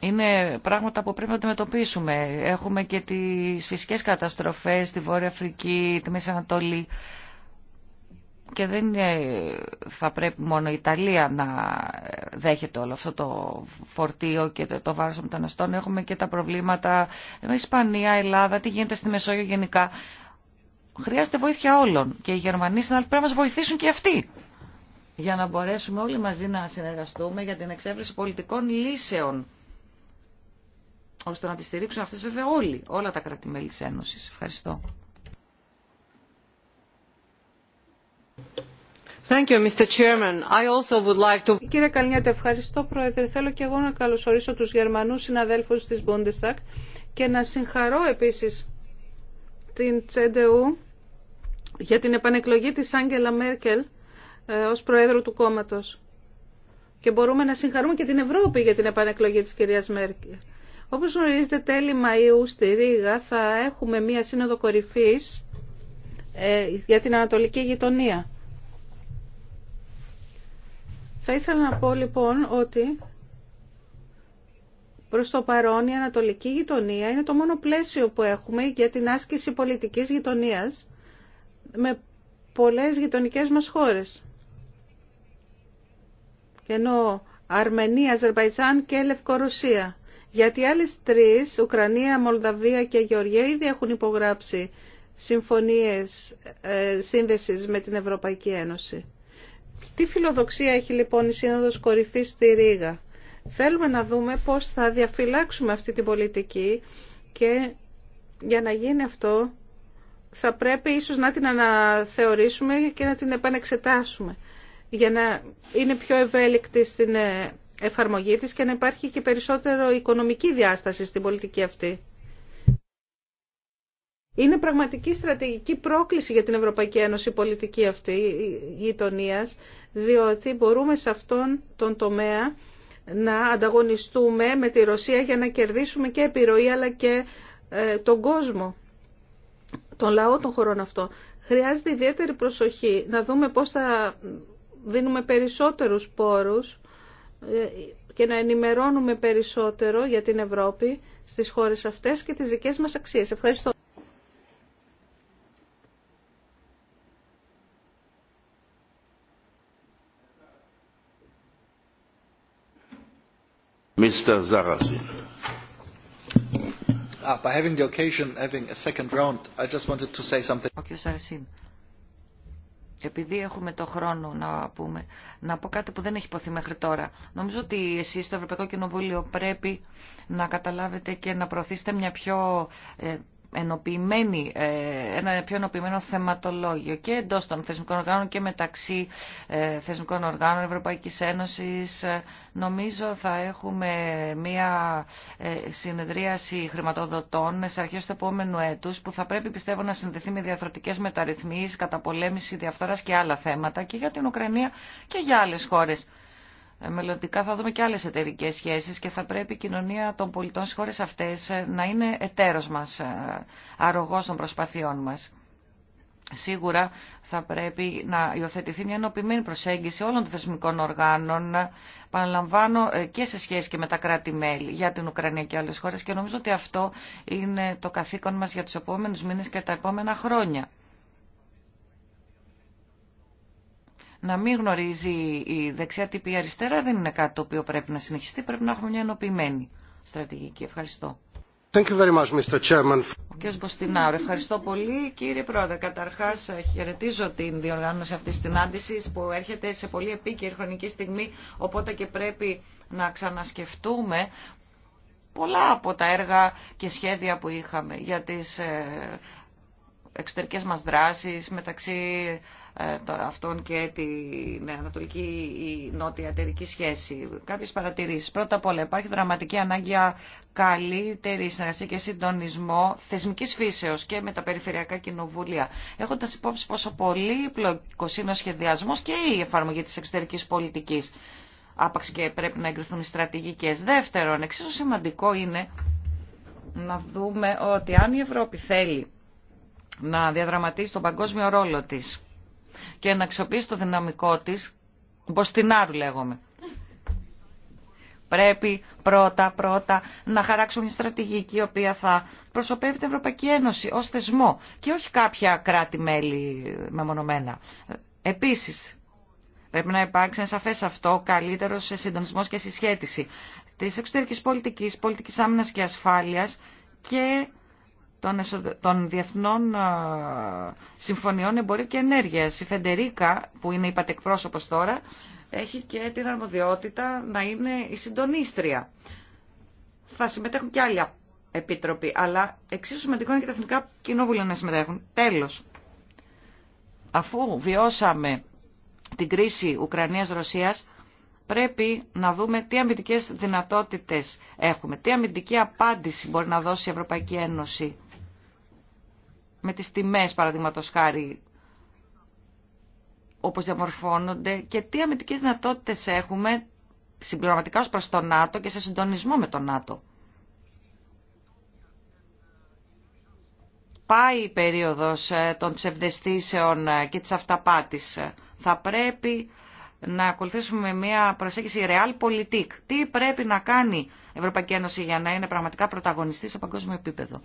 είναι πράγματα που πρέπει να αντιμετωπίσουμε. Έχουμε και τις φυσικές καταστροφές στη Βόρεια Αφρική, τη Μέση Ανατολή και δεν ε, θα πρέπει μόνο η Ιταλία να ε, δέχεται όλο αυτό το φορτίο και το βάρος των μεταναστών. Έχουμε και τα προβλήματα με Ισπανία, Ελλάδα, τι γίνεται στη Μεσόγειο γενικά. Χρειάζεται βοήθεια όλων και οι Γερμανοί πρέπει να μας βοηθήσουν και αυτοί για να μπορέσουμε όλοι μαζί να συνεργαστούμε για την εξέβριση πολιτικών λύσεων ώστε να τις στηρίξουν αυτές βέβαια όλοι, όλα τα κράτη-μέλη της Ένωσης. Ευχαριστώ. Κύριε Καλνιέτε, ευχαριστώ Πρόεδρε. Θέλω και εγώ να καλωσορίσω τους Γερμανούς συναδέλφους της Bundestag και να συγχαρώ επίσης την Τσέντεου για την επανεκλογή της Άγγελα Μέρκελ ε, ως Προέδρου του κόμματος. Και μπορούμε να συγχαρούμε και την Ευρώπη για την επανεκλογή της κυρίας Μέρκελ. Όπως γνωρίζετε τέλη Μαΐου στη Ρήγα θα έχουμε μία σύνοδο κορυφής ε, για την Ανατολική Γειτονία. Θα ήθελα να πω λοιπόν ότι προς το παρόν η Ανατολική Γειτονία είναι το μόνο πλαίσιο που έχουμε για την άσκηση πολιτικής γειτονίας με πολλές γειτονικές μας χώρες. Ενώ Αρμενία, Αζερβαϊτζάν και Λευκορωσία γιατί οι άλλες τρεις, Ουκρανία, Μολδαβία και Γεωργία, ήδη έχουν υπογράψει συμφωνίες ε, σύνδεσης με την Ευρωπαϊκή Ένωση. Τι φιλοδοξία έχει λοιπόν η Σύνοδος Κορυφής στη Ρήγα. Θέλουμε να δούμε πώς θα διαφυλάξουμε αυτή την πολιτική και για να γίνει αυτό θα πρέπει ίσως να την αναθεωρήσουμε και να την επανεξετάσουμε για να είναι πιο ευέλικτη στην ε, εφαρμογή της και να υπάρχει και περισσότερο οικονομική διάσταση στην πολιτική αυτή. Είναι πραγματική στρατηγική πρόκληση για την Ευρωπαϊκή Ένωση η πολιτική αυτή η γειτονία, διότι μπορούμε σε αυτόν τον τομέα να ανταγωνιστούμε με τη Ρωσία για να κερδίσουμε και επιρροή αλλά και ε, τον κόσμο, τον λαό των χωρών αυτό. Χρειάζεται ιδιαίτερη προσοχή να δούμε πώς θα δίνουμε περισσότερους πόρους και να ενημερώνουμε περισσότερο για την Ευρώπη στις χώρες αυτές και τις δικές μας αξίες. Ευχαριστώ. Mr. Zarazin. Ah, by having the occasion having a second round, I just wanted to say something. Okay, επειδή έχουμε το χρόνο να πούμε, να πω κάτι που δεν έχει υποθεί μέχρι τώρα. Νομίζω ότι εσείς στο Ευρωπαϊκό Κοινοβούλιο πρέπει να καταλάβετε και να προωθήσετε μια πιο ε, ενοποιημένη, ε, ένα πιο ενοποιημένο θεματολόγιο και εντός των θεσμικών οργάνων και μεταξύ ε, θεσμικών οργάνων Ευρωπαϊκής Ένωσης. Ε, νομίζω θα έχουμε μία συνεδρίαση χρηματοδοτών σε αρχές του επόμενου έτους που θα πρέπει πιστεύω να συνδεθεί με διαθροτικές μεταρρυθμίσεις, καταπολέμηση διαφθοράς και άλλα θέματα και για την Ουκρανία και για άλλες χώρες. Ε, μελλοντικά θα δούμε και άλλες εταιρικές σχέσεις και θα πρέπει η κοινωνία των πολιτών στις χώρες αυτές ε, να είναι εταίρος μας, ε, αρρωγός των προσπαθειών μας. Σίγουρα θα πρέπει να υιοθετηθεί μια ενωπημένη προσέγγιση όλων των θεσμικών οργάνων, παραλαμβάνω και σε σχέση και με τα κράτη-μέλη για την Ουκρανία και άλλες χώρες και νομίζω ότι αυτό είναι το καθήκον μας για τους επόμενους μήνες και τα επόμενα χρόνια. να μην γνωρίζει η δεξιά τύπη η αριστερά δεν είναι κάτι το οποίο πρέπει να συνεχιστεί. Πρέπει να έχουμε μια ενοποιημένη στρατηγική. Ευχαριστώ. Thank you very much, Mr. Chairman. Ο ευχαριστώ πολύ. Κύριε Πρόεδρε, καταρχά ε, χαιρετίζω την διοργάνωση αυτή τη συνάντηση που έρχεται σε πολύ επίκαιρη χρονική στιγμή. Οπότε και πρέπει να ξανασκεφτούμε πολλά από τα έργα και σχέδια που είχαμε για τι ε, εξωτερικέ μα δράσει μεταξύ ε, αυτών και την ανατολική ή νότια εταιρική σχέση. Κάποιες παρατηρήσεις. Πρώτα απ' όλα υπάρχει δραματική ανάγκη για καλύτερη συνεργασία και συντονισμό θεσμικής φύσεως και με τα περιφερειακά κοινοβούλια. Έχοντας υπόψη πόσο πολύ πλοκός είναι ο σχεδιασμός και η εφαρμογή της εξωτερικής πολιτικής. Άπαξ και πρέπει να εγκριθούν οι στρατηγικές. Δεύτερον, εξίσου σημαντικό είναι να δούμε ότι αν η Ευρώπη θέλει να διαδραματίσει τον παγκόσμιο ρόλο της και να αξιοποιήσει το δυναμικό της, μποστινάρου λέγομαι. Πρέπει πρώτα-πρώτα να χαράξουμε μια στρατηγική η οποία θα προσωπεύει την Ευρωπαϊκή Ένωση ως θεσμό και όχι κάποια κράτη-μέλη μεμονωμένα. Επίσης, πρέπει να υπάρξει ένα σαφές αυτό καλύτερο σε συντονισμός και συσχέτιση της εξωτερικής πολιτικής, πολιτικής άμυνας και ασφάλειας και των, διεθνών ε, συμφωνιών εμπορίου και ενέργειας. Η Φεντερίκα, που είναι η πατεκπρόσωπος τώρα, έχει και την αρμοδιότητα να είναι η συντονίστρια. Θα συμμετέχουν και άλλοι επίτροποι, αλλά εξίσου σημαντικό είναι και τα εθνικά κοινόβουλια να συμμετέχουν. Τέλος, αφού βιώσαμε την κρίση Ουκρανίας-Ρωσίας, πρέπει να δούμε τι αμυντικές δυνατότητες έχουμε, τι αμυντική απάντηση μπορεί να δώσει η Ευρωπαϊκή Ένωση με τις τιμές παραδείγματος χάρη όπως διαμορφώνονται και τι αμυντικές δυνατότητε έχουμε συμπληρωματικά ως προς το ΝΑΤΟ και σε συντονισμό με το ΝΑΤΟ. Πάει η περίοδος ε, των ψευδεστήσεων ε, και της αυταπάτης. Θα πρέπει να ακολουθήσουμε μια προσέγγιση real politik. Τι πρέπει να κάνει η Ευρωπαϊκή Ένωση για να είναι πραγματικά πρωταγωνιστή σε παγκόσμιο επίπεδο.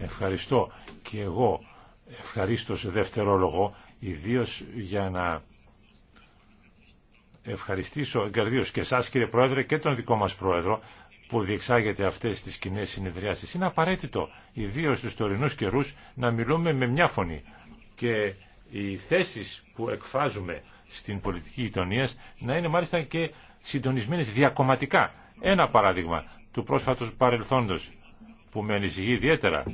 Ευχαριστώ και εγώ Ευχαρίστω δεύτερο λόγο. ιδίως για να ευχαριστήσω εγκαρδίως και εσάς κύριε Πρόεδρε και τον δικό μας Πρόεδρο που διεξάγεται αυτές τις κοινέ συνεδριάσεις. Είναι απαραίτητο, ιδίως στους τωρινούς καιρούς, να μιλούμε με μια φωνή και οι θέσεις που εκφράζουμε στην πολιτική γειτονία να είναι μάλιστα και συντονισμένες διακομματικά. Ένα παράδειγμα, του πρόσφατου παρελθόντος που με ανησυχεί ιδιαίτερα.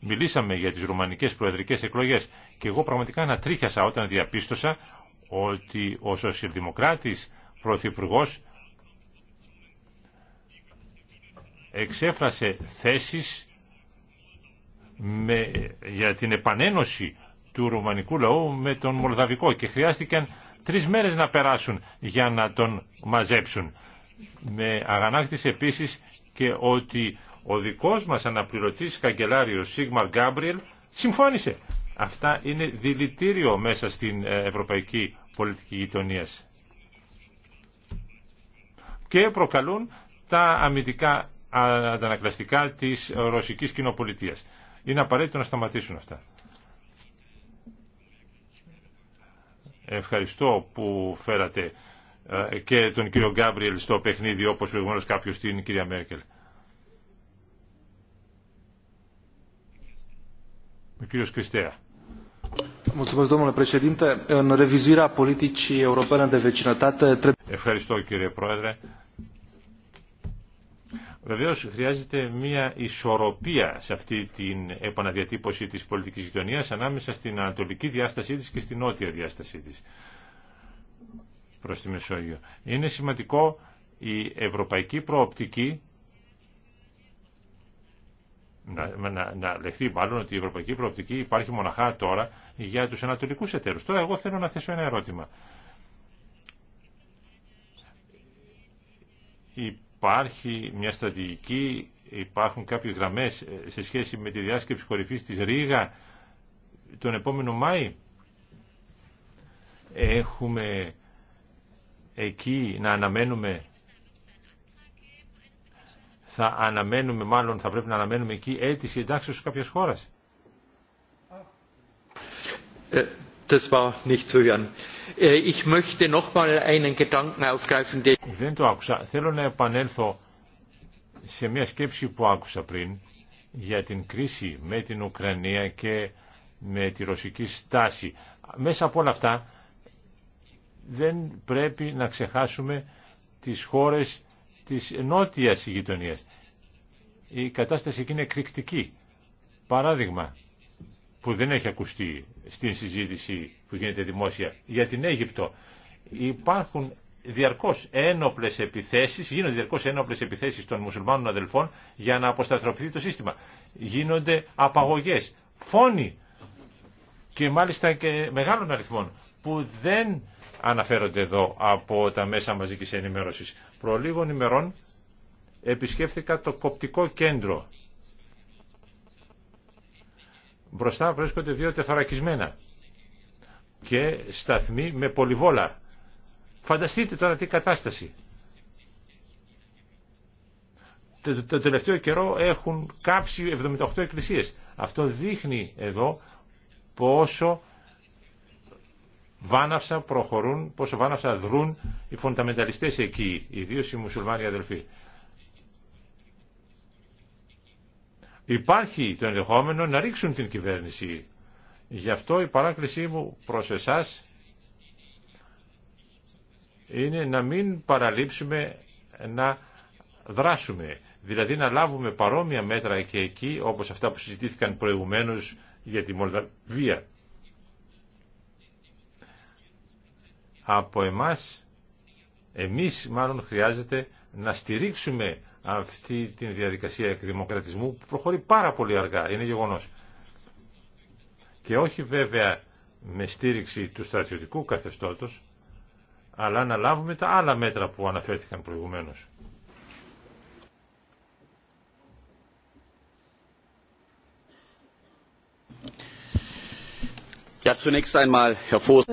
Μιλήσαμε για τις ρουμανικές προεδρικές εκλογές και εγώ πραγματικά ανατρίχιασα όταν διαπίστωσα ότι ο σοσιαλδημοκράτης πρωθυπουργό εξέφρασε θέσεις με, για την επανένωση του ρουμανικού λαού με τον Μολδαβικό και χρειάστηκαν τρεις μέρες να περάσουν για να τον μαζέψουν. Με αγανάκτησε επίσης και ότι ο δικός μας αναπληρωτής καγκελάριος Σίγμαρ Γκάμπριελ συμφώνησε. Αυτά είναι δηλητήριο μέσα στην ε, ευρωπαϊκή πολιτική γειτονία. Και προκαλούν τα αμυντικά αντανακλαστικά της ρωσικής κοινοπολιτείας. Είναι απαραίτητο να σταματήσουν αυτά. Ευχαριστώ που φέρατε ε, και τον κύριο Γκάμπριελ στο παιχνίδι όπως προηγουμένως κάποιος την κυρία Μέρκελ. Ο κύριος Κριστέα. Ευχαριστώ κύριε Πρόεδρε. Βεβαίω χρειάζεται μια ισορροπία σε αυτή την επαναδιατύπωση της πολιτικής γειτονίας ανάμεσα στην ανατολική διάστασή της και στην νότια διάστασή της προς τη Μεσόγειο. Είναι σημαντικό η ευρωπαϊκή προοπτική να, να, να λεχθεί μάλλον ότι η ευρωπαϊκή προοπτική υπάρχει μοναχά τώρα για τους ανατολικούς εταίρους. Τώρα εγώ θέλω να θέσω ένα ερώτημα. Υπάρχει μια στρατηγική, υπάρχουν κάποιες γραμμές ε, σε σχέση με τη διάσκεψη κορυφής της Ρήγα τον επόμενο Μάη. Έχουμε εκεί να αναμένουμε θα αναμένουμε μάλλον θα πρέπει να αναμένουμε εκεί αίτηση εντάξεως σε χώρας. Das Δεν το άκουσα. Θέλω να επανέλθω σε μια σκέψη που άκουσα πριν για την κρίση με την Ουκρανία και με τη ρωσική στάση. Μέσα από όλα αυτά δεν πρέπει να ξεχάσουμε τις χώρες της νότιας γειτονίας. Η κατάσταση εκεί είναι εκρηκτική. Παράδειγμα, που δεν έχει ακουστεί στην συζήτηση που γίνεται δημόσια για την Αίγυπτο. Υπάρχουν διαρκώς ένοπλες επιθέσεις, γίνονται διαρκώς ένοπλες επιθέσεις των μουσουλμάνων αδελφών για να αποσταθροποιηθεί το σύστημα. Γίνονται απαγωγές, φόνοι και μάλιστα και μεγάλων αριθμών που δεν αναφέρονται εδώ από τα μέσα μαζικής ενημέρωσης. Προ λίγων ημερών επισκέφθηκα το κοπτικό κέντρο. Μπροστά βρίσκονται δύο τεθωρακισμένα και σταθμοί με πολυβόλα. Φανταστείτε τώρα τι κατάσταση. Το τελευταίο καιρό έχουν κάψει 78 εκκλησίες. Αυτό δείχνει εδώ πόσο βάναυσα προχωρούν, πόσο βάναυσα δρούν οι φονταμενταλιστές εκεί, ιδίω οι μουσουλμάνοι αδελφοί. Υπάρχει το ενδεχόμενο να ρίξουν την κυβέρνηση. Γι' αυτό η παράκλησή μου προς εσάς είναι να μην παραλείψουμε να δράσουμε. Δηλαδή να λάβουμε παρόμοια μέτρα και εκεί όπως αυτά που συζητήθηκαν προηγουμένως για τη Μολδαβία. από εμάς, εμείς μάλλον χρειάζεται να στηρίξουμε αυτή τη διαδικασία εκδημοκρατισμού που προχωρεί πάρα πολύ αργά, είναι γεγονός. Και όχι βέβαια με στήριξη του στρατιωτικού καθεστώτος, αλλά να λάβουμε τα άλλα μέτρα που αναφέρθηκαν προηγουμένως. Ja, zunächst